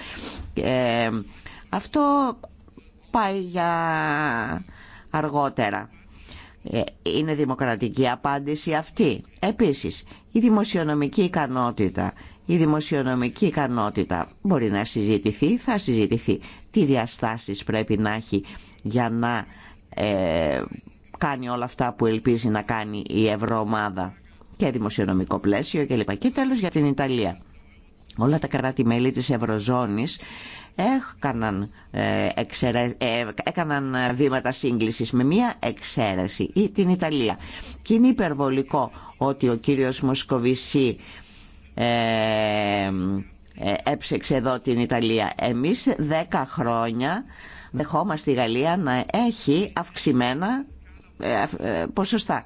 Ε, αυτό πάει για αργότερα. Ε, είναι δημοκρατική απάντηση αυτή. Επίσης, η δημοσιονομική ικανότητα. Η δημοσιονομική ικανότητα μπορεί να συζητηθεί, θα συζητηθεί. Τι διαστάσεις πρέπει να έχει για να ε, κάνει όλα αυτά που ελπίζει να κάνει η Ευρωομάδα και δημοσιονομικό πλαίσιο κλπ. Και, και τέλος για την Ιταλία όλα τα κράτη-μέλη της Ευρωζώνης έκαναν, ε, εξαιρε... Ε, έκαναν βήματα σύγκλησης με μία εξαίρεση ή την Ιταλία. Και είναι υπερβολικό ότι ο κύριος Μοσκοβισή ε, ε έψεξε εδώ την Ιταλία. Εμείς 10 χρόνια δεχόμαστε η την ιταλια και ειναι υπερβολικο οτι ο κυριος Μοσκοβισσή ε εψεξε εδω την ιταλια εμεις δέκα χρονια δεχομαστε η γαλλια να έχει αυξημένα ποσοστά.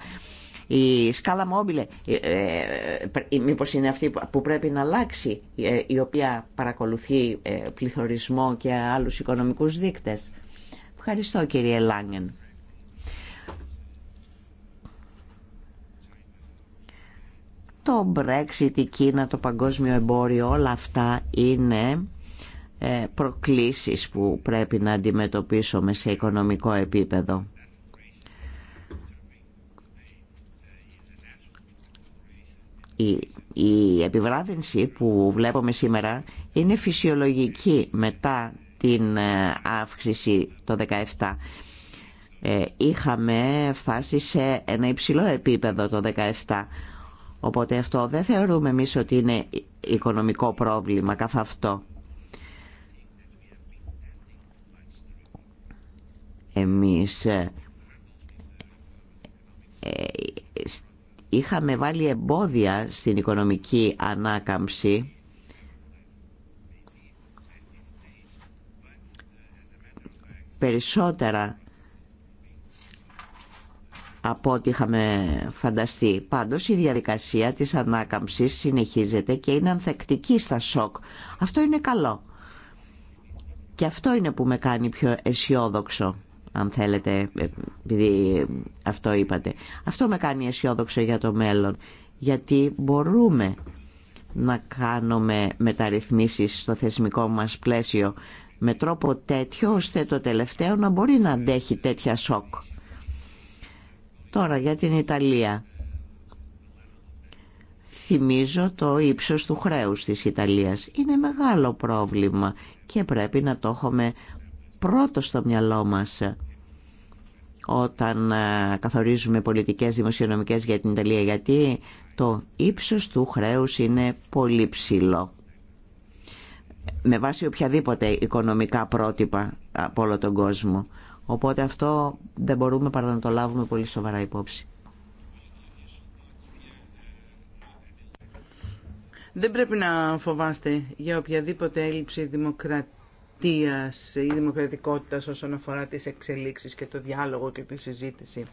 Η σκάλα μόμπιλε, ε, ε, ε, μήπως είναι αυτή που πρέπει να αλλάξει, η οποία παρακολουθεί πληθωρισμό και άλλους οικονομικούς δείκτες. Ευχαριστώ κύριε Λάγγεν. Το Brexit, η Κίνα, το παγκόσμιο εμπόριο, όλα αυτά είναι προκλήσεις που πρέπει να αντιμετωπίσουμε σε οικονομικό επίπεδο. Η, η επιβράδυνση που βλέπουμε σήμερα είναι φυσιολογική μετά την ε, αύξηση το 17. Ε, είχαμε φτάσει σε ένα υψηλό επίπεδο το 17. Οπότε αυτό δεν θεωρούμε εμείς ότι είναι οικονομικό πρόβλημα καθ' αυτό. Εμείς ε, είχαμε βάλει εμπόδια στην οικονομική ανάκαμψη περισσότερα από ό,τι είχαμε φανταστεί. Πάντως η διαδικασία της ανάκαμψης συνεχίζεται και είναι ανθεκτική στα σοκ. Αυτό είναι καλό. Και αυτό είναι που με κάνει πιο αισιόδοξο αν θέλετε, ε, επειδή αυτό είπατε. Αυτό με κάνει αισιόδοξο για το μέλλον, γιατί μπορούμε να κάνουμε μεταρρυθμίσεις στο θεσμικό μας πλαίσιο με τρόπο τέτοιο, ώστε το τελευταίο να μπορεί να αντέχει τέτοια σοκ. Τώρα για την Ιταλία. Θυμίζω το ύψος του χρέους της Ιταλίας. Είναι μεγάλο πρόβλημα και πρέπει να το έχουμε πρώτο στο μυαλό μας όταν ε, καθορίζουμε πολιτικές δημοσιονομικές για την Ιταλία γιατί το ύψος του χρέους είναι πολύ ψηλό με βάση οποιαδήποτε οικονομικά πρότυπα από όλο τον κόσμο. Οπότε αυτό δεν μπορούμε παρά να το λάβουμε πολύ σοβαρά υπόψη. Δεν πρέπει να φοβάστε για οποιαδήποτε έλλειψη δημοκρατία δημοκρατίας ή δημοκρατικότητα όσον αφορά τις εξελίξεις και το διάλογο και τη συζήτηση.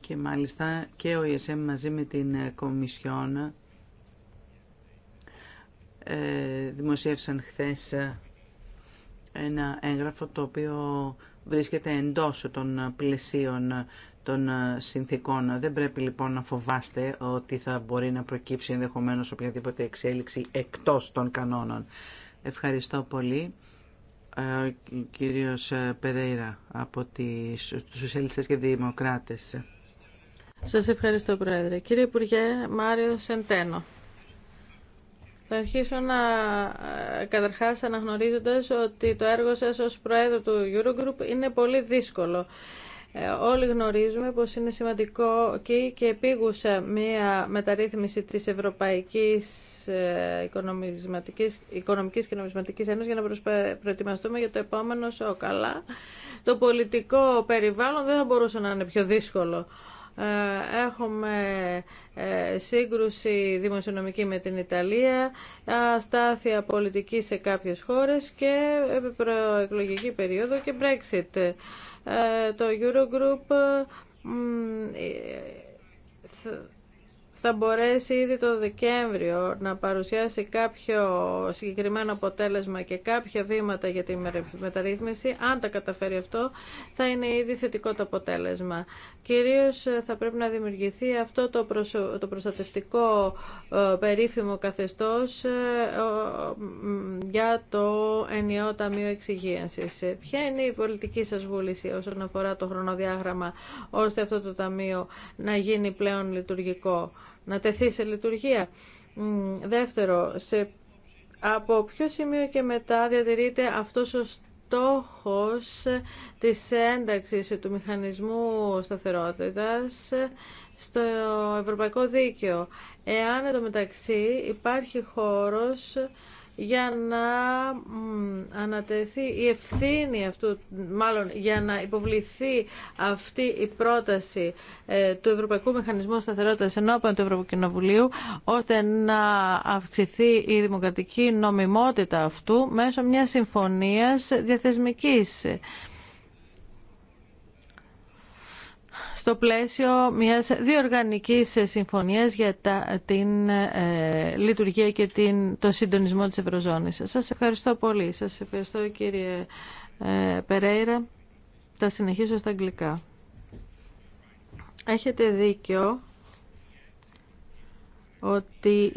Και μάλιστα και ο ΙΕΣΕΜ μαζί με την ε, Κομισιόν ε, δημοσίευσαν χθες ε, ένα έγγραφο το οποίο βρίσκεται εντός των πλαισίων των ε, συνθήκων. Δεν πρέπει λοιπόν να φοβάστε ότι θα μπορεί να προκύψει ενδεχομένως οποιαδήποτε εξέλιξη εκτός των κανόνων. Ευχαριστώ πολύ. Ε, ο κύριος ε, Περέιρα από τις, τους Σοσιαλιστές και Δημοκράτες. Σας ευχαριστώ Πρόεδρε. Κύριε Υπουργέ Μάριο Σεντένο. Θα αρχίσω να, καταρχάς αναγνωρίζοντας ότι το έργο σας ως Πρόεδρο του Eurogroup είναι πολύ δύσκολο. Ε, όλοι γνωρίζουμε πως είναι σημαντικό και επίγουσα μια μεταρρύθμιση της Ευρωπαϊκής ε, Οικονομικής και Νομισματικής Ένωσης για να προετοιμαστούμε για το επόμενο σοκ. το πολιτικό περιβάλλον δεν θα μπορούσε να είναι πιο δύσκολο. Ε, έχουμε σύγκρουση δημοσιονομική με την Ιταλία, αστάθεια πολιτική σε κάποιες χώρες και προεκλογική περίοδο και Brexit το Eurogroup θα μπορέσει ήδη το Δεκέμβριο να παρουσιάσει κάποιο συγκεκριμένο αποτέλεσμα και κάποια βήματα για τη μεταρρύθμιση, αν τα καταφέρει αυτό, θα είναι ήδη θετικό το αποτέλεσμα. Κυρίως ε, θα πρέπει να δημιουργηθεί αυτό το, προστατευτικό ε, περίφημο καθεστώς ε, για το ενιαίο Ταμείο Εξυγίανσης. Ποια είναι η πολιτική σας βούληση όσον αφορά το χρονοδιάγραμμα, ώστε αυτό το Ταμείο να γίνει πλέον λειτουργικό να τεθεί σε λειτουργία. Δεύτερο, σε, από ποιο σημείο και μετά διατηρείται αυτός ο στόχος της ένταξης του μηχανισμού σταθερότητας στο ευρωπαϊκό δίκαιο. Εάν εδώ μεταξύ υπάρχει χώρος για να ανατεθεί η ευθύνη αυτού, μάλλον για να υποβληθεί αυτή η πρόταση ε, του Ευρωπαϊκού Μηχανισμού Σταθερότητας ενώπιον του Ευρωπαϊκού Κοινοβουλίου, ώστε να αυξηθεί η δημοκρατική νομιμότητα αυτού μέσω μιας συμφωνίας διαθεσμικής στο πλαίσιο μιας διοργανικής συμφωνίας για τα, την ε, λειτουργία και την, το συντονισμό της Ευρωζώνης. Σας ευχαριστώ πολύ. Σας ευχαριστώ κύριε ε, Περέιρα. Θα συνεχίσω στα αγγλικά. Έχετε δίκιο ότι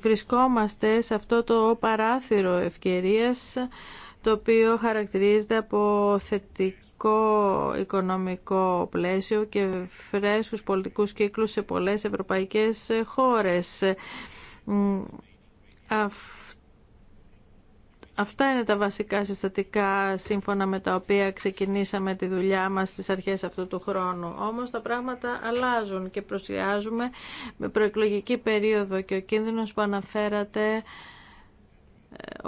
βρισκόμαστε σε αυτό το παράθυρο ευκαιρίας το οποίο χαρακτηρίζεται από θετική πολιτικό οικονομικό πλαίσιο και φρέσκους πολιτικούς κύκλους σε πολλές ευρωπαϊκές χώρες. Αυτά είναι τα βασικά συστατικά σύμφωνα με τα οποία ξεκινήσαμε τη δουλειά μας στις αρχές αυτού του χρόνου. Όμως τα πράγματα αλλάζουν και προσιάζουμε με προεκλογική περίοδο και ο κίνδυνος που αναφέρατε, ε,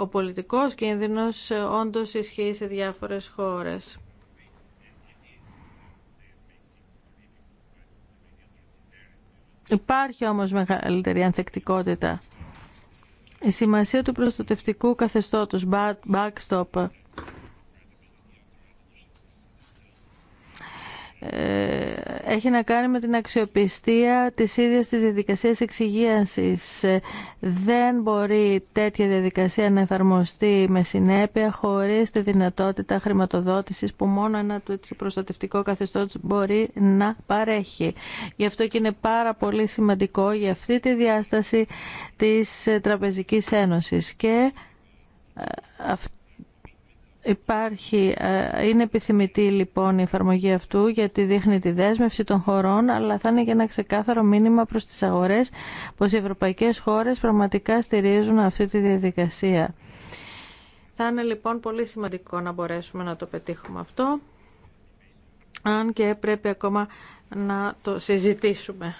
ο πολιτικός κίνδυνος ε, όντως ισχύει σε διάφορες χώρες. Υπάρχει όμως μεγαλύτερη ανθεκτικότητα. Η σημασία του προστατευτικού καθεστώτος, backstop, Ε, έχει να κάνει με την αξιοπιστία της ίδιας της διαδικασίας εξυγίασης. Ε, δεν μπορεί τέτοια διαδικασία να εφαρμοστεί με συνέπεια χωρίς τη δυνατότητα χρηματοδότησης που μόνο ένα τέτοιο προστατευτικό καθεστώς μπορεί να παρέχει. Γι' αυτό και είναι πάρα πολύ σημαντικό για αυτή τη διάσταση της Τραπεζικής Ένωσης. Και ε, ε, είναι επιθυμητή λοιπόν η εφαρμογή αυτού γιατί δείχνει τη δέσμευση των χωρών αλλά θα είναι και ένα ξεκάθαρο μήνυμα προς τις αγορές πως οι ευρωπαϊκές χώρες πραγματικά στηρίζουν αυτή τη διαδικασία. Θα είναι λοιπόν πολύ σημαντικό να μπορέσουμε να το πετύχουμε αυτό αν και πρέπει ακόμα να το συζητήσουμε.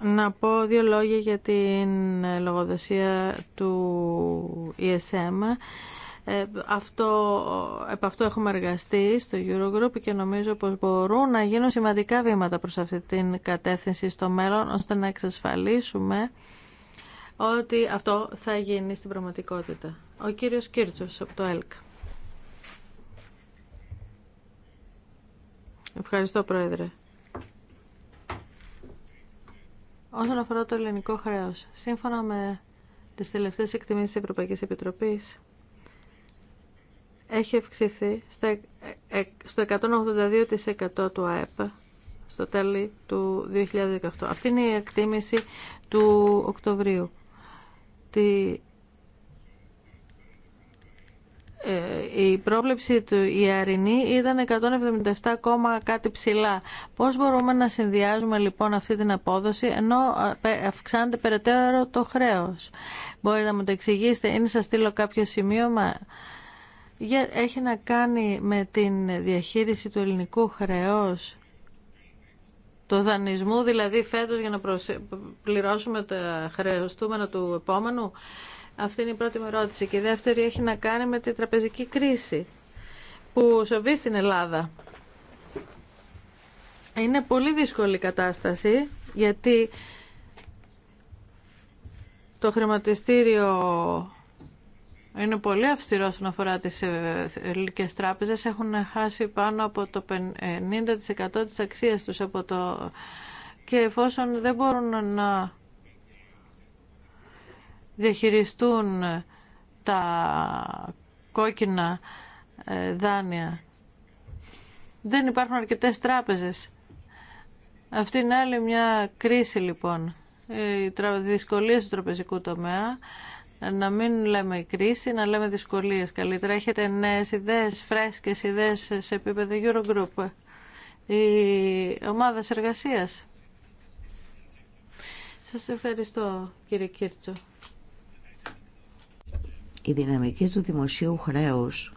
να πω δύο λόγια για την ε, λογοδοσία του ESM. Ε, αυτό, επ' αυτό έχουμε εργαστεί στο Eurogroup και νομίζω πως μπορούν να γίνουν σημαντικά βήματα προς αυτή την κατεύθυνση στο μέλλον ώστε να εξασφαλίσουμε ότι αυτό θα γίνει στην πραγματικότητα. Ο κύριος Κίρτσος από το ΕΛΚ. Ευχαριστώ Πρόεδρε. Όσον αφορά το ελληνικό χρέος, σύμφωνα με τις τελευταίες εκτιμήσεις της Ευρωπαϊκής Επιτροπής, έχει αυξηθεί στο 182% του ΑΕΠ στο τέλη του 2018. Αυτή είναι η εκτίμηση του Οκτωβρίου. Ε, η πρόβλεψη του Ιαρινή ήταν 177, κάτι ψηλά. Πώς μπορούμε να συνδυάζουμε λοιπόν αυτή την απόδοση ενώ αυξάνεται περαιτέρω το χρέος. Μπορείτε να μου το εξηγήσετε ή να σας στείλω κάποιο σημείωμα. Έχει να κάνει με την διαχείριση του ελληνικού χρέους. Το δανεισμού δηλαδή φέτος για να πληρώσουμε τα χρεωστούμενα του επόμενου. Αυτή είναι η πρώτη μου ερώτηση. Και η δεύτερη έχει να κάνει με την τραπεζική κρίση που σοβεί στην Ελλάδα. Είναι πολύ δύσκολη η κατάσταση γιατί το χρηματιστήριο είναι πολύ αυστηρό όσον αφορά τις ε, ελληνικέ τράπεζε Έχουν χάσει πάνω από το 50% ε, της αξίας τους από το... και εφόσον δεν μπορούν να διαχειριστούν τα κόκκινα ε, δάνεια. Δεν υπάρχουν αρκετές τράπεζες. Αυτή είναι άλλη μια κρίση λοιπόν. Ε, οι δυσκολίες του τραπεζικού τομέα να μην λέμε κρίση, να λέμε δυσκολίες καλύτερα. Έχετε νέες ιδέες, φρέσκες ιδέες σε επίπεδο Eurogroup. Η ομάδα εργασίας. Σας ευχαριστώ κύριε Κίρτσο η δυναμική του δημοσίου χρέους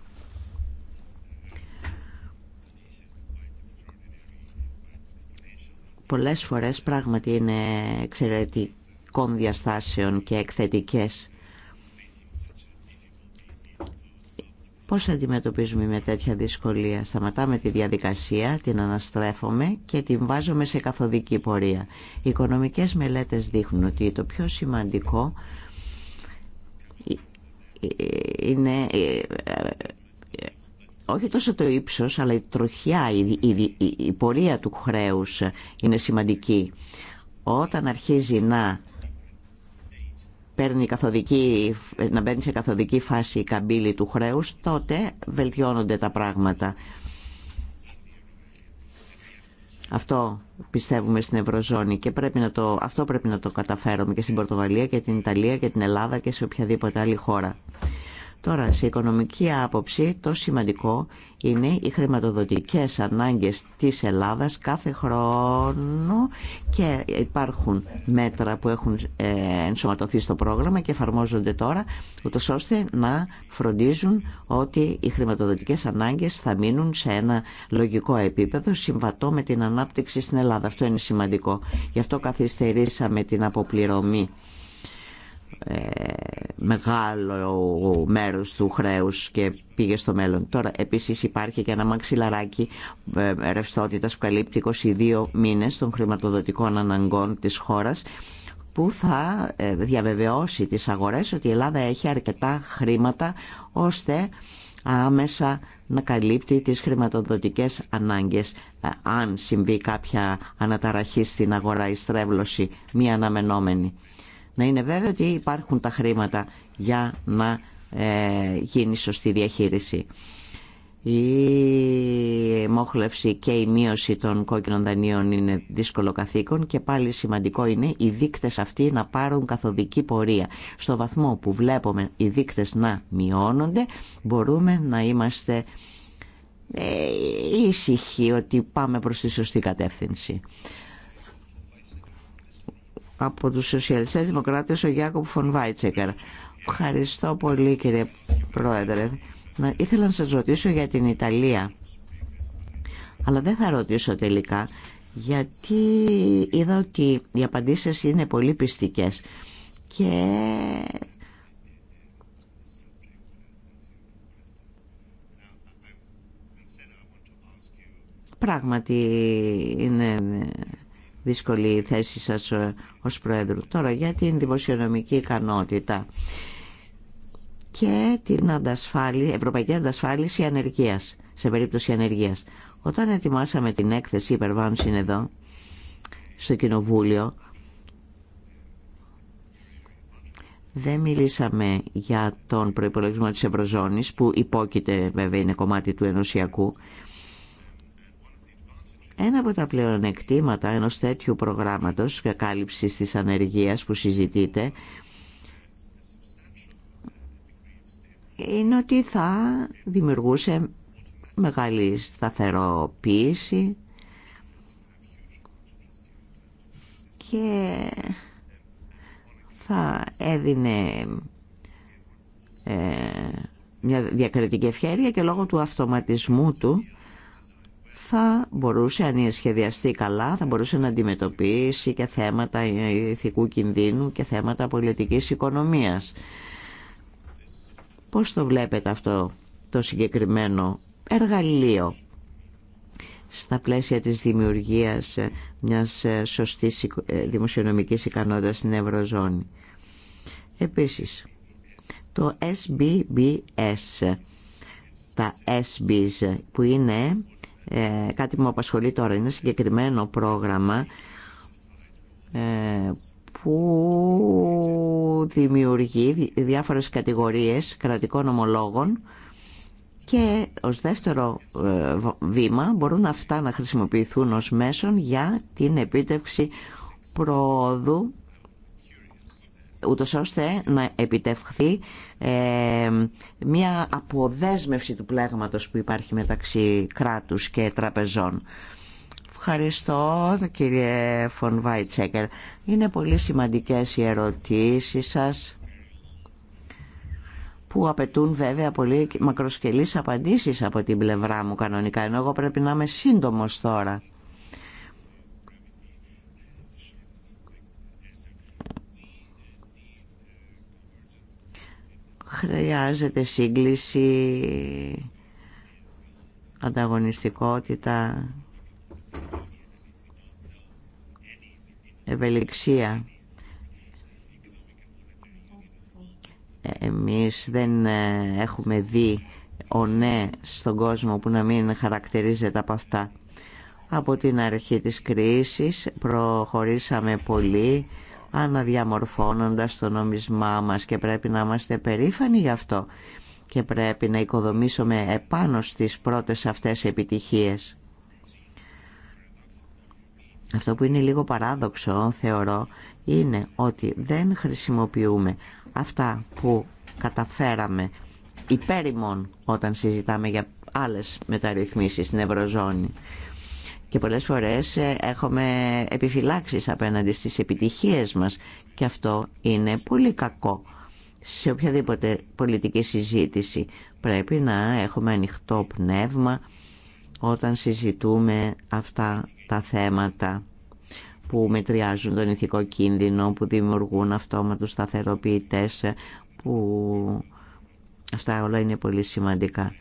πολλές φορές πράγματι είναι εξαιρετικών διαστάσεων και εκθετικές. Πώς αντιμετωπίζουμε με τέτοια δυσκολία. Σταματάμε τη διαδικασία, την αναστρέφουμε και την βάζουμε σε καθοδική πορεία. Οι οικονομικές μελέτες δείχνουν ότι το πιο σημαντικό είναι ε, ε, όχι τόσο το ύψος, αλλά η τροχιά, η, πορεία του χρέους είναι σημαντική. Όταν αρχίζει να παίρνει καθοδική, να μπαίνει σε καθοδική φάση η καμπύλη του χρέους, τότε βελτιώνονται τα πράγματα. Αυτό πιστεύουμε στην Ευρωζώνη και πρέπει να το, αυτό πρέπει να το καταφέρουμε και στην Πορτογαλία και την Ιταλία και την Ελλάδα και σε οποιαδήποτε άλλη χώρα. Τώρα, σε οικονομική άποψη, το σημαντικό είναι οι χρηματοδοτικές ανάγκες της Ελλάδας κάθε χρόνο και υπάρχουν μέτρα που έχουν ε, ενσωματωθεί στο πρόγραμμα και εφαρμόζονται τώρα, ούτως ώστε να φροντίζουν ότι οι χρηματοδοτικές ανάγκες θα μείνουν σε ένα λογικό επίπεδο συμβατό με την ανάπτυξη στην Ελλάδα. Αυτό είναι σημαντικό. Γι' αυτό καθυστερήσαμε την αποπληρωμή ε, μεγάλο μέρος του χρέους και πήγε στο μέλλον. Τώρα επίσης υπάρχει και ένα μαξιλαράκι ε, ρευστότητα που καλύπτει 22 μήνες των χρηματοδοτικών αναγκών της χώρας που θα ε, διαβεβαιώσει τις αγορές ότι η Ελλάδα έχει αρκετά χρήματα ώστε άμεσα να καλύπτει τις χρηματοδοτικές ανάγκες αν συμβεί κάποια αναταραχή στην αγορά ή στρέβλωση μη αναμενόμενη να είναι βέβαιο ότι υπάρχουν τα χρήματα για να ε, γίνει σωστή διαχείριση. Η μόχλευση και η μείωση των κόκκινων δανείων είναι δύσκολο καθήκον και πάλι σημαντικό είναι οι δείκτες αυτοί να πάρουν καθοδική πορεία. Στο βαθμό που βλέπουμε οι δείκτες να μειώνονται μπορούμε να είμαστε ε, ήσυχοι ότι πάμε προς τη σωστή κατεύθυνση από τους Σοσιαλιστές Δημοκράτες ο Γιάκοπ Φον Βάιτσεκερ. Ευχαριστώ πολύ κύριε Πρόεδρε. Ήθελα να σας ρωτήσω για την Ιταλία. Αλλά δεν θα ρωτήσω τελικά γιατί είδα ότι οι απαντήσεις είναι πολύ πιστικές και πράγματι είναι δύσκολη θέση σας ε, ως Πρόεδρου. Τώρα για την δημοσιονομική ικανότητα και την αντασφάλιση, ευρωπαϊκή αντασφάλιση ανεργίας, σε περίπτωση ανεργίας. Όταν ετοιμάσαμε την έκθεση υπερβάνωση εδώ, στο Κοινοβούλιο, δεν μιλήσαμε για τον προϋπολογισμό της Ευρωζώνης, που υπόκειται βέβαια είναι κομμάτι του ενωσιακού, ένα από τα πλεονεκτήματα ενός τέτοιου προγράμματος κάλυψης της ανεργίας που συζητείτε είναι ότι θα δημιουργούσε μεγάλη σταθεροποίηση και θα έδινε ε, μια διακριτική ευχαίρεια και λόγω του αυτοματισμού του θα μπορούσε, αν είναι σχεδιαστεί καλά, θα μπορούσε να αντιμετωπίσει και θέματα ηθικού κινδύνου και θέματα πολιτικής οικονομίας. Πώς το βλέπετε αυτό το συγκεκριμένο εργαλείο στα πλαίσια της δημιουργίας μιας σωστής ε, δημοσιονομικής ικανότητας στην Ευρωζώνη. Επίσης, το SBBS, τα SBs που είναι ε, κάτι που μου απασχολεί τώρα είναι ένα συγκεκριμένο πρόγραμμα ε, που δημιουργεί διάφορες κατηγορίες κρατικών ομολόγων και ως δεύτερο ε, βήμα μπορούν αυτά να χρησιμοποιηθούν ως μέσον για την επίτευξη προόδου ούτως ώστε να επιτευχθεί ε, μια αποδέσμευση του πλέγματος που υπάρχει μεταξύ κράτους και τραπεζών. Ευχαριστώ κύριε Φον Είναι πολύ σημαντικές οι ερωτήσεις σας που απαιτούν βέβαια πολύ μακροσκελείς απαντήσεις από την πλευρά μου κανονικά, ενώ εγώ πρέπει να είμαι σύντομος τώρα. Χρειάζεται σύγκληση, ανταγωνιστικότητα, ευελιξία. Ε, εμείς δεν ε, έχουμε δει ο ναι στον κόσμο που να μην χαρακτηρίζεται από αυτά. Από την αρχή της κρίσης προχωρήσαμε πολύ αναδιαμορφώνοντας το νόμισμά μας και πρέπει να είμαστε περήφανοι γι' αυτό και πρέπει να οικοδομήσουμε επάνω στις πρώτες αυτές επιτυχίες. Αυτό που είναι λίγο παράδοξο θεωρώ είναι ότι δεν χρησιμοποιούμε αυτά που καταφέραμε υπέρ όταν συζητάμε για άλλες μεταρρυθμίσεις στην Ευρωζώνη και πολλές φορές ε, έχουμε επιφυλάξεις απέναντι στις επιτυχίες μας και αυτό είναι πολύ κακό σε οποιαδήποτε πολιτική συζήτηση. Πρέπει να έχουμε ανοιχτό πνεύμα όταν συζητούμε αυτά τα θέματα που μετριάζουν τον ηθικό κίνδυνο, που δημιουργούν τα σταθεροποιητές, ε, που αυτά όλα είναι πολύ σημαντικά.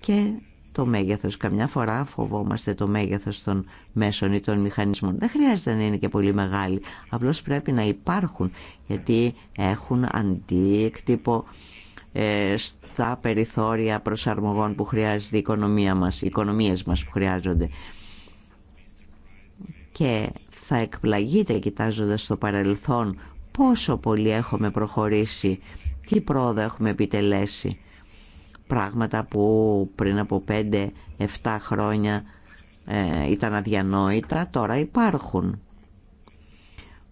Και το μέγεθος. Καμιά φορά φοβόμαστε το μέγεθος των μέσων ή των μηχανισμών. Δεν χρειάζεται να είναι και πολύ μεγάλοι. Απλώς πρέπει να υπάρχουν γιατί έχουν αντίκτυπο ε, στα περιθώρια προσαρμογών που χρειάζεται η οικονομία μας, οι οικονομίες μας που χρειάζονται. Και θα εκπλαγείτε κοιτάζοντας το παρελθόν πόσο πολύ έχουμε προχωρήσει, τι πρόοδο έχουμε επιτελέσει πράγματα που πριν από 5-7 χρόνια ε, ήταν αδιανόητα, τώρα υπάρχουν.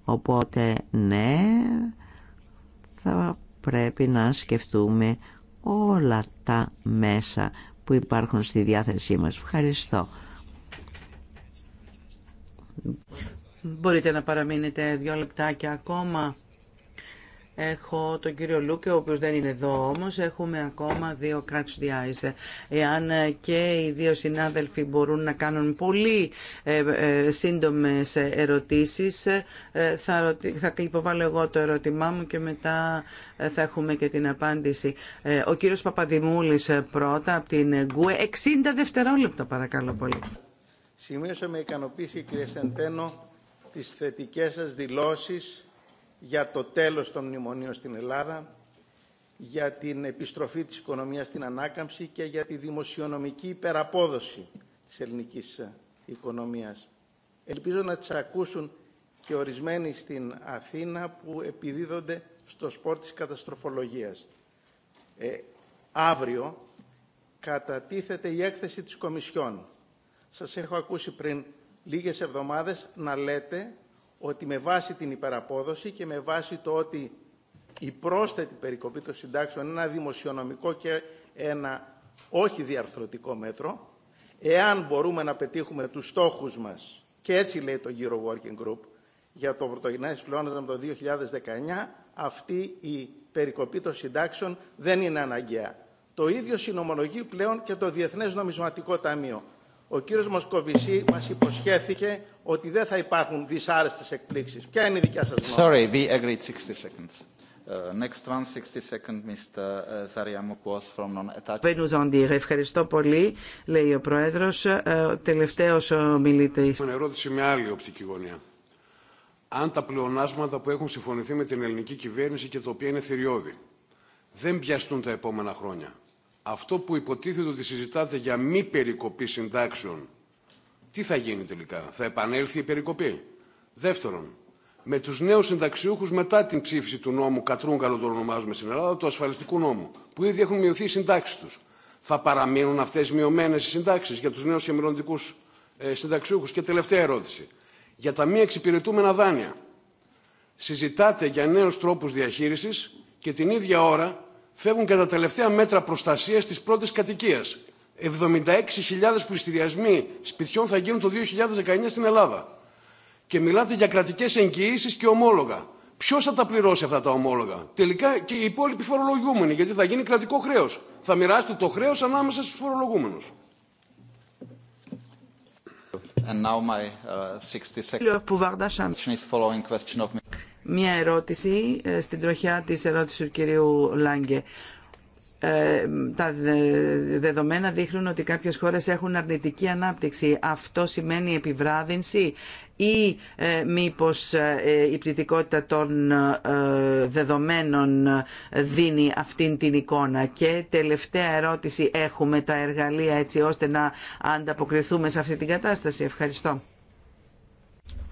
Οπότε ναι, θα πρέπει να σκεφτούμε όλα τα μέσα που υπάρχουν στη διάθεσή μας. Ευχαριστώ. Μπορείτε να παραμείνετε δύο λεπτάκια ακόμα. Έχω τον κύριο Λούκε, ο οποίο δεν είναι εδώ όμως. Έχουμε ακόμα δύο catch the Εάν και οι δύο συνάδελφοι μπορούν να κάνουν πολύ ε, ε, σύντομες ερωτήσεις, ε, θα, θα υποβάλω εγώ το ερώτημά μου και μετά θα έχουμε και την απάντηση. Ο κύριος Παπαδημούλης πρώτα από την ΓΚΟΕ. 60 δευτερόλεπτα παρακαλώ πολύ. Σημείωσα με ικανοποίηση κύριε Σεντένο τι θετικέ σα δηλώσει για το τέλος των μνημονίων στην Ελλάδα, για την επιστροφή της οικονομίας στην ανάκαμψη και για τη δημοσιονομική υπεραπόδοση της ελληνικής ε, οικονομίας. Ελπίζω να τις ακούσουν και ορισμένοι στην Αθήνα που επιδίδονται στο σπορ της καταστροφολογίας. Ε, αύριο κατατίθεται η έκθεση της Κομισιόν. Σας έχω ακούσει πριν λίγες εβδομάδες να λέτε ότι με βάση την υπεραπόδοση και με βάση το ότι η πρόσθετη περικοπή των συντάξεων είναι ένα δημοσιονομικό και ένα όχι διαρθρωτικό μέτρο, εάν μπορούμε να πετύχουμε τους στόχους μας, και έτσι λέει το Euro Working Group, για το πρωτογενές πλεόνασμα το 2019, αυτή η περικοπή των συντάξεων δεν είναι αναγκαία. Το ίδιο συνομολογεί πλέον και το Διεθνές Νομισματικό Ταμείο. Ο κύριος Μοσκοβισή μας υποσχέθηκε ότι δεν θα υπάρχουν δυσάρεστες εκπλήξεις. Ποια είναι η δικιά σας γνώμη. Sorry, we agreed 60 seconds. Uh, next one, 60 Mr. Uh, from non Ευχαριστώ πολύ, λέει ο Πρόεδρος. Uh, τελευταίος ο μιλήτης. Μια ερώτηση με άλλη οπτική γωνία. Αν τα πλεονάσματα που έχουν συμφωνηθεί με την ελληνική κυβέρνηση και τα οποία είναι θηριώδη δεν πιαστούν τα επόμενα χρόνια, αυτό που υποτίθεται ότι συζητάτε για μη περικοπή συντάξεων τι θα γίνει τελικά, θα επανέλθει η περικοπή. Δεύτερον, με τους νέους συνταξιούχους μετά την ψήφιση του νόμου, κατρούγκαλο το ονομάζουμε στην Ελλάδα, του ασφαλιστικού νόμου, που ήδη έχουν μειωθεί οι συντάξεις τους. Θα παραμείνουν αυτές μειωμένε οι συντάξεις για τους νέους και μελλοντικούς ε, συνταξιούχους. Και τελευταία ερώτηση. Για τα μη εξυπηρετούμενα δάνεια. Συζητάτε για νέους τρόπους διαχείρισης και την ίδια ώρα φεύγουν και τα τελευταία μέτρα προστασίας της πρώτη κατοικία. 76.000 πληστηριασμοί σπιτιών θα γίνουν το 2019 στην Ελλάδα. Και μιλάτε για κρατικέ εγγυήσει και ομόλογα. Ποιο θα τα πληρώσει αυτά τα ομόλογα. Τελικά και οι υπόλοιποι φορολογούμενοι, γιατί θα γίνει κρατικό χρέο. Θα μοιράσετε το χρέο ανάμεσα στου φορολογούμενου. Μια ερώτηση ε, στην τροχιά τη ερώτηση του κυρίου Λάγκε. Ε, τα δεδομένα δείχνουν ότι κάποιες χώρες έχουν αρνητική ανάπτυξη. Αυτό σημαίνει επιβράδυνση ή ε, μήπως ε, η πληθυκότητα των δεδομένων δίνει αυτήν την εικόνα. Και τελευταία ερώτηση, έχουμε τα εργαλεία έτσι ώστε να ανταποκριθούμε σε αυτή την κατάσταση. Ευχαριστώ.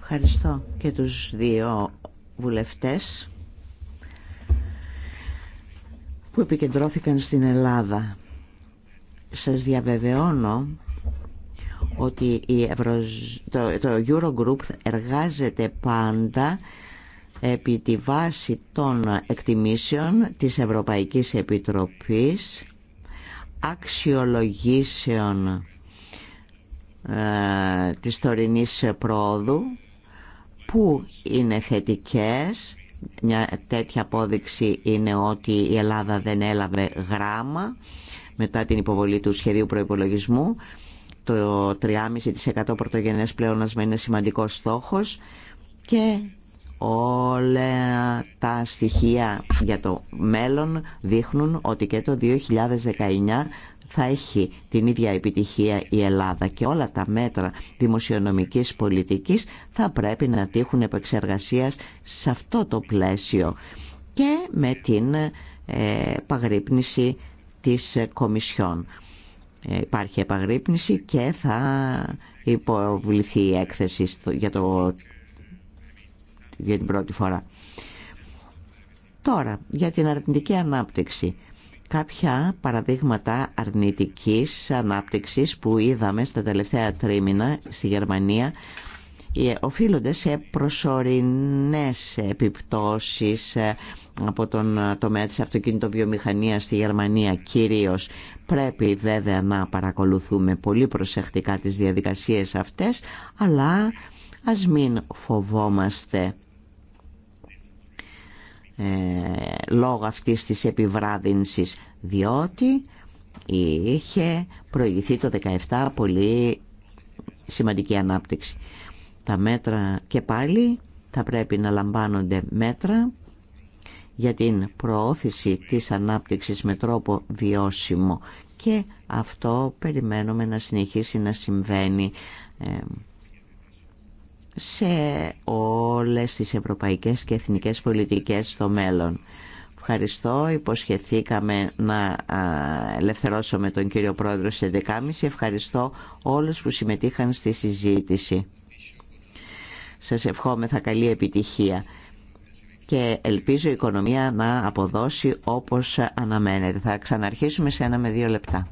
Ευχαριστώ και τους δύο βουλευτές που επικεντρώθηκαν στην Ελλάδα. Σας διαβεβαιώνω ότι η Ευρω... το, το Eurogroup εργάζεται πάντα επί τη βάση των εκτιμήσεων της Ευρωπαϊκής Επιτροπής αξιολογήσεων ε, της τωρινής πρόοδου που είναι θετικές μια τέτοια απόδειξη είναι ότι η Ελλάδα δεν έλαβε γράμμα μετά την υποβολή του σχεδίου προϋπολογισμού. Το 3,5% πρωτογενές πλεόνασμα είναι σημαντικός στόχος και όλα τα στοιχεία για το μέλλον δείχνουν ότι και το 2019 θα έχει την ίδια επιτυχία η Ελλάδα και όλα τα μέτρα δημοσιονομικής πολιτικής θα πρέπει να τύχουν επεξεργασίας σε αυτό το πλαίσιο και με την ε, παγρύπνηση της Κομισιόν. Ε, υπάρχει επαγρύπνηση και θα υποβληθεί η έκθεση για, το, για την πρώτη φορά. Τώρα, για την αρνητική ανάπτυξη. Κάποια παραδείγματα αρνητικής ανάπτυξης που είδαμε στα τελευταία τρίμηνα στη Γερμανία ε, οφείλονται σε προσωρινές επιπτώσεις ε, από τον τομέα της αυτοκινητοβιομηχανίας στη Γερμανία κυρίως. Πρέπει βέβαια να παρακολουθούμε πολύ προσεκτικά τις διαδικασίες αυτές, αλλά ας μην φοβόμαστε ε, λόγω αυτής της επιβράδυνσης διότι είχε προηγηθεί το 17 πολύ σημαντική ανάπτυξη. Τα μέτρα και πάλι θα πρέπει να λαμβάνονται μέτρα για την προώθηση της ανάπτυξης με τρόπο βιώσιμο και αυτό περιμένουμε να συνεχίσει να συμβαίνει ε, σε όλες τις ευρωπαϊκές και εθνικές πολιτικές στο μέλλον. Ευχαριστώ. Υποσχεθήκαμε να ελευθερώσουμε τον κύριο Πρόεδρο σε 11.30. Ευχαριστώ όλους που συμμετείχαν στη συζήτηση. Σας ευχόμεθα καλή επιτυχία και ελπίζω η οικονομία να αποδώσει όπως αναμένεται. Θα ξαναρχίσουμε σε ένα με δύο λεπτά.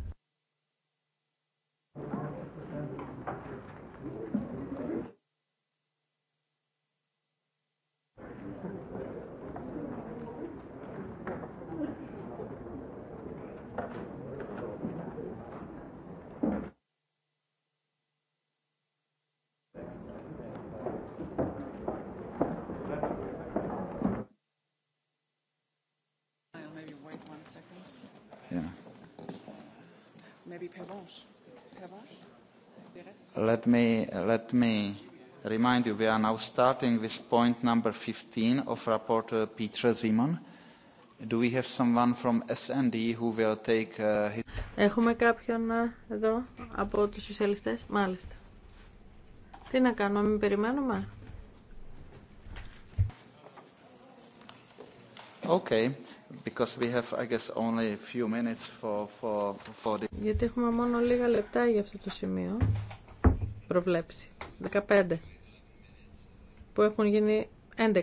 Maybe Pervenche. Let me, let me remind you, we are now starting with point number 15 of Rapporteur Peter Simon. Do we have someone from SND who will take uh, his... Έχουμε κάποιον εδώ από τους σοσιαλιστές, μάλιστα. Τι να κάνουμε, μην περιμένουμε. Okay, because we have, I guess, only a few minutes for, for, for this. Γιατί έχουμε μόνο λίγα λεπτά για αυτό το σημείο. Προβλέψει. 15. Που έχουν γίνει 11.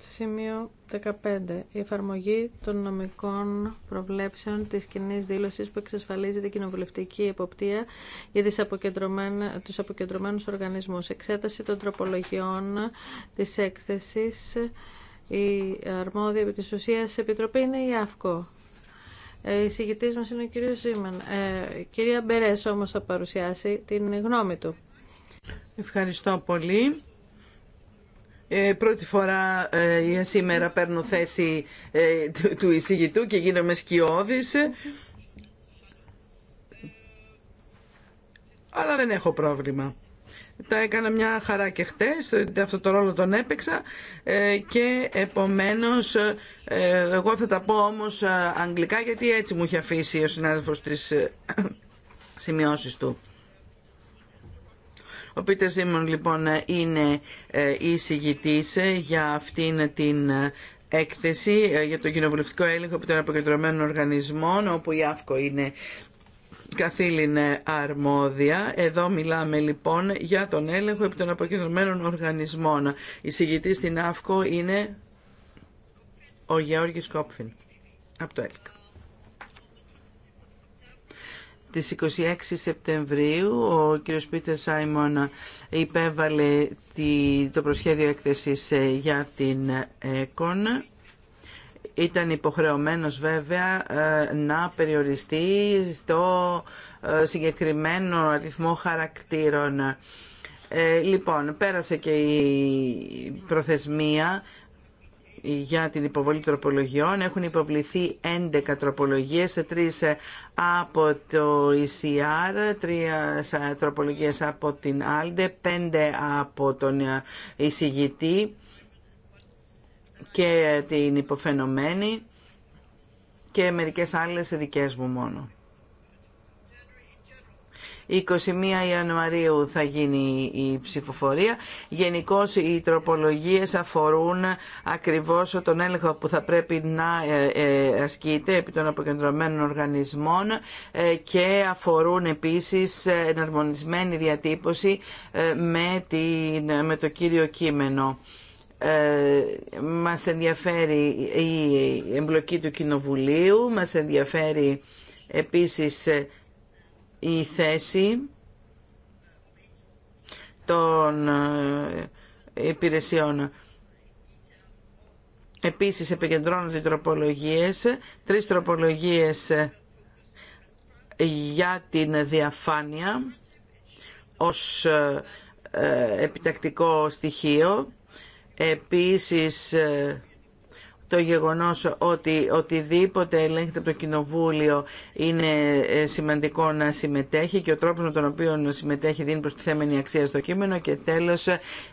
Σημείο 15. Η εφαρμογή των νομικών προβλέψεων της κοινή δήλωση που εξασφαλίζει την κοινοβουλευτική εποπτεία για τις αποκεντρωμένου τους αποκεντρωμένους οργανισμούς. Εξέταση των τροπολογιών της έκθεσης. Η αρμόδια επί της ουσίας επιτροπή είναι η ΑΦΚΟ. Ε, η συγητής μας είναι ο κύριος Ζήμαν. Ε, κυρία Μπερές όμως θα παρουσιάσει την γνώμη του. Ευχαριστώ πολύ. Ε, πρώτη φορά ε, σήμερα παίρνω θέση ε, του εισηγητού και γίνομαι σκιώδης. Αλλά δεν έχω πρόβλημα. Τα έκανα μια χαρά και χτες, αυτό το ρόλο τον έπαιξα και επομένως εγώ θα τα πω όμως αγγλικά γιατί έτσι μου είχε αφήσει ο συνάδελφος τις (clears throat) σημειώσεις του. Ο Πίτερ Σίμων λοιπόν είναι ε, συγητή ε, για αυτήν την ε, έκθεση για το κοινοβουλευτικό έλεγχο από των αποκεντρωμένων οργανισμών όπου η ΑΦΚΟ είναι καθήλυν αρμόδια. Εδώ μιλάμε λοιπόν για τον έλεγχο επί των αποκεντρωμένων οργανισμών. Η συγητή στην ΑΦΚΟ είναι ο Γεώργης Κόπφιν από το ΕΛΚ. Της 26 Σεπτεμβρίου ο κ. Πίτερ Σάιμον υπέβαλε το προσχέδιο έκθεσης ε, για την ε, ΕΚΟΝ. Ήταν υποχρεωμένος βέβαια ε, να περιοριστεί στο συγκεκριμένο αριθμό χαρακτήρων. Λοιπόν, πέρασε και η προθεσμία για την υποβολή τροπολογιών. Έχουν υποβληθεί 11 τροπολογίες, 3 ε, από το ECR, 3 ε, τροπολογίες από την ALDE, 5 από τον ε, εισηγητή και την υποφαινομένη και μερικές άλλες δικές μου μόνο. 21 Ιανουαρίου θα γίνει η ψηφοφορία. Γενικώ οι τροπολογίες αφορούν ακριβώς τον έλεγχο που θα πρέπει να ε, ε, ασκείται επί των αποκεντρωμένων οργανισμών ε, και αφορούν επίσης εναρμονισμένη διατύπωση με, την, το κύριο κείμενο. μας ενδιαφέρει η εμπλοκή του Κοινοβουλίου, μας ενδιαφέρει επίσης η θέση των ε, υπηρεσιών. Επίσης επικεντρώνονται οι τροπολογίες, τρεις τροπολογίες για την διαφάνεια ως ε, ε, επιτακτικό στοιχείο. Επίσης το γεγονός ότι οτιδήποτε ελέγχεται από το Κοινοβούλιο είναι ε, σημαντικό να συμμετέχει και ο τρόπος με τον οποίο συμμετέχει δίνει προστιθέμενη αξία στο κείμενο και τέλος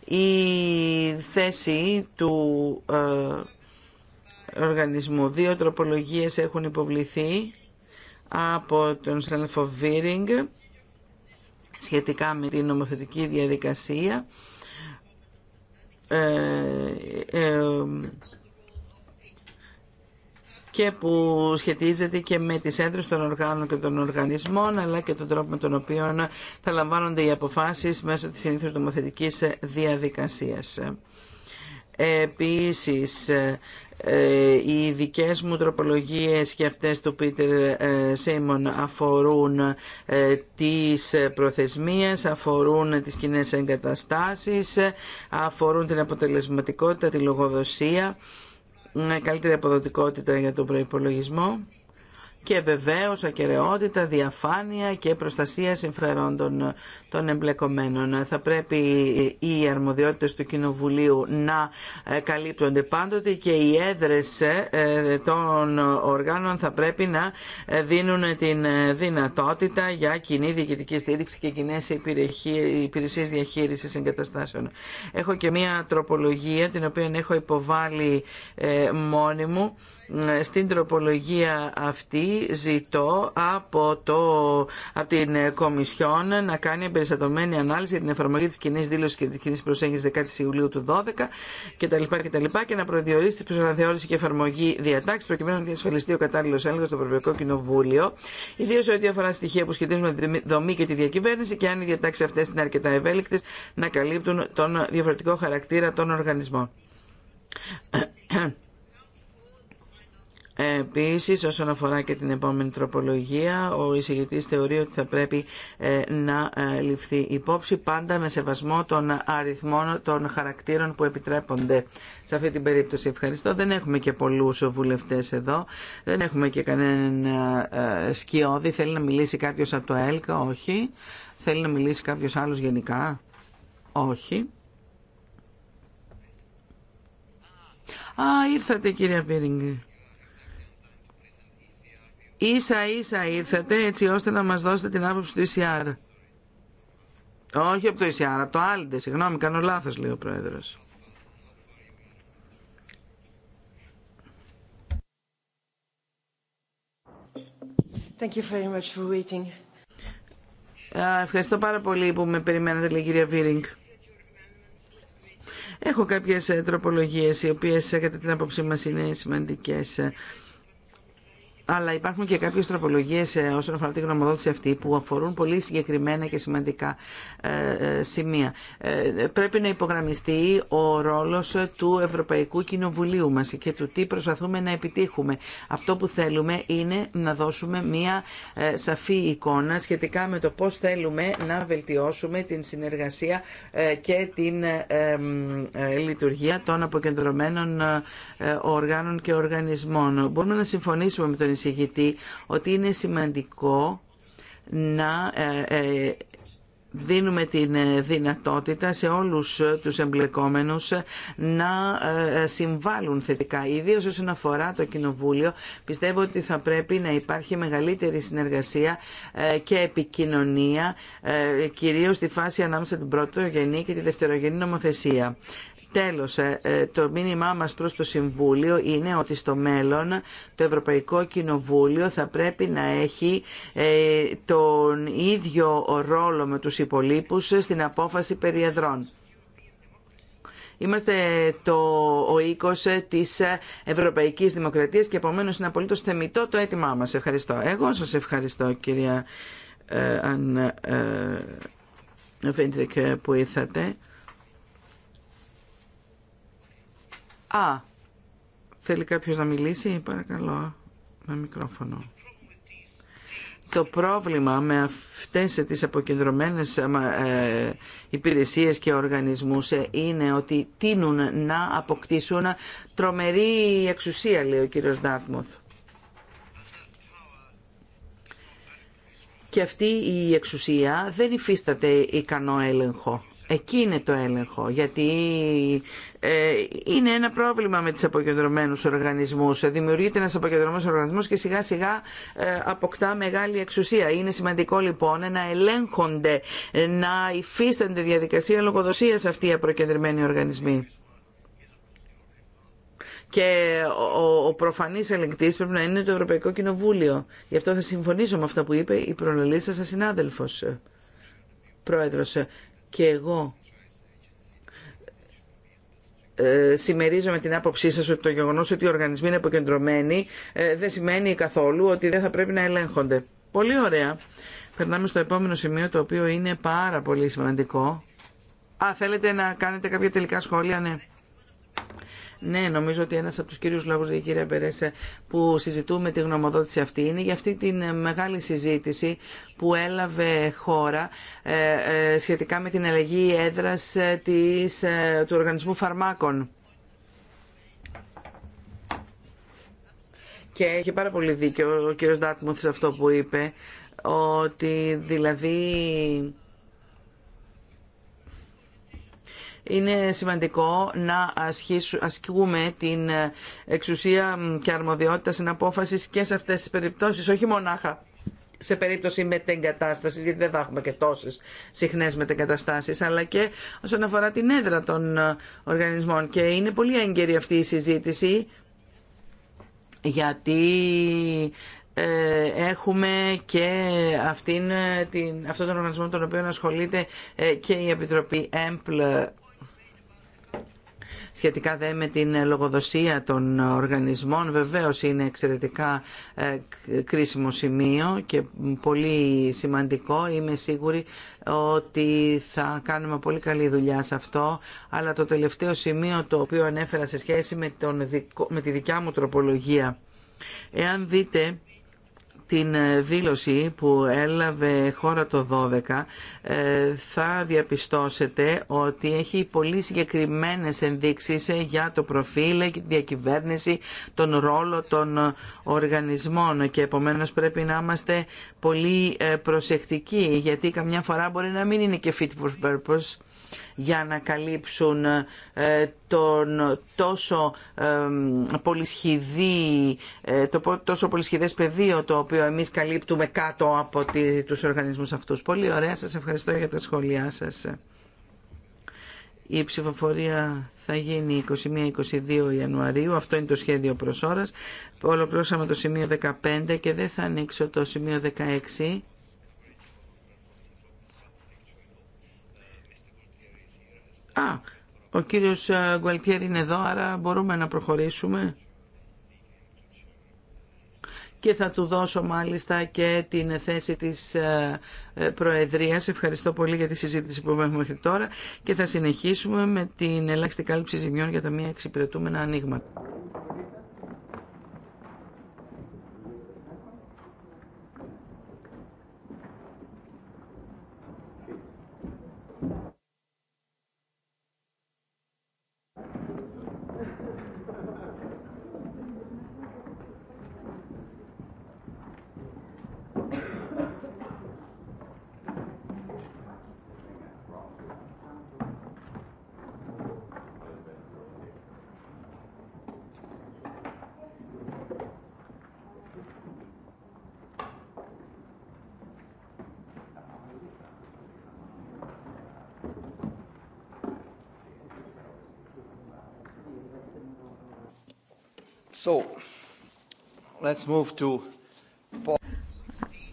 η θέση του ε, οργανισμού. Δύο τροπολογίες έχουν υποβληθεί από τον Σαλφο σχετικά με την νομοθετική διαδικασία. ε, ε και που σχετίζεται και με τις έδρες των οργάνων και των οργανισμών αλλά και τον τρόπο με τον οποίο θα λαμβάνονται οι αποφάσεις μέσω της συνήθως νομοθετικής διαδικασίας. Επίσης, ε, ε, οι δικές μου τροπολογίες και αυτές του Πίτερ ε, Σέιμον αφορούν τις προθεσμίες, αφορούν τις κοινές εγκαταστάσεις, αφορούν την αποτελεσματικότητα, τη λογοδοσία ναι, καλύτερη αποδοτικότητα για τον προϋπολογισμό και βεβαίως ακεραιότητα, διαφάνεια και προστασία συμφερόντων των εμπλεκομένων. Θα πρέπει οι αρμοδιότητες του Κοινοβουλίου να ε, καλύπτονται πάντοτε και οι έδρες ε, των οργάνων θα πρέπει να ε, δίνουν την δυνατότητα για κοινή διοικητική στήριξη και κοινέ υπηρεσίες διαχείρισης εγκαταστάσεων. Έχω και μία τροπολογία την οποία έχω υποβάλει μόνη μου στην τροπολογία αυτή ζητώ από, το, από την Κομισιόν να κάνει περιστατωμένη ανάλυση για την εφαρμογή της κοινή δήλωσης και της κοινή προσέγγισης 10 Ιουλίου του 2012 κτλ. λοιπά και να προδιορίσει την προσαναθεώρηση και εφαρμογή διατάξεις προκειμένου να διασφαλιστεί ο κατάλληλος έλεγχος στο Ευρωπαϊκό Κοινοβούλιο, ιδίω ό,τι αφορά στοιχεία που σχετίζουν με τη δομή και τη διακυβέρνηση και αν οι διατάξει αυτέ είναι αρκετά ευέλικτε να καλύπτουν τον διαφορετικό χαρακτήρα των οργανισμών. Επίση, όσον αφορά και την επόμενη τροπολογία, ο εισηγητή θεωρεί ότι θα πρέπει ε, να ε, ληφθεί υπόψη πάντα με σεβασμό των αριθμών των χαρακτήρων που επιτρέπονται. Σε αυτή την περίπτωση ευχαριστώ. Δεν έχουμε και πολλούς βουλευτέ εδώ. Δεν έχουμε και κανέναν ε, σκιώδη. Θέλει να μιλήσει κάποιο από το ΕΛΚΑ. Όχι. Θέλει να μιλήσει κάποιο άλλο γενικά. Όχι. Α, ήρθατε κύριε Πίρινγκ. Ίσα ίσα ήρθατε έτσι ώστε να μας δώσετε την άποψη του ECR. Όχι από το ECR, από το Άλντε. Συγγνώμη, κάνω λάθος λέει ο Πρόεδρος. Thank you very much for waiting. Ευχαριστώ πάρα πολύ που με περιμένατε, λέει κυρία Βίρινγκ. Έχω κάποιες ε, τροπολογίες, οι οποίες ε, κατά την άποψή μας είναι σημαντικές αλλά υπάρχουν και κάποιες τροπολογίες ε, όσον αφορά την γνωμοδότηση αυτή που αφορούν πολύ συγκεκριμένα και σημαντικά ε, ε, σημεία. Πρέπει να υπογραμμιστεί ο ρόλος του Ευρωπαϊκού Κοινοβουλίου μας και του τι προσπαθούμε να επιτύχουμε. Αυτό που θέλουμε είναι να δώσουμε μια σαφή εικόνα σχετικά με το πώς θέλουμε να βελτιώσουμε την συνεργασία και την λειτουργία των αποκεντρωμένων οργάνων και οργανισμών. Μπορούμε να συμφωνήσουμε με τον ότι είναι σημαντικό να ε, ε, δίνουμε την ε, δυνατότητα σε όλους τους εμπλεκόμενους να συμβάλλουν θετικά. Ιδίως όσον αφορά το Κοινοβούλιο, πιστεύω ότι θα πρέπει να υπάρχει μεγαλύτερη συνεργασία και επικοινωνία, κυρίως στη φάση ανάμεσα την γενή και τη δευτερογενή νομοθεσία. Τέλος, ε, ε, το μήνυμά μας προς το Συμβούλιο είναι ότι στο μέλλον το Ευρωπαϊκό Κοινοβούλιο θα πρέπει να έχει ε, τον ίδιο ρόλο με τους υπολείπους στην απόφαση περιεδρών. Είμαστε το, ο οίκος της Ευρωπαϊκής Δημοκρατίας και επομένω είναι απολύτως θεμητό το αίτημά μας. Ευχαριστώ. Εγώ σας ευχαριστώ κυρία ε, Βίντρικ που ήρθατε. Α, θέλει κάποιος να μιλήσει, παρακαλώ, με μικρόφωνο. Το πρόβλημα με αυτές τις αποκεντρωμένες ε, ε, υπηρεσίες και οργανισμούς ε, είναι ότι τίνουν να αποκτήσουν τρομερή εξουσία, λέει ο κύριος Ντάτμοθ. και αυτή η εξουσία δεν υφίσταται ικανό έλεγχο. Εκεί είναι το έλεγχο, γιατί ε, είναι ένα πρόβλημα με τις αποκεντρωμένους οργανισμούς. Δημιουργείται ένας αποκεντρωμένος οργανισμός και σιγά σιγά ε, αποκτά μεγάλη εξουσία. Είναι σημαντικό λοιπόν να ελέγχονται, να υφίστανται διαδικασία λογοδοσίας αυτοί οι αποκεντρωμένοι οργανισμοί και ο, ο προφανής ελεγκτής πρέπει να είναι το Ευρωπαϊκό Κοινοβούλιο. Γι' αυτό θα συμφωνήσω με αυτά που είπε η προλαλήσα σας συνάδελφο, πρόεδρο. Και εγώ ε, συμμερίζομαι την άποψή σας ότι το γεγονός ότι οι οργανισμοί είναι αποκεντρωμένοι ε, δεν σημαίνει καθόλου ότι δεν θα πρέπει να ελέγχονται. Πολύ ωραία. Περνάμε στο επόμενο σημείο το οποίο είναι πάρα πολύ σημαντικό. Α, θέλετε να κάνετε κάποια τελικά σχόλια, ναι. Ναι, νομίζω ότι ένας από τους κύριους λόγους, κύριε Μπερέσε, που συζητούμε τη γνωμοδότηση αυτή είναι για αυτή τη ε, μεγάλη συζήτηση που έλαβε χώρα ε, ε, σχετικά με την αλλαγή έδρας της, του Οργανισμού Φαρμάκων. Και έχει πάρα πολύ δίκιο ο κύριος Ντάρτμουθ σε αυτό που είπε, ότι δηλαδή είναι σημαντικό να ασκούμε την ε, εξουσία και αρμοδιότητα συναπόφασης και σε αυτές τι περιπτώσεις, όχι μονάχα σε περίπτωση μετεγκατάσταση, γιατί δεν θα έχουμε και τόσε συχνέ μετεγκαταστάσει, αλλά και όσον αφορά την έδρα των ε, οργανισμών. Και είναι πολύ έγκαιρη αυτή η συζήτηση, γιατί ε, έχουμε και αυτήν, την, αυτόν τον οργανισμό τον οποίο ασχολείται και η Επιτροπή ΕΜΠΛ σχετικά δε με την ε, λογοδοσία των οργανισμών βεβαίως είναι εξαιρετικά ε, κρίσιμο σημείο και πολύ σημαντικό. Είμαι σίγουρη ότι θα κάνουμε πολύ καλή δουλειά σε αυτό, αλλά το τελευταίο σημείο το οποίο ανέφερα σε σχέση με, τον, με τη δικιά μου τροπολογία, εάν δείτε την ε, δήλωση που έλαβε χώρα το 12 ε, θα διαπιστώσετε ότι έχει πολύ συγκεκριμένες ενδείξεις ε, για το προφίλ και τη διακυβέρνηση, τον ρόλο των οργανισμών και επομένως πρέπει να είμαστε πολύ προσεκτικοί γιατί καμιά φορά μπορεί να μην είναι και fit for purpose για να καλύψουν ε, τον τόσο ε, ε, το τόσο πολυσχηδές πεδίο το οποίο εμείς καλύπτουμε κάτω από τους οργανισμούς αυτούς. Πολύ ωραία. Σας ευχαριστώ για τα σχόλιά σας. Η ψηφοφορία θα γίνει 21-22 Ιανουαρίου. Αυτό είναι το σχέδιο προς ώρας. Ολοκλώσαμε το σημείο 15 και δεν θα ανοίξω το σημείο 16. Α, ο κύριος ε, Γκουαλτιέρη είναι εδώ, άρα μπορούμε να προχωρήσουμε. Και θα του δώσω μάλιστα και την θέση της ε, ε, Προεδρίας. Ευχαριστώ πολύ για τη συζήτηση που έχουμε μέχρι τώρα και θα συνεχίσουμε με την ελάχιστη κάλυψη ζημιών για τα μία εξυπηρετούμενα ανοίγματα.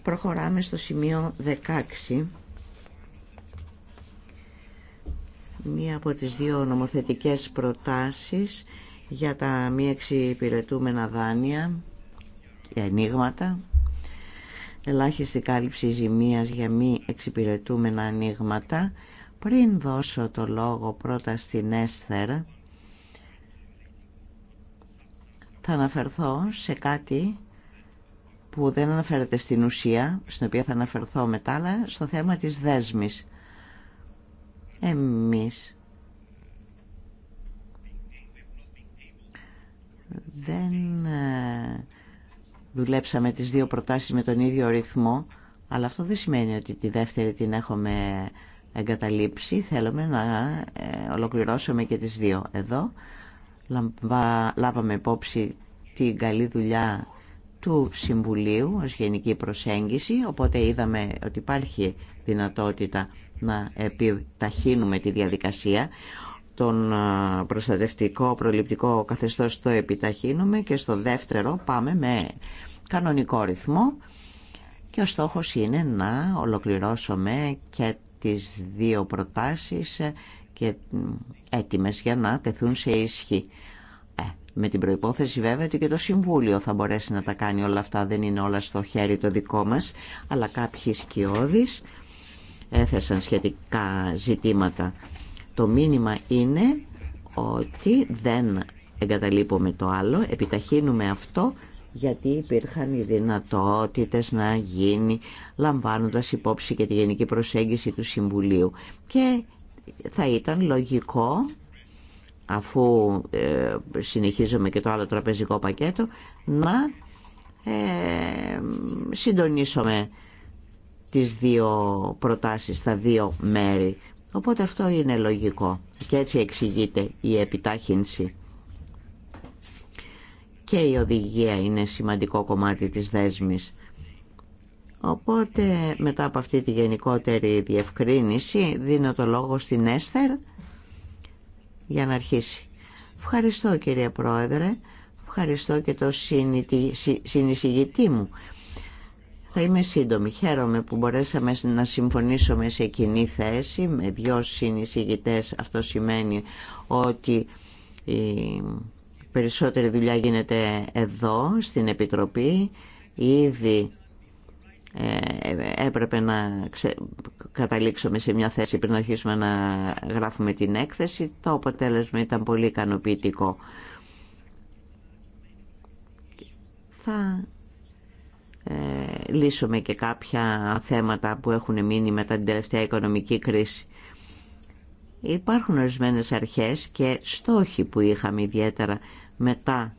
Προχωράμε στο σημείο 16. Μία από τις δύο νομοθετικές προτάσεις για τα μη εξυπηρετούμενα δάνεια και ανοίγματα. Ελάχιστη κάλυψη ζημίας για μη εξυπηρετούμενα ανοίγματα. Πριν δώσω το λόγο πρώτα στην Έσθερα, θα αναφερθώ σε κάτι που δεν αναφέρεται στην ουσία, στην οποία θα αναφερθώ μετά, αλλά στο θέμα της δέσμης. Εμείς δεν ε, δουλέψαμε τις δύο προτάσεις με τον ίδιο ρυθμό, αλλά αυτό δεν σημαίνει ότι τη δεύτερη την έχουμε εγκαταλείψει. Θέλουμε να ε, ολοκληρώσουμε και τις δύο εδώ λάβαμε υπόψη την καλή δουλειά του Συμβουλίου ως γενική προσέγγιση, οπότε είδαμε ότι υπάρχει δυνατότητα να επιταχύνουμε τη διαδικασία. Τον προστατευτικό, προληπτικό καθεστώς το επιταχύνουμε και στο δεύτερο πάμε με κανονικό ρυθμό και ο στόχος είναι να ολοκληρώσουμε και τις δύο προτάσεις και έτοιμες για να τεθούν σε ισχύ. Ε, με την προϋπόθεση βέβαια ότι και το Συμβούλιο θα μπορέσει να τα κάνει όλα αυτά, δεν είναι όλα στο χέρι το δικό μας, αλλά κάποιοι σκιώδεις έθεσαν σχετικά ζητήματα. Το μήνυμα είναι ότι δεν εγκαταλείπουμε το άλλο, επιταχύνουμε αυτό γιατί υπήρχαν οι δυνατότητες να γίνει λαμβάνοντας υπόψη και τη γενική προσέγγιση του Συμβουλίου και θα ήταν λογικό αφού ε, συνεχίζουμε και το άλλο τραπεζικό πακέτο να ε, συντονίσουμε τις δύο προτάσεις στα δύο μέρη. Οπότε αυτό είναι λογικό και έτσι εξηγείται η επιτάχυνση. Και η οδηγία είναι σημαντικό κομμάτι της δέσμης. Οπότε μετά από αυτή τη γενικότερη διευκρίνηση δίνω το λόγο στην Έστερ για να αρχίσει. Ευχαριστώ κύριε Πρόεδρε, ευχαριστώ και το συνεισηγητή μου. Θα είμαι σύντομη. Χαίρομαι που μπορέσαμε να συμφωνήσουμε σε κοινή θέση με δυο συνεισηγητές. Αυτό σημαίνει ότι η περισσότερη δουλειά γίνεται εδώ στην Επιτροπή. Ήδη ε, έπρεπε να καταλήξουμε σε μια θέση πριν αρχίσουμε να γράφουμε την έκθεση. Το αποτέλεσμα ήταν πολύ ικανοποιητικό. Θα ε, λύσουμε και κάποια θέματα που έχουν μείνει μετά την τελευταία οικονομική κρίση. Υπάρχουν ορισμένες αρχές και στόχοι που είχαμε ιδιαίτερα μετά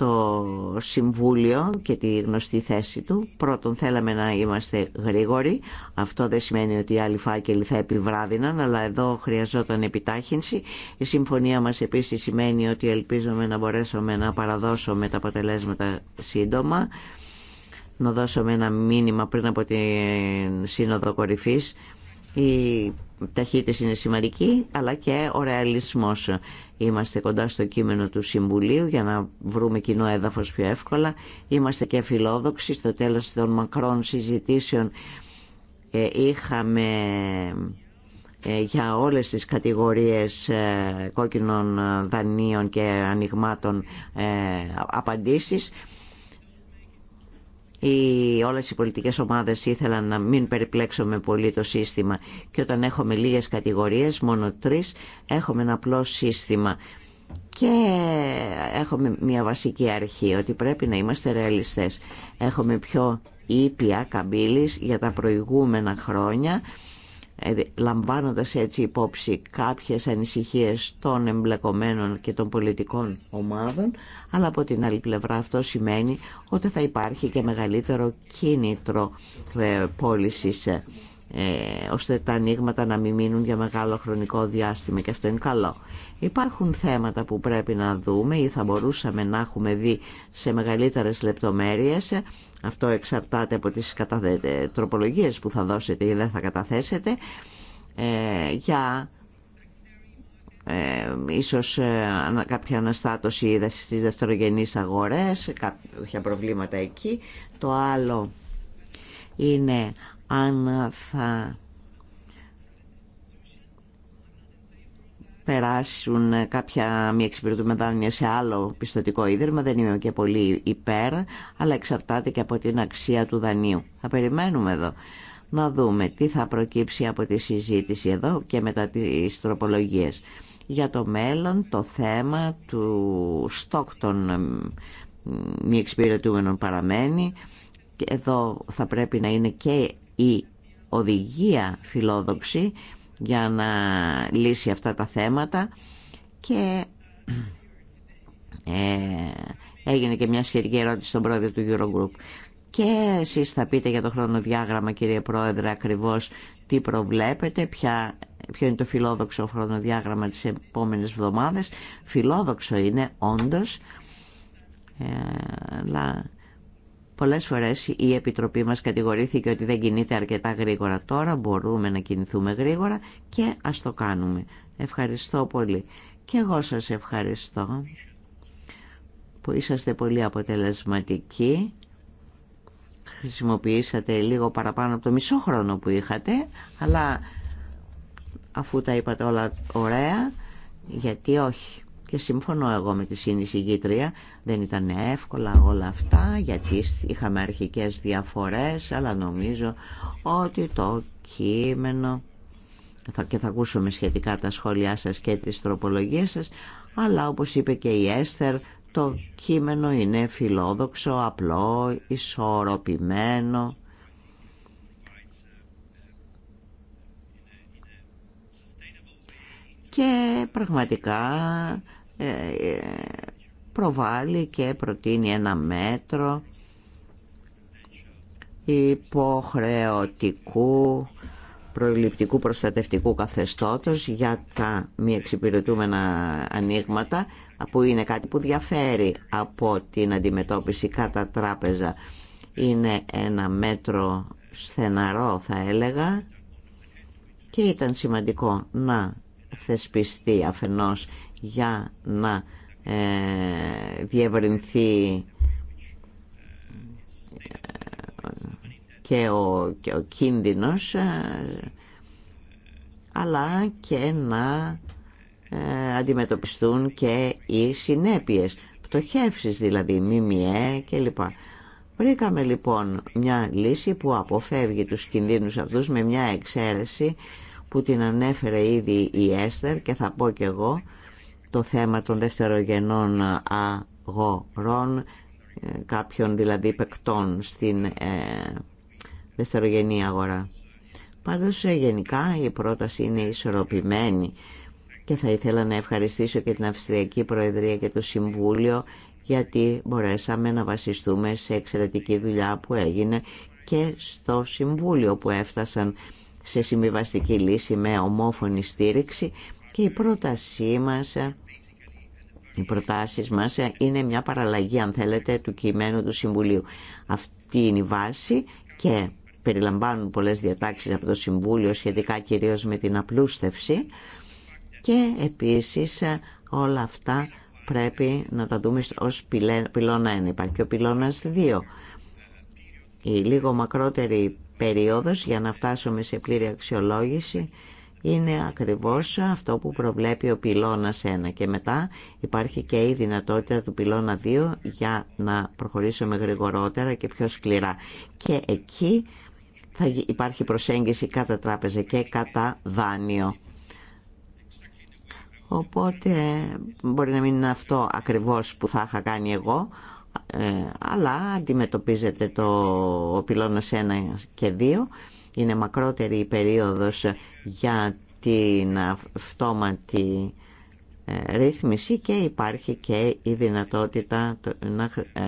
το Συμβούλιο και τη γνωστή θέση του. Πρώτον, θέλαμε να είμαστε γρήγοροι. Αυτό δεν σημαίνει ότι οι άλλοι φάκελοι θα επιβράδυναν, αλλά εδώ χρειαζόταν επιτάχυνση. Η συμφωνία μας επίσης σημαίνει ότι ελπίζουμε να μπορέσουμε να παραδώσουμε τα αποτελέσματα σύντομα, να δώσουμε ένα μήνυμα πριν από την Σύνοδο Κορυφής. Ταχύτητες είναι σημαντική, αλλά και ο ρεαλισμός. Είμαστε κοντά στο κείμενο του Συμβουλίου για να βρούμε κοινό έδαφος πιο εύκολα. Είμαστε και φιλόδοξοι. Στο τέλος των μακρών συζητήσεων ε, είχαμε ε, για όλες τις κατηγορίες ε, κόκκινων δανείων και ανοιγμάτων απαντήσεις οι, όλες οι πολιτικές ομάδες ήθελαν να μην περιπλέξουμε πολύ το σύστημα και όταν έχουμε λίγες κατηγορίες, μόνο τρεις, έχουμε ένα απλό σύστημα και έχουμε μια βασική αρχή ότι πρέπει να είμαστε ρεαλιστές. Έχουμε πιο ήπια καμπύλης για τα προηγούμενα χρόνια ε, λαμβάνοντας έτσι υπόψη κάποιες ανησυχίες των εμπλεκομένων και των πολιτικών ομάδων, αλλά από την άλλη πλευρά αυτό σημαίνει ότι θα υπάρχει και μεγαλύτερο κίνητρο ε, πώλησης ε, ώστε τα ανοίγματα να μην μείνουν για μεγάλο χρονικό διάστημα και αυτό είναι καλό. Υπάρχουν θέματα που πρέπει να δούμε ή θα μπορούσαμε να έχουμε δει σε μεγαλύτερες λεπτομέρειες αυτό εξαρτάται από τις τροπολογίες που θα δώσετε ή δεν θα καταθέσετε ε, για ε, ίσως ε, κάποια αναστάτωση στις δευτερογενείς αγορές, κάποια προβλήματα εκεί. Το άλλο είναι αν θα περάσουν κάποια μη εξυπηρετούμενα δάνεια σε άλλο πιστοτικό ίδρυμα. Δεν είμαι και πολύ υπέρ, αλλά εξαρτάται και από την αξία του δανείου. Θα περιμένουμε εδώ να δούμε τι θα προκύψει από τη συζήτηση εδώ και μετά τις τροπολογίες. Για το μέλλον το θέμα του στόκ των μη εξυπηρετούμενων παραμένει. Εδώ θα πρέπει να είναι και η οδηγία φιλόδοξη για να λύσει αυτά τα θέματα και ε, έγινε και μια σχετική ερώτηση στον πρόεδρο του Eurogroup. Και εσείς θα πείτε για το χρονοδιάγραμμα κύριε Πρόεδρε ακριβώς τι προβλέπετε, ποια, ποιο είναι το φιλόδοξο χρονοδιάγραμμα τις επόμενες εβδομάδες. Φιλόδοξο είναι όντως, ε, αλλά Πολλέ φορέ η Επιτροπή μας κατηγορήθηκε ότι δεν κινείται αρκετά γρήγορα. Τώρα μπορούμε να κινηθούμε γρήγορα και α το κάνουμε. Ευχαριστώ πολύ. Και εγώ σα ευχαριστώ που είσαστε πολύ αποτελεσματικοί. Χρησιμοποιήσατε λίγο παραπάνω από το μισό χρόνο που είχατε, αλλά αφού τα είπατε όλα ωραία, γιατί όχι και συμφωνώ εγώ με τη συνεισηγήτρια δεν ήταν εύκολα όλα αυτά γιατί είχαμε αρχικές διαφορές αλλά νομίζω ότι το κείμενο και θα ακούσουμε σχετικά τα σχόλιά σας και τις τροπολογίες σας αλλά όπως είπε και η Έστερ το κείμενο είναι φιλόδοξο, απλό, ισορροπημένο και πραγματικά ε, προβάλλει και προτείνει ένα μέτρο υποχρεωτικού προληπτικού προστατευτικού καθεστώτος για τα μη εξυπηρετούμενα ανοίγματα που είναι κάτι που διαφέρει από την αντιμετώπιση κατά τράπεζα. Είναι ένα μέτρο στεναρό θα έλεγα και ήταν σημαντικό να θεσπιστεί αφενός για να ε, διευρυνθεί ε, και ο, και κίνδυνος ε, αλλά και να αντιμετωπιστούν και οι συνέπειες πτωχεύσεις δηλαδή μιμιέ κλπ. Βρήκαμε λοιπόν μια λύση που αποφεύγει τους κινδύνους αυτούς με μια εξαίρεση που την ανέφερε ήδη η Έστερ και θα πω και εγώ το θέμα των δευτερογενών αγορών, κάποιων δηλαδή παικτών στην ε, δευτερογενή αγορά. Πάντως ε, γενικά η πρόταση είναι ισορροπημένη και θα ήθελα να ευχαριστήσω και την Αυστριακή Προεδρία και το Συμβούλιο γιατί μπορέσαμε να βασιστούμε σε εξαιρετική δουλειά που έγινε και στο Συμβούλιο που έφτασαν σε συμβιβαστική λύση με ομόφωνη στήριξη και η πρότασή μας, οι προτάσεις μας είναι μια παραλλαγή, αν θέλετε, του κειμένου του Συμβουλίου. Αυτή είναι η βάση και περιλαμβάνουν πολλές διατάξεις από το Συμβούλιο σχετικά κυρίως με την απλούστευση και επίσης όλα αυτά πρέπει να τα δούμε ως πυλώνα 1. Υπάρχει και ο πυλώνας 2. Η λίγο μακρότερη περίοδος για να φτάσουμε σε πλήρη αξιολόγηση είναι ακριβώς αυτό που προβλέπει ο πυλώνας 1 και μετά υπάρχει και η δυνατότητα του πυλώνα 2 για να προχωρήσουμε γρηγορότερα και πιο σκληρά και εκεί θα υπάρχει προσέγγιση κατά τράπεζα και κατά δάνειο. Οπότε μπορεί να μην είναι αυτό ακριβώς που θα είχα κάνει εγώ, ε, αλλά αντιμετωπίζεται το πυλώνας 1 και 2 είναι μακρότερη η περίοδος για την αυτόματη ε, ρύθμιση και υπάρχει και η δυνατότητα να ε,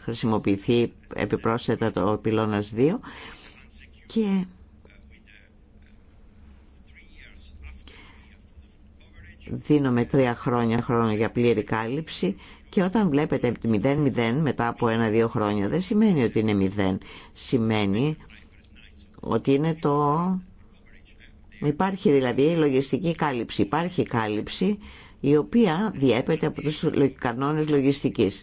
χρησιμοποιηθεί επιπρόσθετα το πυλώνας 2 και δίνουμε τρία χρόνια χρόνο για πλήρη κάλυψη και όταν βλέπετε 0-0 μετά από ένα-δύο χρόνια δεν σημαίνει ότι είναι 0. Σημαίνει ότι είναι το... Υπάρχει δηλαδή η λογιστική κάλυψη. Υπάρχει κάλυψη η οποία διέπεται από τους κανόνες λογιστικής.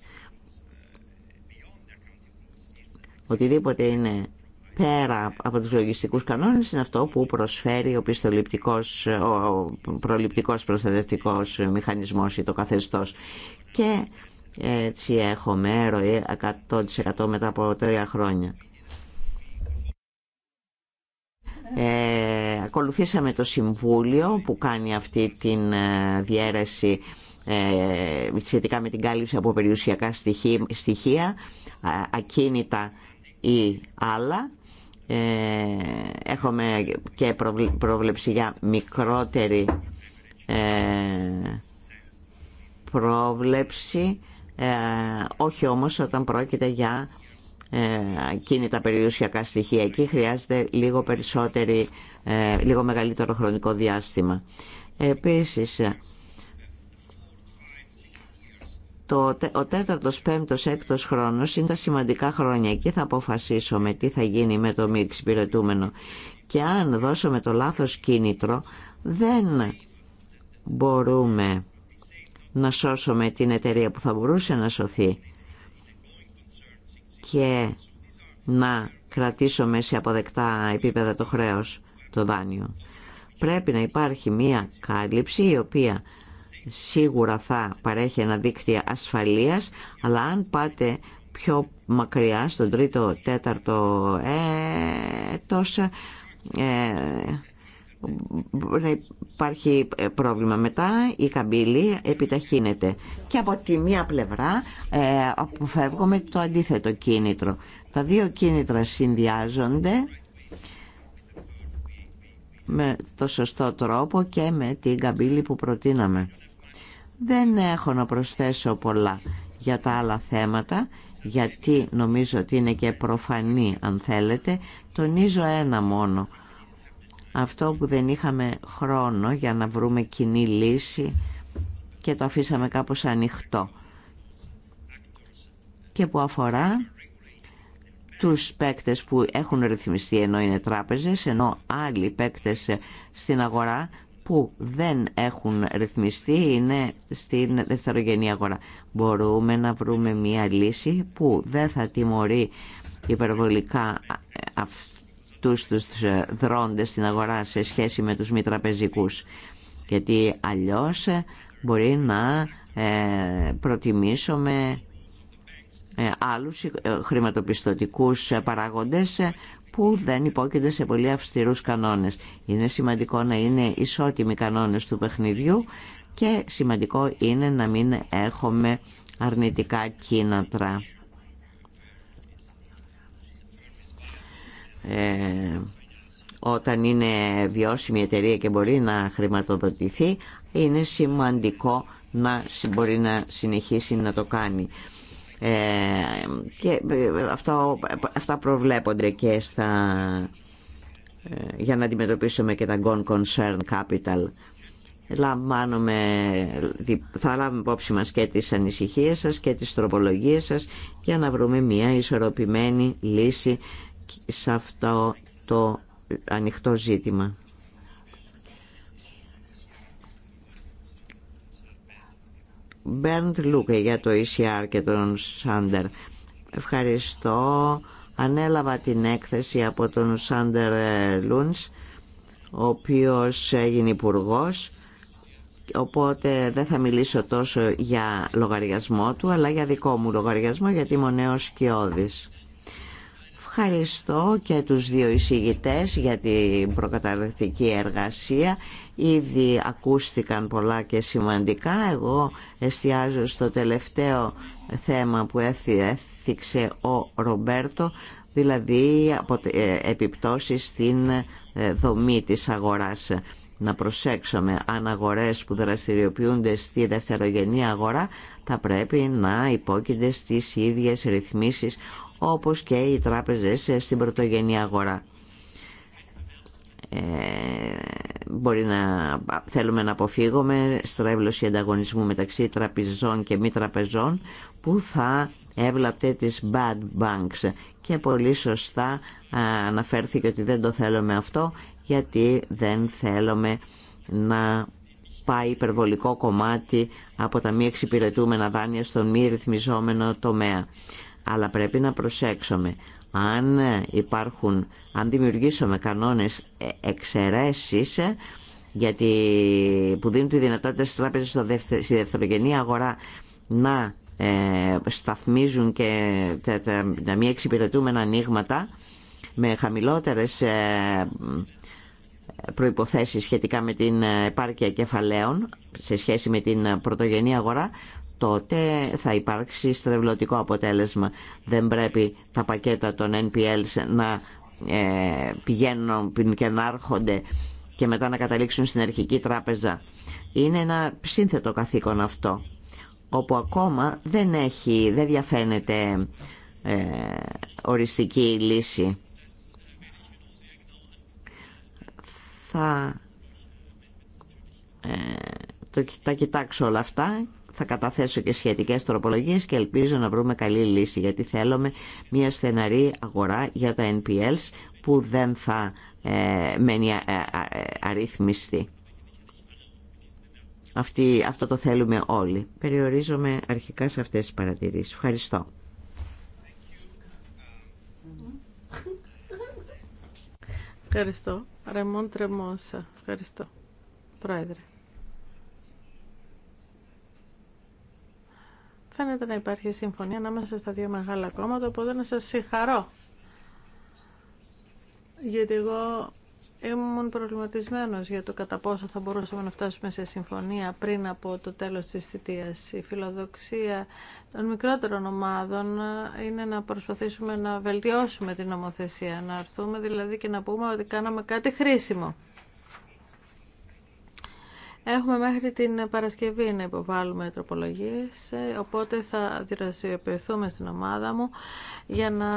Οτιδήποτε είναι πέρα από τους λογιστικούς κανόνες είναι αυτό που προσφέρει ο, πιστοληπτικός, ο προληπτικός προστατευτικός μηχανισμός ή το καθεστώς. Και έτσι έχω μέρο 100% μετά από τρία χρόνια. Ε, ακολουθήσαμε το Συμβούλιο που κάνει αυτή την ε, διαίρεση ε, σχετικά με την κάλυψη από περιουσιακά στοιχεία, ακίνητα ή άλλα. έχουμε και πρόβλεψη για μικρότερη πρόβλεψη, όχι όμως όταν πρόκειται για ε, κίνητα περιουσιακά στοιχεία. Εκεί χρειάζεται λίγο, περισσότερη, ε, λίγο μεγαλύτερο χρονικό διάστημα. Επίσης, το, ο τέταρτος, πέμπτος, έκτος χρόνος είναι τα σημαντικά χρόνια. Εκεί θα αποφασίσουμε τι θα γίνει με το μη εξυπηρετούμενο. Και αν δώσουμε το λάθος κίνητρο, δεν μπορούμε να σώσουμε την εταιρεία που θα μπορούσε να σωθεί και να κρατήσουμε σε αποδεκτά επίπεδα το χρέος, το δάνειο. Πρέπει να υπάρχει μία κάλυψη η οποία σίγουρα θα παρέχει ένα δίκτυο ασφαλείας, αλλά αν πάτε πιο μακριά, στον τρίτο, τέταρτο ε, να υπάρχει ε, πρόβλημα. Μετά η καμπύλη επιταχύνεται και από τη μία πλευρά ε, αποφεύγουμε το αντίθετο κίνητρο. Τα δύο κίνητρα συνδυάζονται με το σωστό τρόπο και με την καμπύλη που προτείναμε. Δεν έχω να προσθέσω πολλά για τα άλλα θέματα γιατί νομίζω ότι είναι και προφανή αν θέλετε. Τονίζω ένα μόνο αυτό που δεν είχαμε χρόνο για να βρούμε κοινή λύση και το αφήσαμε κάπως ανοιχτό και που αφορά τους παίκτες που έχουν ρυθμιστεί ενώ είναι τράπεζες, ενώ άλλοι παίκτες στην αγορά που δεν έχουν ρυθμιστεί είναι στην δευτερογενή αγορά. Μπορούμε να βρούμε μια λύση που δεν θα τιμωρεί υπερβολικά αυτούς τους ε, δρόντες στην αγορά σε σχέση με τους μη τραπεζικούς. Γιατί αλλιώς ε, μπορεί να ε, προτιμήσουμε άλλους χρηματοπιστωτικούς παράγοντες που δεν υπόκεινται σε πολύ αυστηρούς κανόνες. Είναι σημαντικό να είναι ισότιμοι κανόνες του παιχνιδιού και σημαντικό είναι να μην έχουμε αρνητικά κίνατρα. Ε, όταν είναι βιώσιμη η εταιρεία και μπορεί να χρηματοδοτηθεί είναι σημαντικό να μπορεί να συνεχίσει να το κάνει. Ε, και ε, αυτά, αυτά προβλέπονται και στα, για να αντιμετωπίσουμε και τα Gone Concern Capital. θα λάβουμε υπόψη μας και τις ανησυχίες σας και τις τροπολογίες σας για να βρούμε μια ισορροπημένη λύση σε αυτό το ανοιχτό ζήτημα. Μπέρντ Λούκε για το ECR και τον Σάντερ. Ευχαριστώ. Ανέλαβα την έκθεση από τον Σάντερ Λούνς, ο οποίος έγινε υπουργό. Οπότε δεν θα μιλήσω τόσο για λογαριασμό του, αλλά για δικό μου λογαριασμό, γιατί είμαι ο νέος Ευχαριστώ και τους δύο εισηγητές για την προκαταρκτική εργασία. Ήδη ακούστηκαν πολλά και σημαντικά. Εγώ εστιάζω στο τελευταίο θέμα που έθιξε ο Ρομπέρτο, δηλαδή ε, επιπτώσεις στην ε, δομή της αγοράς. Να προσέξουμε αν αγορές που δραστηριοποιούνται στη δευτερογενή αγορά θα πρέπει να υπόκεινται στις ίδιες ρυθμίσεις όπως και οι τράπεζες ε, στην πρωτογενή αγορά. Ε, μπορεί να θέλουμε να αποφύγουμε στρέβλωση ανταγωνισμού μεταξύ τραπεζών και μη τραπεζών που θα έβλαπτε τις bad banks και πολύ σωστά αναφέρθηκε ότι δεν το θέλουμε αυτό γιατί δεν θέλουμε να πάει υπερβολικό κομμάτι από τα μη εξυπηρετούμενα δάνεια στον μη ρυθμιζόμενο τομέα αλλά πρέπει να προσέξουμε αν ε, υπάρχουν, αν δημιουργήσουμε κανόνες ε, εξαιρέσεις ε, γιατί που δίνουν τη δυνατότητα στις τράπεζες στη δευτερογενή αγορά να σταθμίζουν και τα, τα, τα μη εξυπηρετούμενα ανοίγματα με χαμηλότερες προϋποθέσεις σχετικά με την επάρκεια κεφαλαίων σε σχέση με την πρωτογενή αγορά, τότε θα υπάρξει στρεβλωτικό αποτέλεσμα. Δεν πρέπει τα πακέτα των NPL να ε, πηγαίνουν και να έρχονται και μετά να καταλήξουν στην αρχική τράπεζα. Είναι ένα σύνθετο καθήκον αυτό, όπου ακόμα δεν, έχει, δεν διαφαίνεται ε, οριστική λύση. Θα ε, το, τα κοιτάξω όλα αυτά, θα καταθέσω και σχετικές τροπολογίες και ελπίζω να βρούμε καλή λύση γιατί θέλουμε μια στεναρή αγορά για τα NPLs που δεν θα ε, μένει ε, ε, αυτό το θέλουμε όλοι. Περιορίζομαι αρχικά σε αυτές τις παρατηρήσεις. Ευχαριστώ. Ευχαριστώ. Ρεμόν Τρεμόσα. Ευχαριστώ. Πρόεδρε. Φαίνεται να υπάρχει συμφωνία ανάμεσα στα δύο μεγάλα κόμματα, οπότε να σας συγχαρώ. Γιατί εγώ Ήμουν προβληματισμένος για το κατά πόσο θα μπορούσαμε να φτάσουμε σε συμφωνία πριν από το τέλος της θητείας. Η φιλοδοξία των μικρότερων ομάδων είναι να προσπαθήσουμε να βελτιώσουμε την νομοθεσία, να έρθουμε δηλαδή και να πούμε ότι κάναμε κάτι χρήσιμο. Έχουμε μέχρι την Παρασκευή να υποβάλουμε τροπολογίες, ε, οπότε θα δραστηριοποιηθούμε στην ομάδα μου για να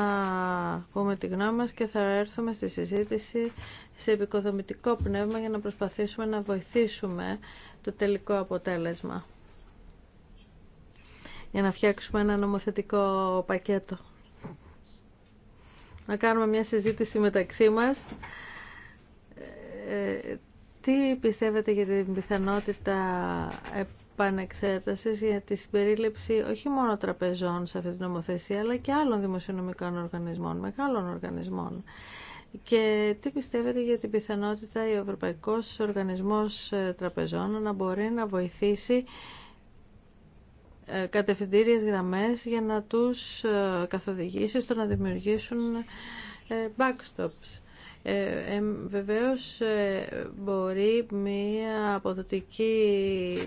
πούμε τη γνώμη μας και θα έρθουμε στη συζήτηση σε επικοδομητικό πνεύμα για να προσπαθήσουμε να βοηθήσουμε το τελικό αποτέλεσμα για να φτιάξουμε ένα νομοθετικό πακέτο. Να κάνουμε μια συζήτηση μεταξύ μας ε, τι πιστεύετε για την πιθανότητα επανεξέτασης για τη συμπερίληψη όχι μόνο τραπεζών σε αυτή την νομοθεσία, αλλά και άλλων δημοσιονομικών οργανισμών, μεγάλων οργανισμών. Και τι πιστεύετε για την πιθανότητα ο Ευρωπαϊκός Οργανισμός ε, Τραπεζών να μπορεί να βοηθήσει ε, κατευθυντήριες γραμμές για να τους ε, καθοδηγήσει στο να δημιουργήσουν backstops. Ε, βεβαίως ε, μπορεί μία αποδοτική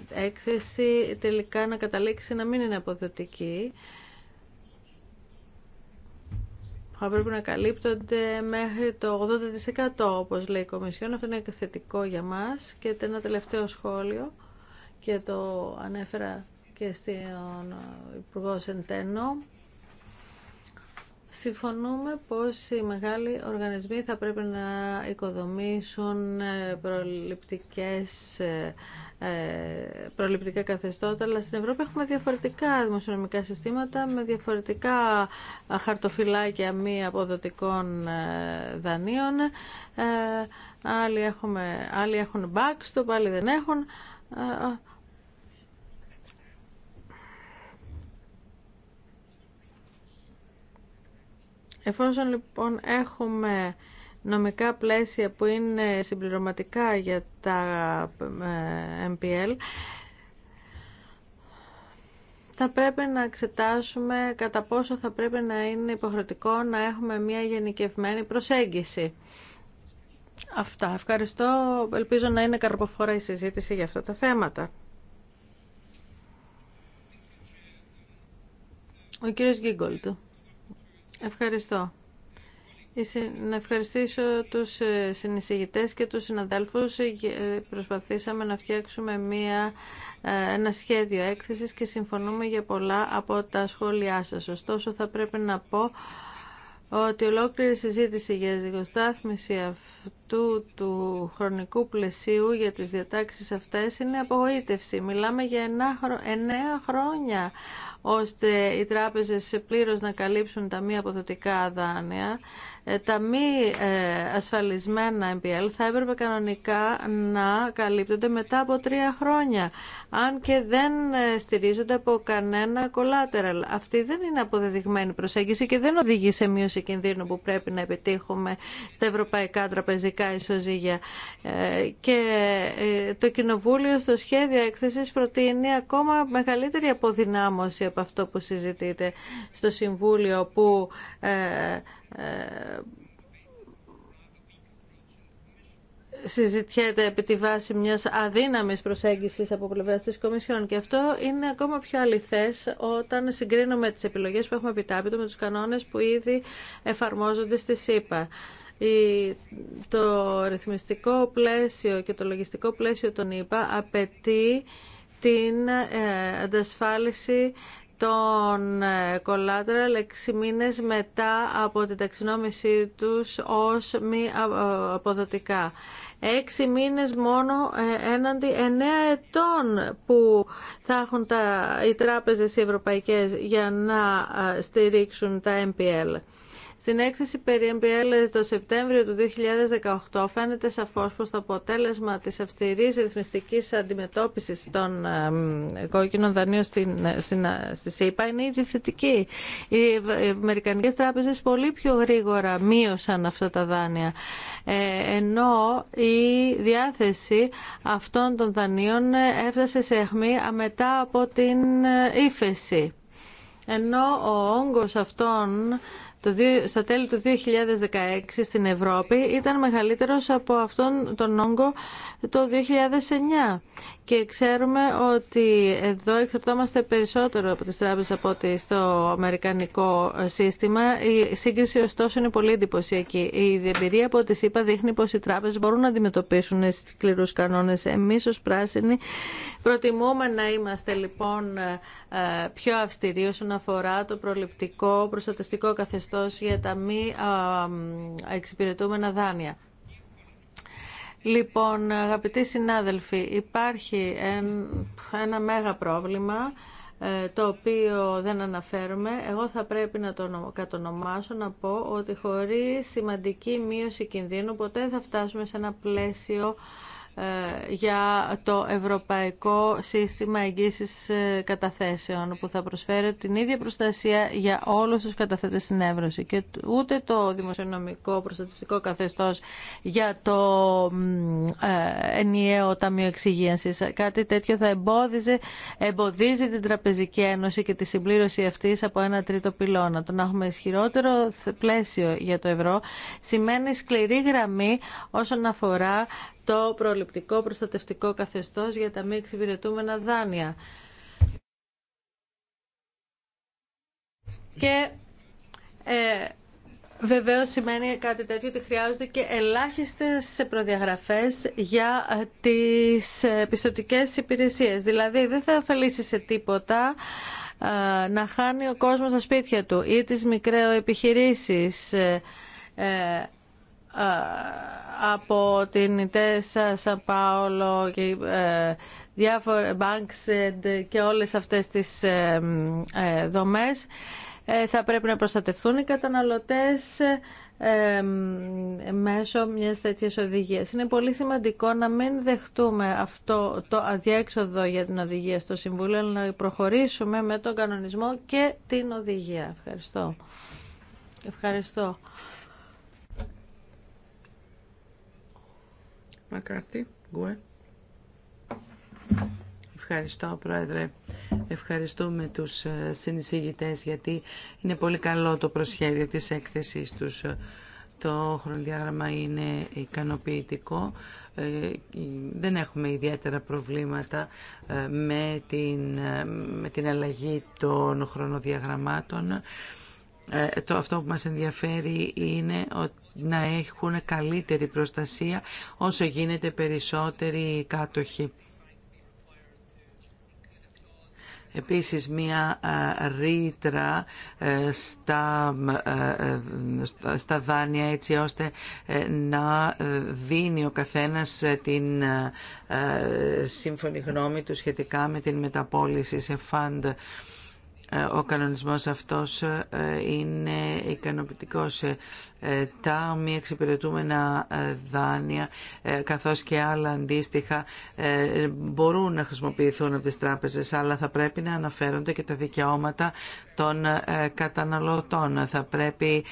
έκθεση τελικά να καταλήξει να μην είναι αποδοτική θα πρέπει να καλύπτονται μέχρι το 80% όπως λέει η Κομισιόν. Αυτό είναι θετικό για μας. Και ένα τελευταίο σχόλιο και το ανέφερα και στον Υπουργό Σεντένο. Συμφωνούμε πως οι μεγάλοι οργανισμοί θα πρέπει να οικοδομήσουν ε, προληπτικές, ε, ε, προληπτικά καθεστώτα, αλλά στην Ευρώπη έχουμε διαφορετικά δημοσιονομικά συστήματα με διαφορετικά χαρτοφυλάκια μη αποδοτικών δανείων. Άλλοι, έχουμε, άλλοι έχουν backstop, άλλοι δεν έχουν. Εφόσον λοιπόν έχουμε νομικά πλαίσια που είναι συμπληρωματικά για τα ε, MPL, θα πρέπει να εξετάσουμε κατά πόσο θα πρέπει να είναι υποχρεωτικό να έχουμε μια γενικευμένη προσέγγιση. Αυτά. Ευχαριστώ. Ελπίζω να είναι καρποφόρα η συζήτηση για αυτά τα θέματα. Ο κύριος Γκίγκολτ. Ευχαριστώ. Ε, να ευχαριστήσω τους ε, συνεισηγητές και τους συναδέλφους. Ε, προσπαθήσαμε να φτιάξουμε μία, ένα σχέδιο έκθεσης και συμφωνούμε για πολλά από τα σχόλιά σας. Ωστόσο θα πρέπει να πω ότι ολόκληρη συζήτηση για τη αυτού του χρονικού πλαισίου για τις διατάξεις αυτές είναι απογοήτευση. Μιλάμε για εννέα χρόνια ώστε οι τράπεζες πλήρως να καλύψουν τα μη αποδοτικά δάνεια. Ε, τα μη ε, ασφαλισμένα MPL θα έπρεπε κανονικά να καλύπτονται μετά από τρία χρόνια, αν και δεν ε, στηρίζονται από κανένα collateral. Αυτή δεν είναι αποδεδειγμένη προσέγγιση και δεν οδηγεί σε μείωση κινδύνου που πρέπει να επιτύχουμε στα ευρωπαϊκά τραπεζικά ειδικά ισοζύγια. Ε, και ε, το Κοινοβούλιο στο σχέδιο έκθεσης προτείνει ακόμα μεγαλύτερη αποδυνάμωση από αυτό που συζητείτε στο Συμβούλιο που ε, συζητιέται επί τη βάση μιας αδύναμης προσέγγισης από πλευράς της Κομισιόν και αυτό είναι ακόμα πιο αληθές όταν συγκρίνουμε τις επιλογές που έχουμε επιτάπητο με τους κανόνες που ήδη εφαρμόζονται στη ΣΥΠΑ το ρυθμιστικό πλαίσιο και το λογιστικό πλαίσιο τον είπα, απαιτεί την ε, αντασφάλιση των ε, collateral έξι μήνες μετά από την ταξινόμησή τους ως μη ε, αποδοτικά. Έξι μήνες μόνο έναντι εννέα ετών που θα έχουν τα, οι τράπεζες οι ευρωπαϊκές για να στηρίξουν τα MPL. Στην έκθεση περί MPL το Σεπτέμβριο του 2018 φαίνεται σαφώς πως το αποτέλεσμα της αυστηρής ρυθμιστικής αντιμετώπισης των κόκκινων δανείων στην, στην, στη ΣΥΠΑ είναι η θετική. Οι Αμερικανικές τράπεζες πολύ πιο γρήγορα μείωσαν αυτά τα δάνεια ε, ενώ η διάθεση αυτών των δανείων έφτασε σε αιχμή μετά από την ε, ύφεση. Ενώ ο όγκος αυτών το, στα τέλη του 2016 στην Ευρώπη ήταν μεγαλύτερος από αυτόν τον όγκο το 2009. Και ξέρουμε ότι εδώ εξαρτώμαστε περισσότερο από τις τράπεζες από ότι στο αμερικανικό σύστημα. Η σύγκριση ωστόσο είναι πολύ εντυπωσιακή. Η εμπειρία από ό,τι είπα δείχνει πως οι τράπεζες μπορούν να αντιμετωπίσουν σκληρούς κανόνες. Εμείς ως πράσινοι προτιμούμε να είμαστε λοιπόν ε, πιο αυστηροί όσον αφορά το προληπτικό προστατευτικό καθεστώς για τα μη εξυπηρετούμενα δάνεια. Λοιπόν, αγαπητοί συνάδελφοι, υπάρχει ένα μέγα πρόβλημα ε, το οποίο δεν αναφέρουμε. Εγώ θα πρέπει να το κατονομάσω, να πω ότι χωρίς σημαντική μείωση κινδύνου ποτέ θα φτάσουμε σε ένα πλαίσιο ε, για το Ευρωπαϊκό Σύστημα Εγγύησης ε, Καταθέσεων που θα προσφέρει την ίδια προστασία για όλους τους καταθέτες στην Εύρωση και ούτε το δημοσιονομικό προστατευτικό καθεστώς για το ε, ενιαίο Ταμείο Εξυγίανσης. Κάτι τέτοιο θα εμποδίζει την Τραπεζική Ένωση και τη συμπλήρωση αυτής από ένα τρίτο πυλώνα. Το να έχουμε ισχυρότερο πλαίσιο για το ευρώ σημαίνει σκληρή γραμμή όσον αφορά το προληπτικό προστατευτικό καθεστώς για τα μη εξυπηρετούμενα δάνεια. Και ε, Βεβαίω σημαίνει κάτι τέτοιο ότι χρειάζονται και ελάχιστες προδιαγραφές για ε, τις ε, πιστοτικές υπηρεσίες. Δηλαδή δεν θα ωφελήσει σε τίποτα ε, να χάνει ο κόσμος τα σπίτια του ή τις μικρές επιχειρήσεις ε, από την Τέσσα, Σαν Πάολο και ε, διάφορα banks και όλες αυτές τις ε, δομές θα πρέπει να προστατευτούν οι καταναλωτές μέσω μιας τέτοιας οδηγίας. Είναι πολύ σημαντικό να μην δεχτούμε αυτό το αδιέξοδο για την οδηγία στο Συμβούλιο, αλλά να προχωρήσουμε με τον κανονισμό και την οδηγία. Ευχαριστώ. Ευχαριστώ. Ευχαριστώ, Πρόεδρε. Ευχαριστούμε τους ε, συνεισήγητές γιατί είναι πολύ καλό το προσχέδιο της έκθεσης τους. Ε, το χρονοδιάγραμμα είναι ικανοποιητικό. Ε, δεν έχουμε ιδιαίτερα προβλήματα με την, με την αλλαγή των χρονοδιαγραμμάτων. Το, αυτό που μας ενδιαφέρει είναι ότι να έχουν καλύτερη προστασία όσο γίνεται περισσότεροι κάτοχοι. Επίσης μία ρήτρα ε, στα, ε, ε, στα δάνεια έτσι ώστε να δίνει ο καθένας την σύμφωνη γνώμη του σχετικά με την μεταπόληση σε φαντ. Ε, ο κανονισμός αυτός ε, είναι ικανοποιητικός. Ε, τα μη εξυπηρετούμενα δάνεια καθώς και άλλα αντίστοιχα μπορούν να χρησιμοποιηθούν από τις τράπεζες αλλά θα πρέπει να αναφέρονται και τα δικαιώματα των καταναλωτών. Θα πρέπει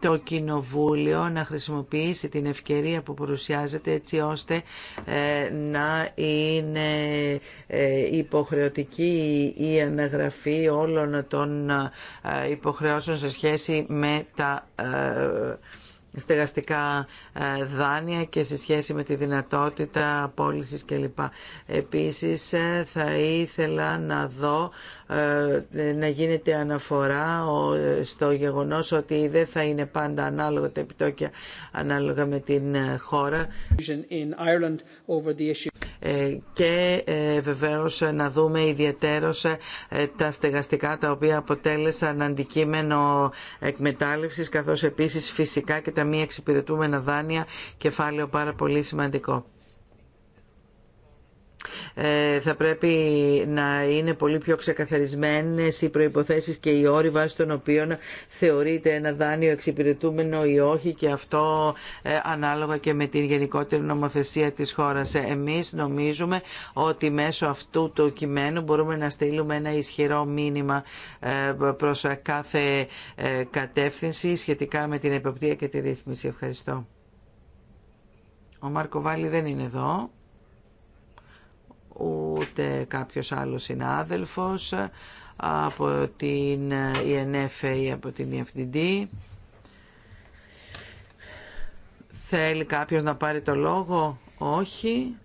το Κοινοβούλιο να χρησιμοποιήσει την ευκαιρία που παρουσιάζεται έτσι ώστε ε, να είναι ε, υποχρεωτική η αναγραφή όλων των ε, υποχρεώσεων σε σχέση με τα στεγαστικά ε, δάνεια και σε σχέση με τη δυνατότητα απόλυσης κλπ. Επίσης ε, θα ήθελα να δω ε, να γίνεται αναφορά στο γεγονός ότι δεν θα είναι πάντα ανάλογα τα επιτόκια ανάλογα με την χώρα και βεβαίως να δούμε ιδιαίτερως τα στεγαστικά τα οποία αποτέλεσαν αντικείμενο εκμετάλλευσης καθώς επίσης φυσικά και τα μη εξυπηρετούμενα δάνεια κεφάλαιο πάρα πολύ σημαντικό. Ε, θα πρέπει να είναι πολύ πιο ξεκαθαρισμένες οι προϋποθέσεις και οι όροι βάσει των οποίων θεωρείται ένα δάνειο εξυπηρετούμενο ή όχι και αυτό ε, ανάλογα και με την γενικότερη νομοθεσία της χώρας. Ε, εμείς νομίζουμε ότι μέσω αυτού του κειμένου μπορούμε να στείλουμε ένα ισχυρό μήνυμα προς κάθε κατεύθυνση σχετικά με την εποπτεία και τη ρύθμιση. Ευχαριστώ. Ο Μάρκο Βάλι δεν είναι εδώ ούτε κάποιος άλλος συνάδελφος από την ΕΝΕΦΕ ή από την EFDD. Θέλει κάποιος να πάρει το λόγο. Όχι.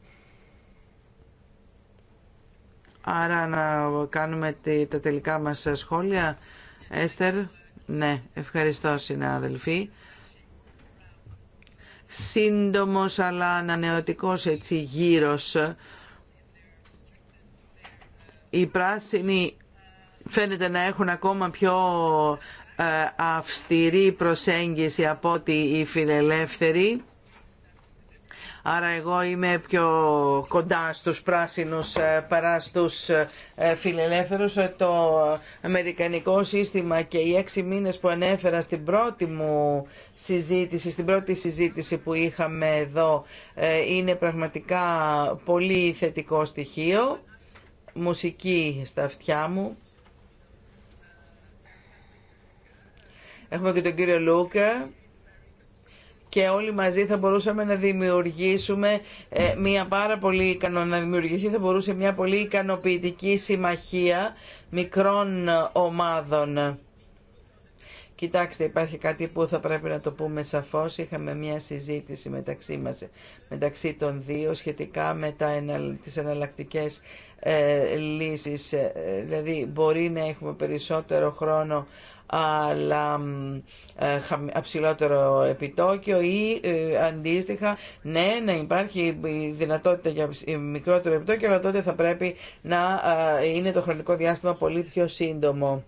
Άρα να κάνουμε τα τελικά μας σχόλια. Έστερ, ναι, ευχαριστώ συνάδελφοι. Σύντομος αλλά ανανεωτικός έτσι γύρος οι πράσινοι φαίνεται να έχουν ακόμα πιο ε, αυστηρή προσέγγιση από ότι οι φιλελεύθεροι. Άρα εγώ είμαι πιο κοντά στους πράσινους ε, παρά στους ε, φιλελεύθερους. Το αμερικανικό σύστημα και οι έξι μήνες που ανέφερα στην πρώτη μου συζήτηση, στην πρώτη συζήτηση που είχαμε εδώ, είναι πραγματικά πολύ θετικό στοιχείο μουσική στα αυτιά μου. Έχουμε και τον κύριο Λούκα και όλοι μαζί θα μπορούσαμε να δημιουργήσουμε ε, μια πάρα πολύ να δημιουργηθεί θα μπορούσε μια πολύ ικανοποιητική συμμαχία μικρών ομάδων. Κοιτάξτε, υπάρχει κάτι που θα πρέπει να το πούμε σαφώς. Είχαμε μια συζήτηση μεταξύ μας, μεταξύ των δύο, σχετικά με τα, τις εναλλακτικέ ε, λύσεις. Ε, δηλαδή, μπορεί να έχουμε περισσότερο χρόνο αλλά ε, επιτόκιο ή ε, αντίστοιχα ναι να υπάρχει δυνατότητα για μικρότερο επιτόκιο αλλά τότε θα πρέπει να ε, είναι το χρονικό διάστημα πολύ πιο σύντομο.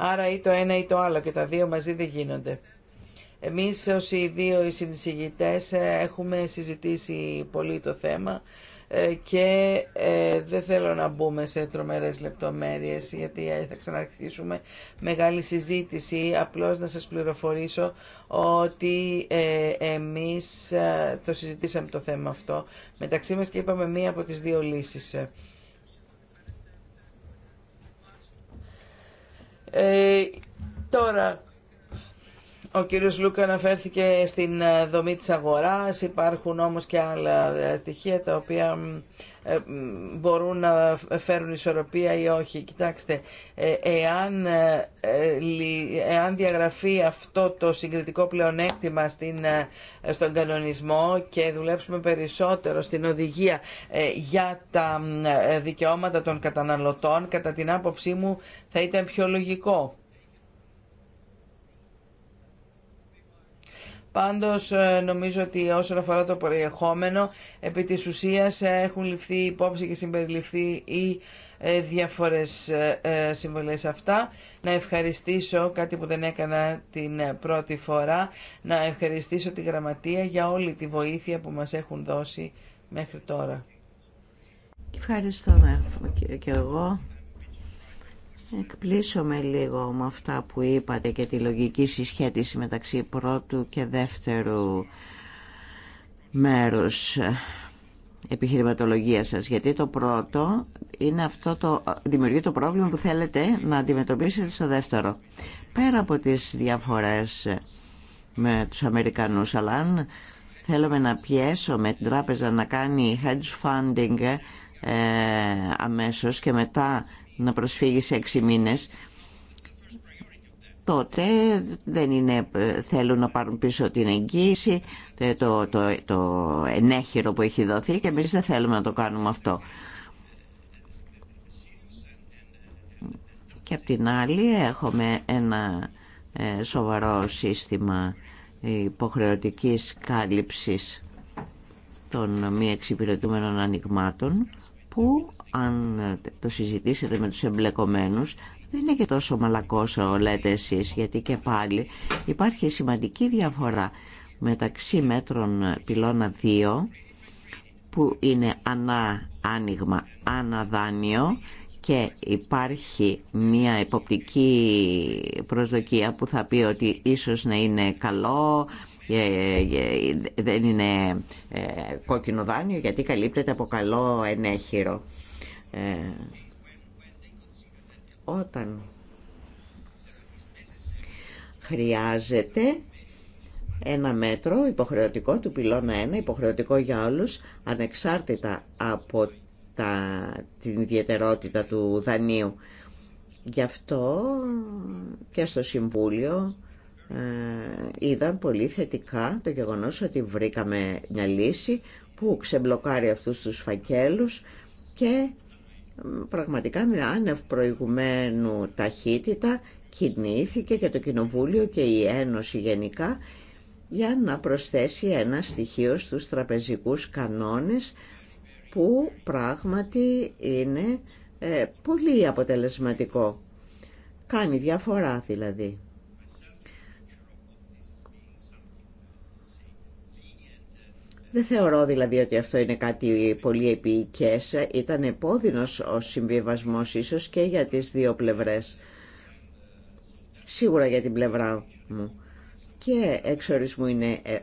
Άρα ή το ένα ή το άλλο και τα δύο μαζί δεν γίνονται. Εμείς ως οι δύο οι συνεισηγητές ε, έχουμε συζητήσει πολύ το θέμα ε, και ε, δεν θέλω να μπούμε σε τρομερές λεπτομέρειες γιατί θα ξαναρχίσουμε μεγάλη συζήτηση. Απλώς να σας πληροφορήσω ότι εμείς το συζητήσαμε το θέμα αυτό μεταξύ μας και είπαμε μία από τις δύο λύσεις. Ε, τώρα, ο κύριος Λούκα αναφέρθηκε στην ε, δομή της αγοράς, υπάρχουν όμως και άλλα ε, στοιχεία τα οποία ε, μπορούν να φέρουν ισορροπία ή όχι. Κοιτάξτε, ε, εάν, ε, εάν διαγραφεί αυτό το συγκριτικό πλεονέκτημα στην, στον κανονισμό και δουλέψουμε περισσότερο στην οδηγία για τα δικαιώματα των καταναλωτών, κατά την άποψή μου θα ήταν πιο λογικό. Πάντως ε, νομίζω ότι όσον αφορά το περιεχόμενο, επί της ουσίας ε, έχουν ληφθεί υπόψη και συμπεριληφθεί οι ε, διάφορες συμβολές αυτά. Να ευχαριστήσω, κάτι που δεν έκανα την πρώτη φορά, να ευχαριστήσω τη Γραμματεία για όλη τη βοήθεια που μας έχουν δώσει μέχρι τώρα. Ευχαριστώ και εγώ με λίγο με αυτά που είπατε και τη λογική συσχέτιση μεταξύ πρώτου και δεύτερου μέρους επιχειρηματολογίας σας γιατί το πρώτο είναι αυτό το, δημιουργεί το πρόβλημα που θέλετε να αντιμετωπίσετε στο δεύτερο πέρα από τις διαφορές με τους Αμερικανούς αλλά αν θέλουμε να πιέσουμε την τράπεζα να κάνει hedge funding ε, αμέσως και μετά να προσφύγει σε έξι μήνες, τότε δεν είναι, θέλουν να πάρουν πίσω την εγγύηση, το, το, το ενέχειρο που έχει δοθεί και εμείς δεν θέλουμε να το κάνουμε αυτό. Και απ' την άλλη έχουμε ένα ε, σοβαρό σύστημα υποχρεωτικής κάλυψης των μη εξυπηρετούμενων ανοιγμάτων που αν ε, το συζητήσετε με τους εμπλεκομένους δεν είναι και τόσο μαλακό όσο λέτε εσείς γιατί και πάλι υπάρχει σημαντική διαφορά μεταξύ μέτρων πυλώνα 2 που είναι ανά άνοιγμα αναδάνειο και υπάρχει μια εποπτική προσδοκία που θα πει ότι ίσως να είναι καλό, ε, ε, δεν είναι ε, κόκκινο δάνειο γιατί καλύπτεται από καλό ενέχειρο. Όταν χρειάζεται ένα μέτρο υποχρεωτικό του πυλώνα 1, υποχρεωτικό για όλους, ανεξάρτητα από τα, την ιδιαιτερότητα του δανείου. Γι' αυτό και στο Συμβούλιο ε, είδαν πολύ θετικά το γεγονός ότι βρήκαμε μια λύση που ξεμπλοκάρει αυτούς τους φακέλους και πραγματικά με άνευ προηγουμένου ταχύτητα κινήθηκε και το Κοινοβούλιο και η Ένωση γενικά για να προσθέσει ένα στοιχείο στους τραπεζικούς κανόνες που πράγματι είναι ε, πολύ αποτελεσματικό. Κάνει διαφορά δηλαδή. Δεν θεωρώ δηλαδή ότι αυτό είναι κάτι πολύ επίοικες. Ήταν επώδυνος ο συμβιβασμός ίσως και για τις δύο πλευρές. Σίγουρα για την πλευρά μου. Και εξορισμού είναι, ε,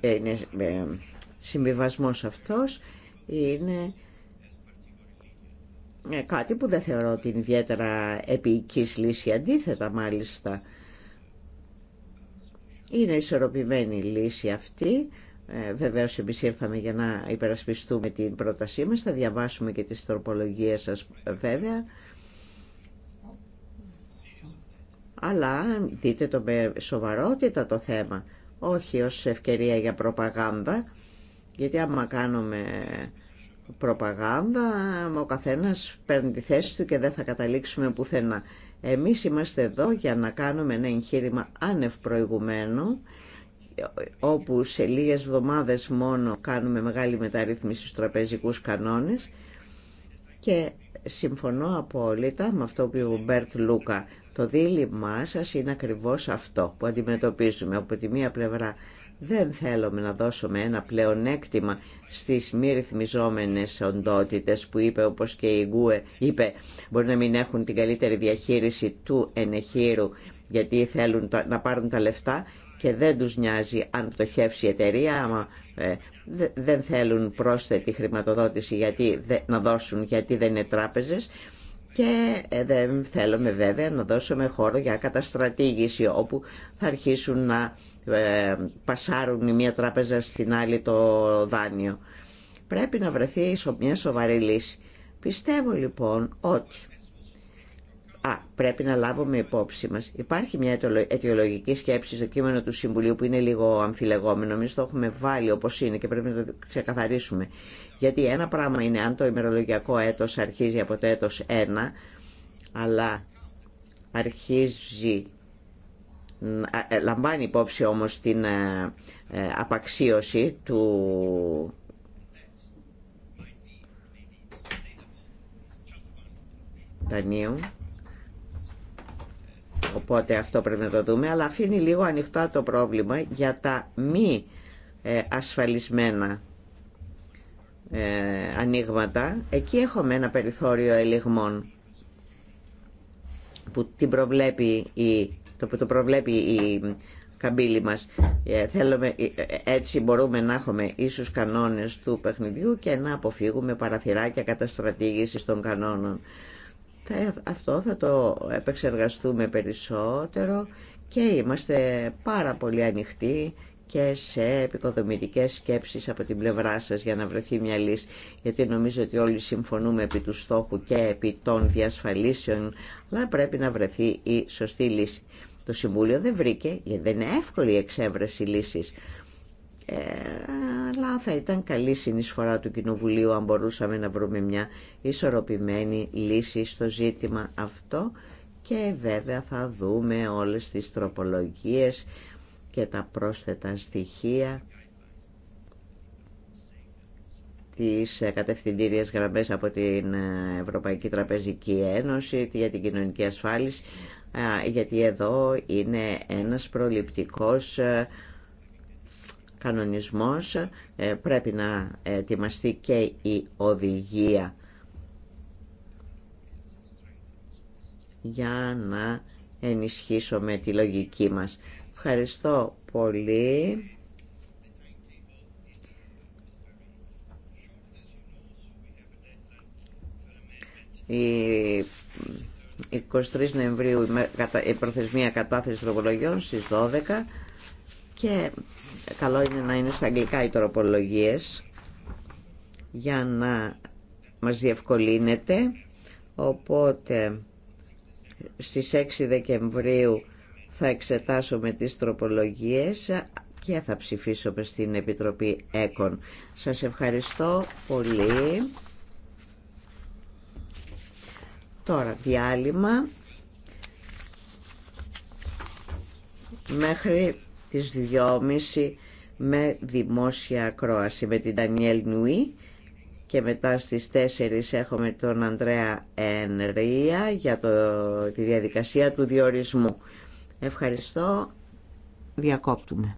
ε, είναι ε, συμβιβασμός αυτός. Είναι κάτι που δεν θεωρώ ότι είναι ιδιαίτερα επίοικης λύση. Αντίθετα μάλιστα. Είναι ισορροπημένη η λύση αυτή ε, βεβαίως εμείς ήρθαμε για να υπερασπιστούμε την πρότασή μας, θα διαβάσουμε και τις τροπολογίες σας βέβαια. Αλλά δείτε το με σοβαρότητα το θέμα, όχι ως ευκαιρία για προπαγάνδα, γιατί άμα κάνουμε προπαγάνδα, ο καθένας παίρνει τη θέση του και δεν θα καταλήξουμε πουθενά. Εμείς είμαστε εδώ για να κάνουμε ένα εγχείρημα άνευ προηγουμένου όπου σε λίγες εβδομάδες μόνο κάνουμε μεγάλη μεταρρύθμιση στους τραπεζικούς κανόνες και συμφωνώ απόλυτα με αυτό που είπε ο Μπέρτ Λούκα. Το δίλημά σας είναι ακριβώς αυτό που αντιμετωπίζουμε. Από τη μία πλευρά δεν θέλουμε να δώσουμε ένα πλεονέκτημα στις μη ρυθμιζόμενες οντότητες που είπε όπως και η Γκουε είπε μπορεί να μην έχουν την καλύτερη διαχείριση του ενεχείρου γιατί θέλουν να πάρουν τα λεφτά και δεν τους νοιάζει αν πτωχεύσει η εταιρεία, άμα ε, δεν θέλουν πρόσθετη χρηματοδότηση γιατί, να δώσουν γιατί δεν είναι τράπεζες και ε, δεν θέλουμε βέβαια να δώσουμε χώρο για καταστρατήγηση όπου θα αρχίσουν να ε, πασάρουν η μία τράπεζα στην άλλη το δάνειο. Πρέπει να βρεθεί μια σοβαρή λύση. Πιστεύω λοιπόν ότι Α, πρέπει να λάβουμε υπόψη μα. Υπάρχει μια αιτιολογική σκέψη στο κείμενο του Συμβουλίου που είναι λίγο αμφιλεγόμενο. Εμεί το έχουμε βάλει όπως είναι και πρέπει να το ξεκαθαρίσουμε. Γιατί ένα πράγμα είναι αν το ημερολογιακό έτος αρχίζει από το έτο 1, αλλά αρχίζει, ε, λαμβάνει υπόψη όμως την ε, ε, απαξίωση του δανείου Οπότε αυτό πρέπει να το δούμε, αλλά αφήνει λίγο ανοιχτά το πρόβλημα για τα μη ε, ασφαλισμένα ε, ανοίγματα. Εκεί έχουμε ένα περιθώριο ελιγμών που την προβλέπει η, το που το προβλέπει η καμπύλη μας. Ε, θέλουμε, έτσι μπορούμε να έχουμε ίσους κανόνες του παιχνιδιού και να αποφύγουμε παραθυράκια καταστρατήγησης των κανόνων αυτό θα το επεξεργαστούμε περισσότερο και είμαστε πάρα πολύ ανοιχτοί και σε επικοδομητικές σκέψεις από την πλευρά σας για να βρεθεί μια λύση γιατί νομίζω ότι όλοι συμφωνούμε επί του στόχου και επί των διασφαλίσεων αλλά πρέπει να βρεθεί η σωστή λύση. Το Συμβούλιο δεν βρήκε γιατί δεν είναι εύκολη η εξέβρεση λύσης ε, αλλά θα ήταν καλή συνεισφορά του Κοινοβουλίου αν μπορούσαμε να βρούμε μια ισορροπημένη λύση στο ζήτημα αυτό και βέβαια θα δούμε όλες τις τροπολογίες και τα πρόσθετα στοιχεία της κατευθυντήριες γραμμές από την Ευρωπαϊκή Τραπεζική Ένωση για την κοινωνική ασφάλιση γιατί εδώ είναι ένας προληπτικός κανονισμός, ε, πρέπει να ετοιμαστεί και η οδηγία για να ενισχύσουμε τη λογική μας. Ευχαριστώ πολύ. Η 23 Νοεμβρίου η προθεσμία κατάθεση τροπολογιών στις 12 και Καλό είναι να είναι στα αγγλικά οι τροπολογίες για να μας διευκολύνεται. Οπότε στις 6 Δεκεμβρίου θα εξετάσουμε τις τροπολογίες και θα ψηφίσουμε στην Επιτροπή ΕΚΟΝ. Σας ευχαριστώ πολύ. Τώρα διάλειμμα μέχρι στις 2.30 με δημόσια κρόαση με την Ντανιέλ Νουή και μετά στις 4 έχουμε τον Ανδρέα Ενρία για το, τη διαδικασία του διορισμού. Ευχαριστώ. Διακόπτουμε.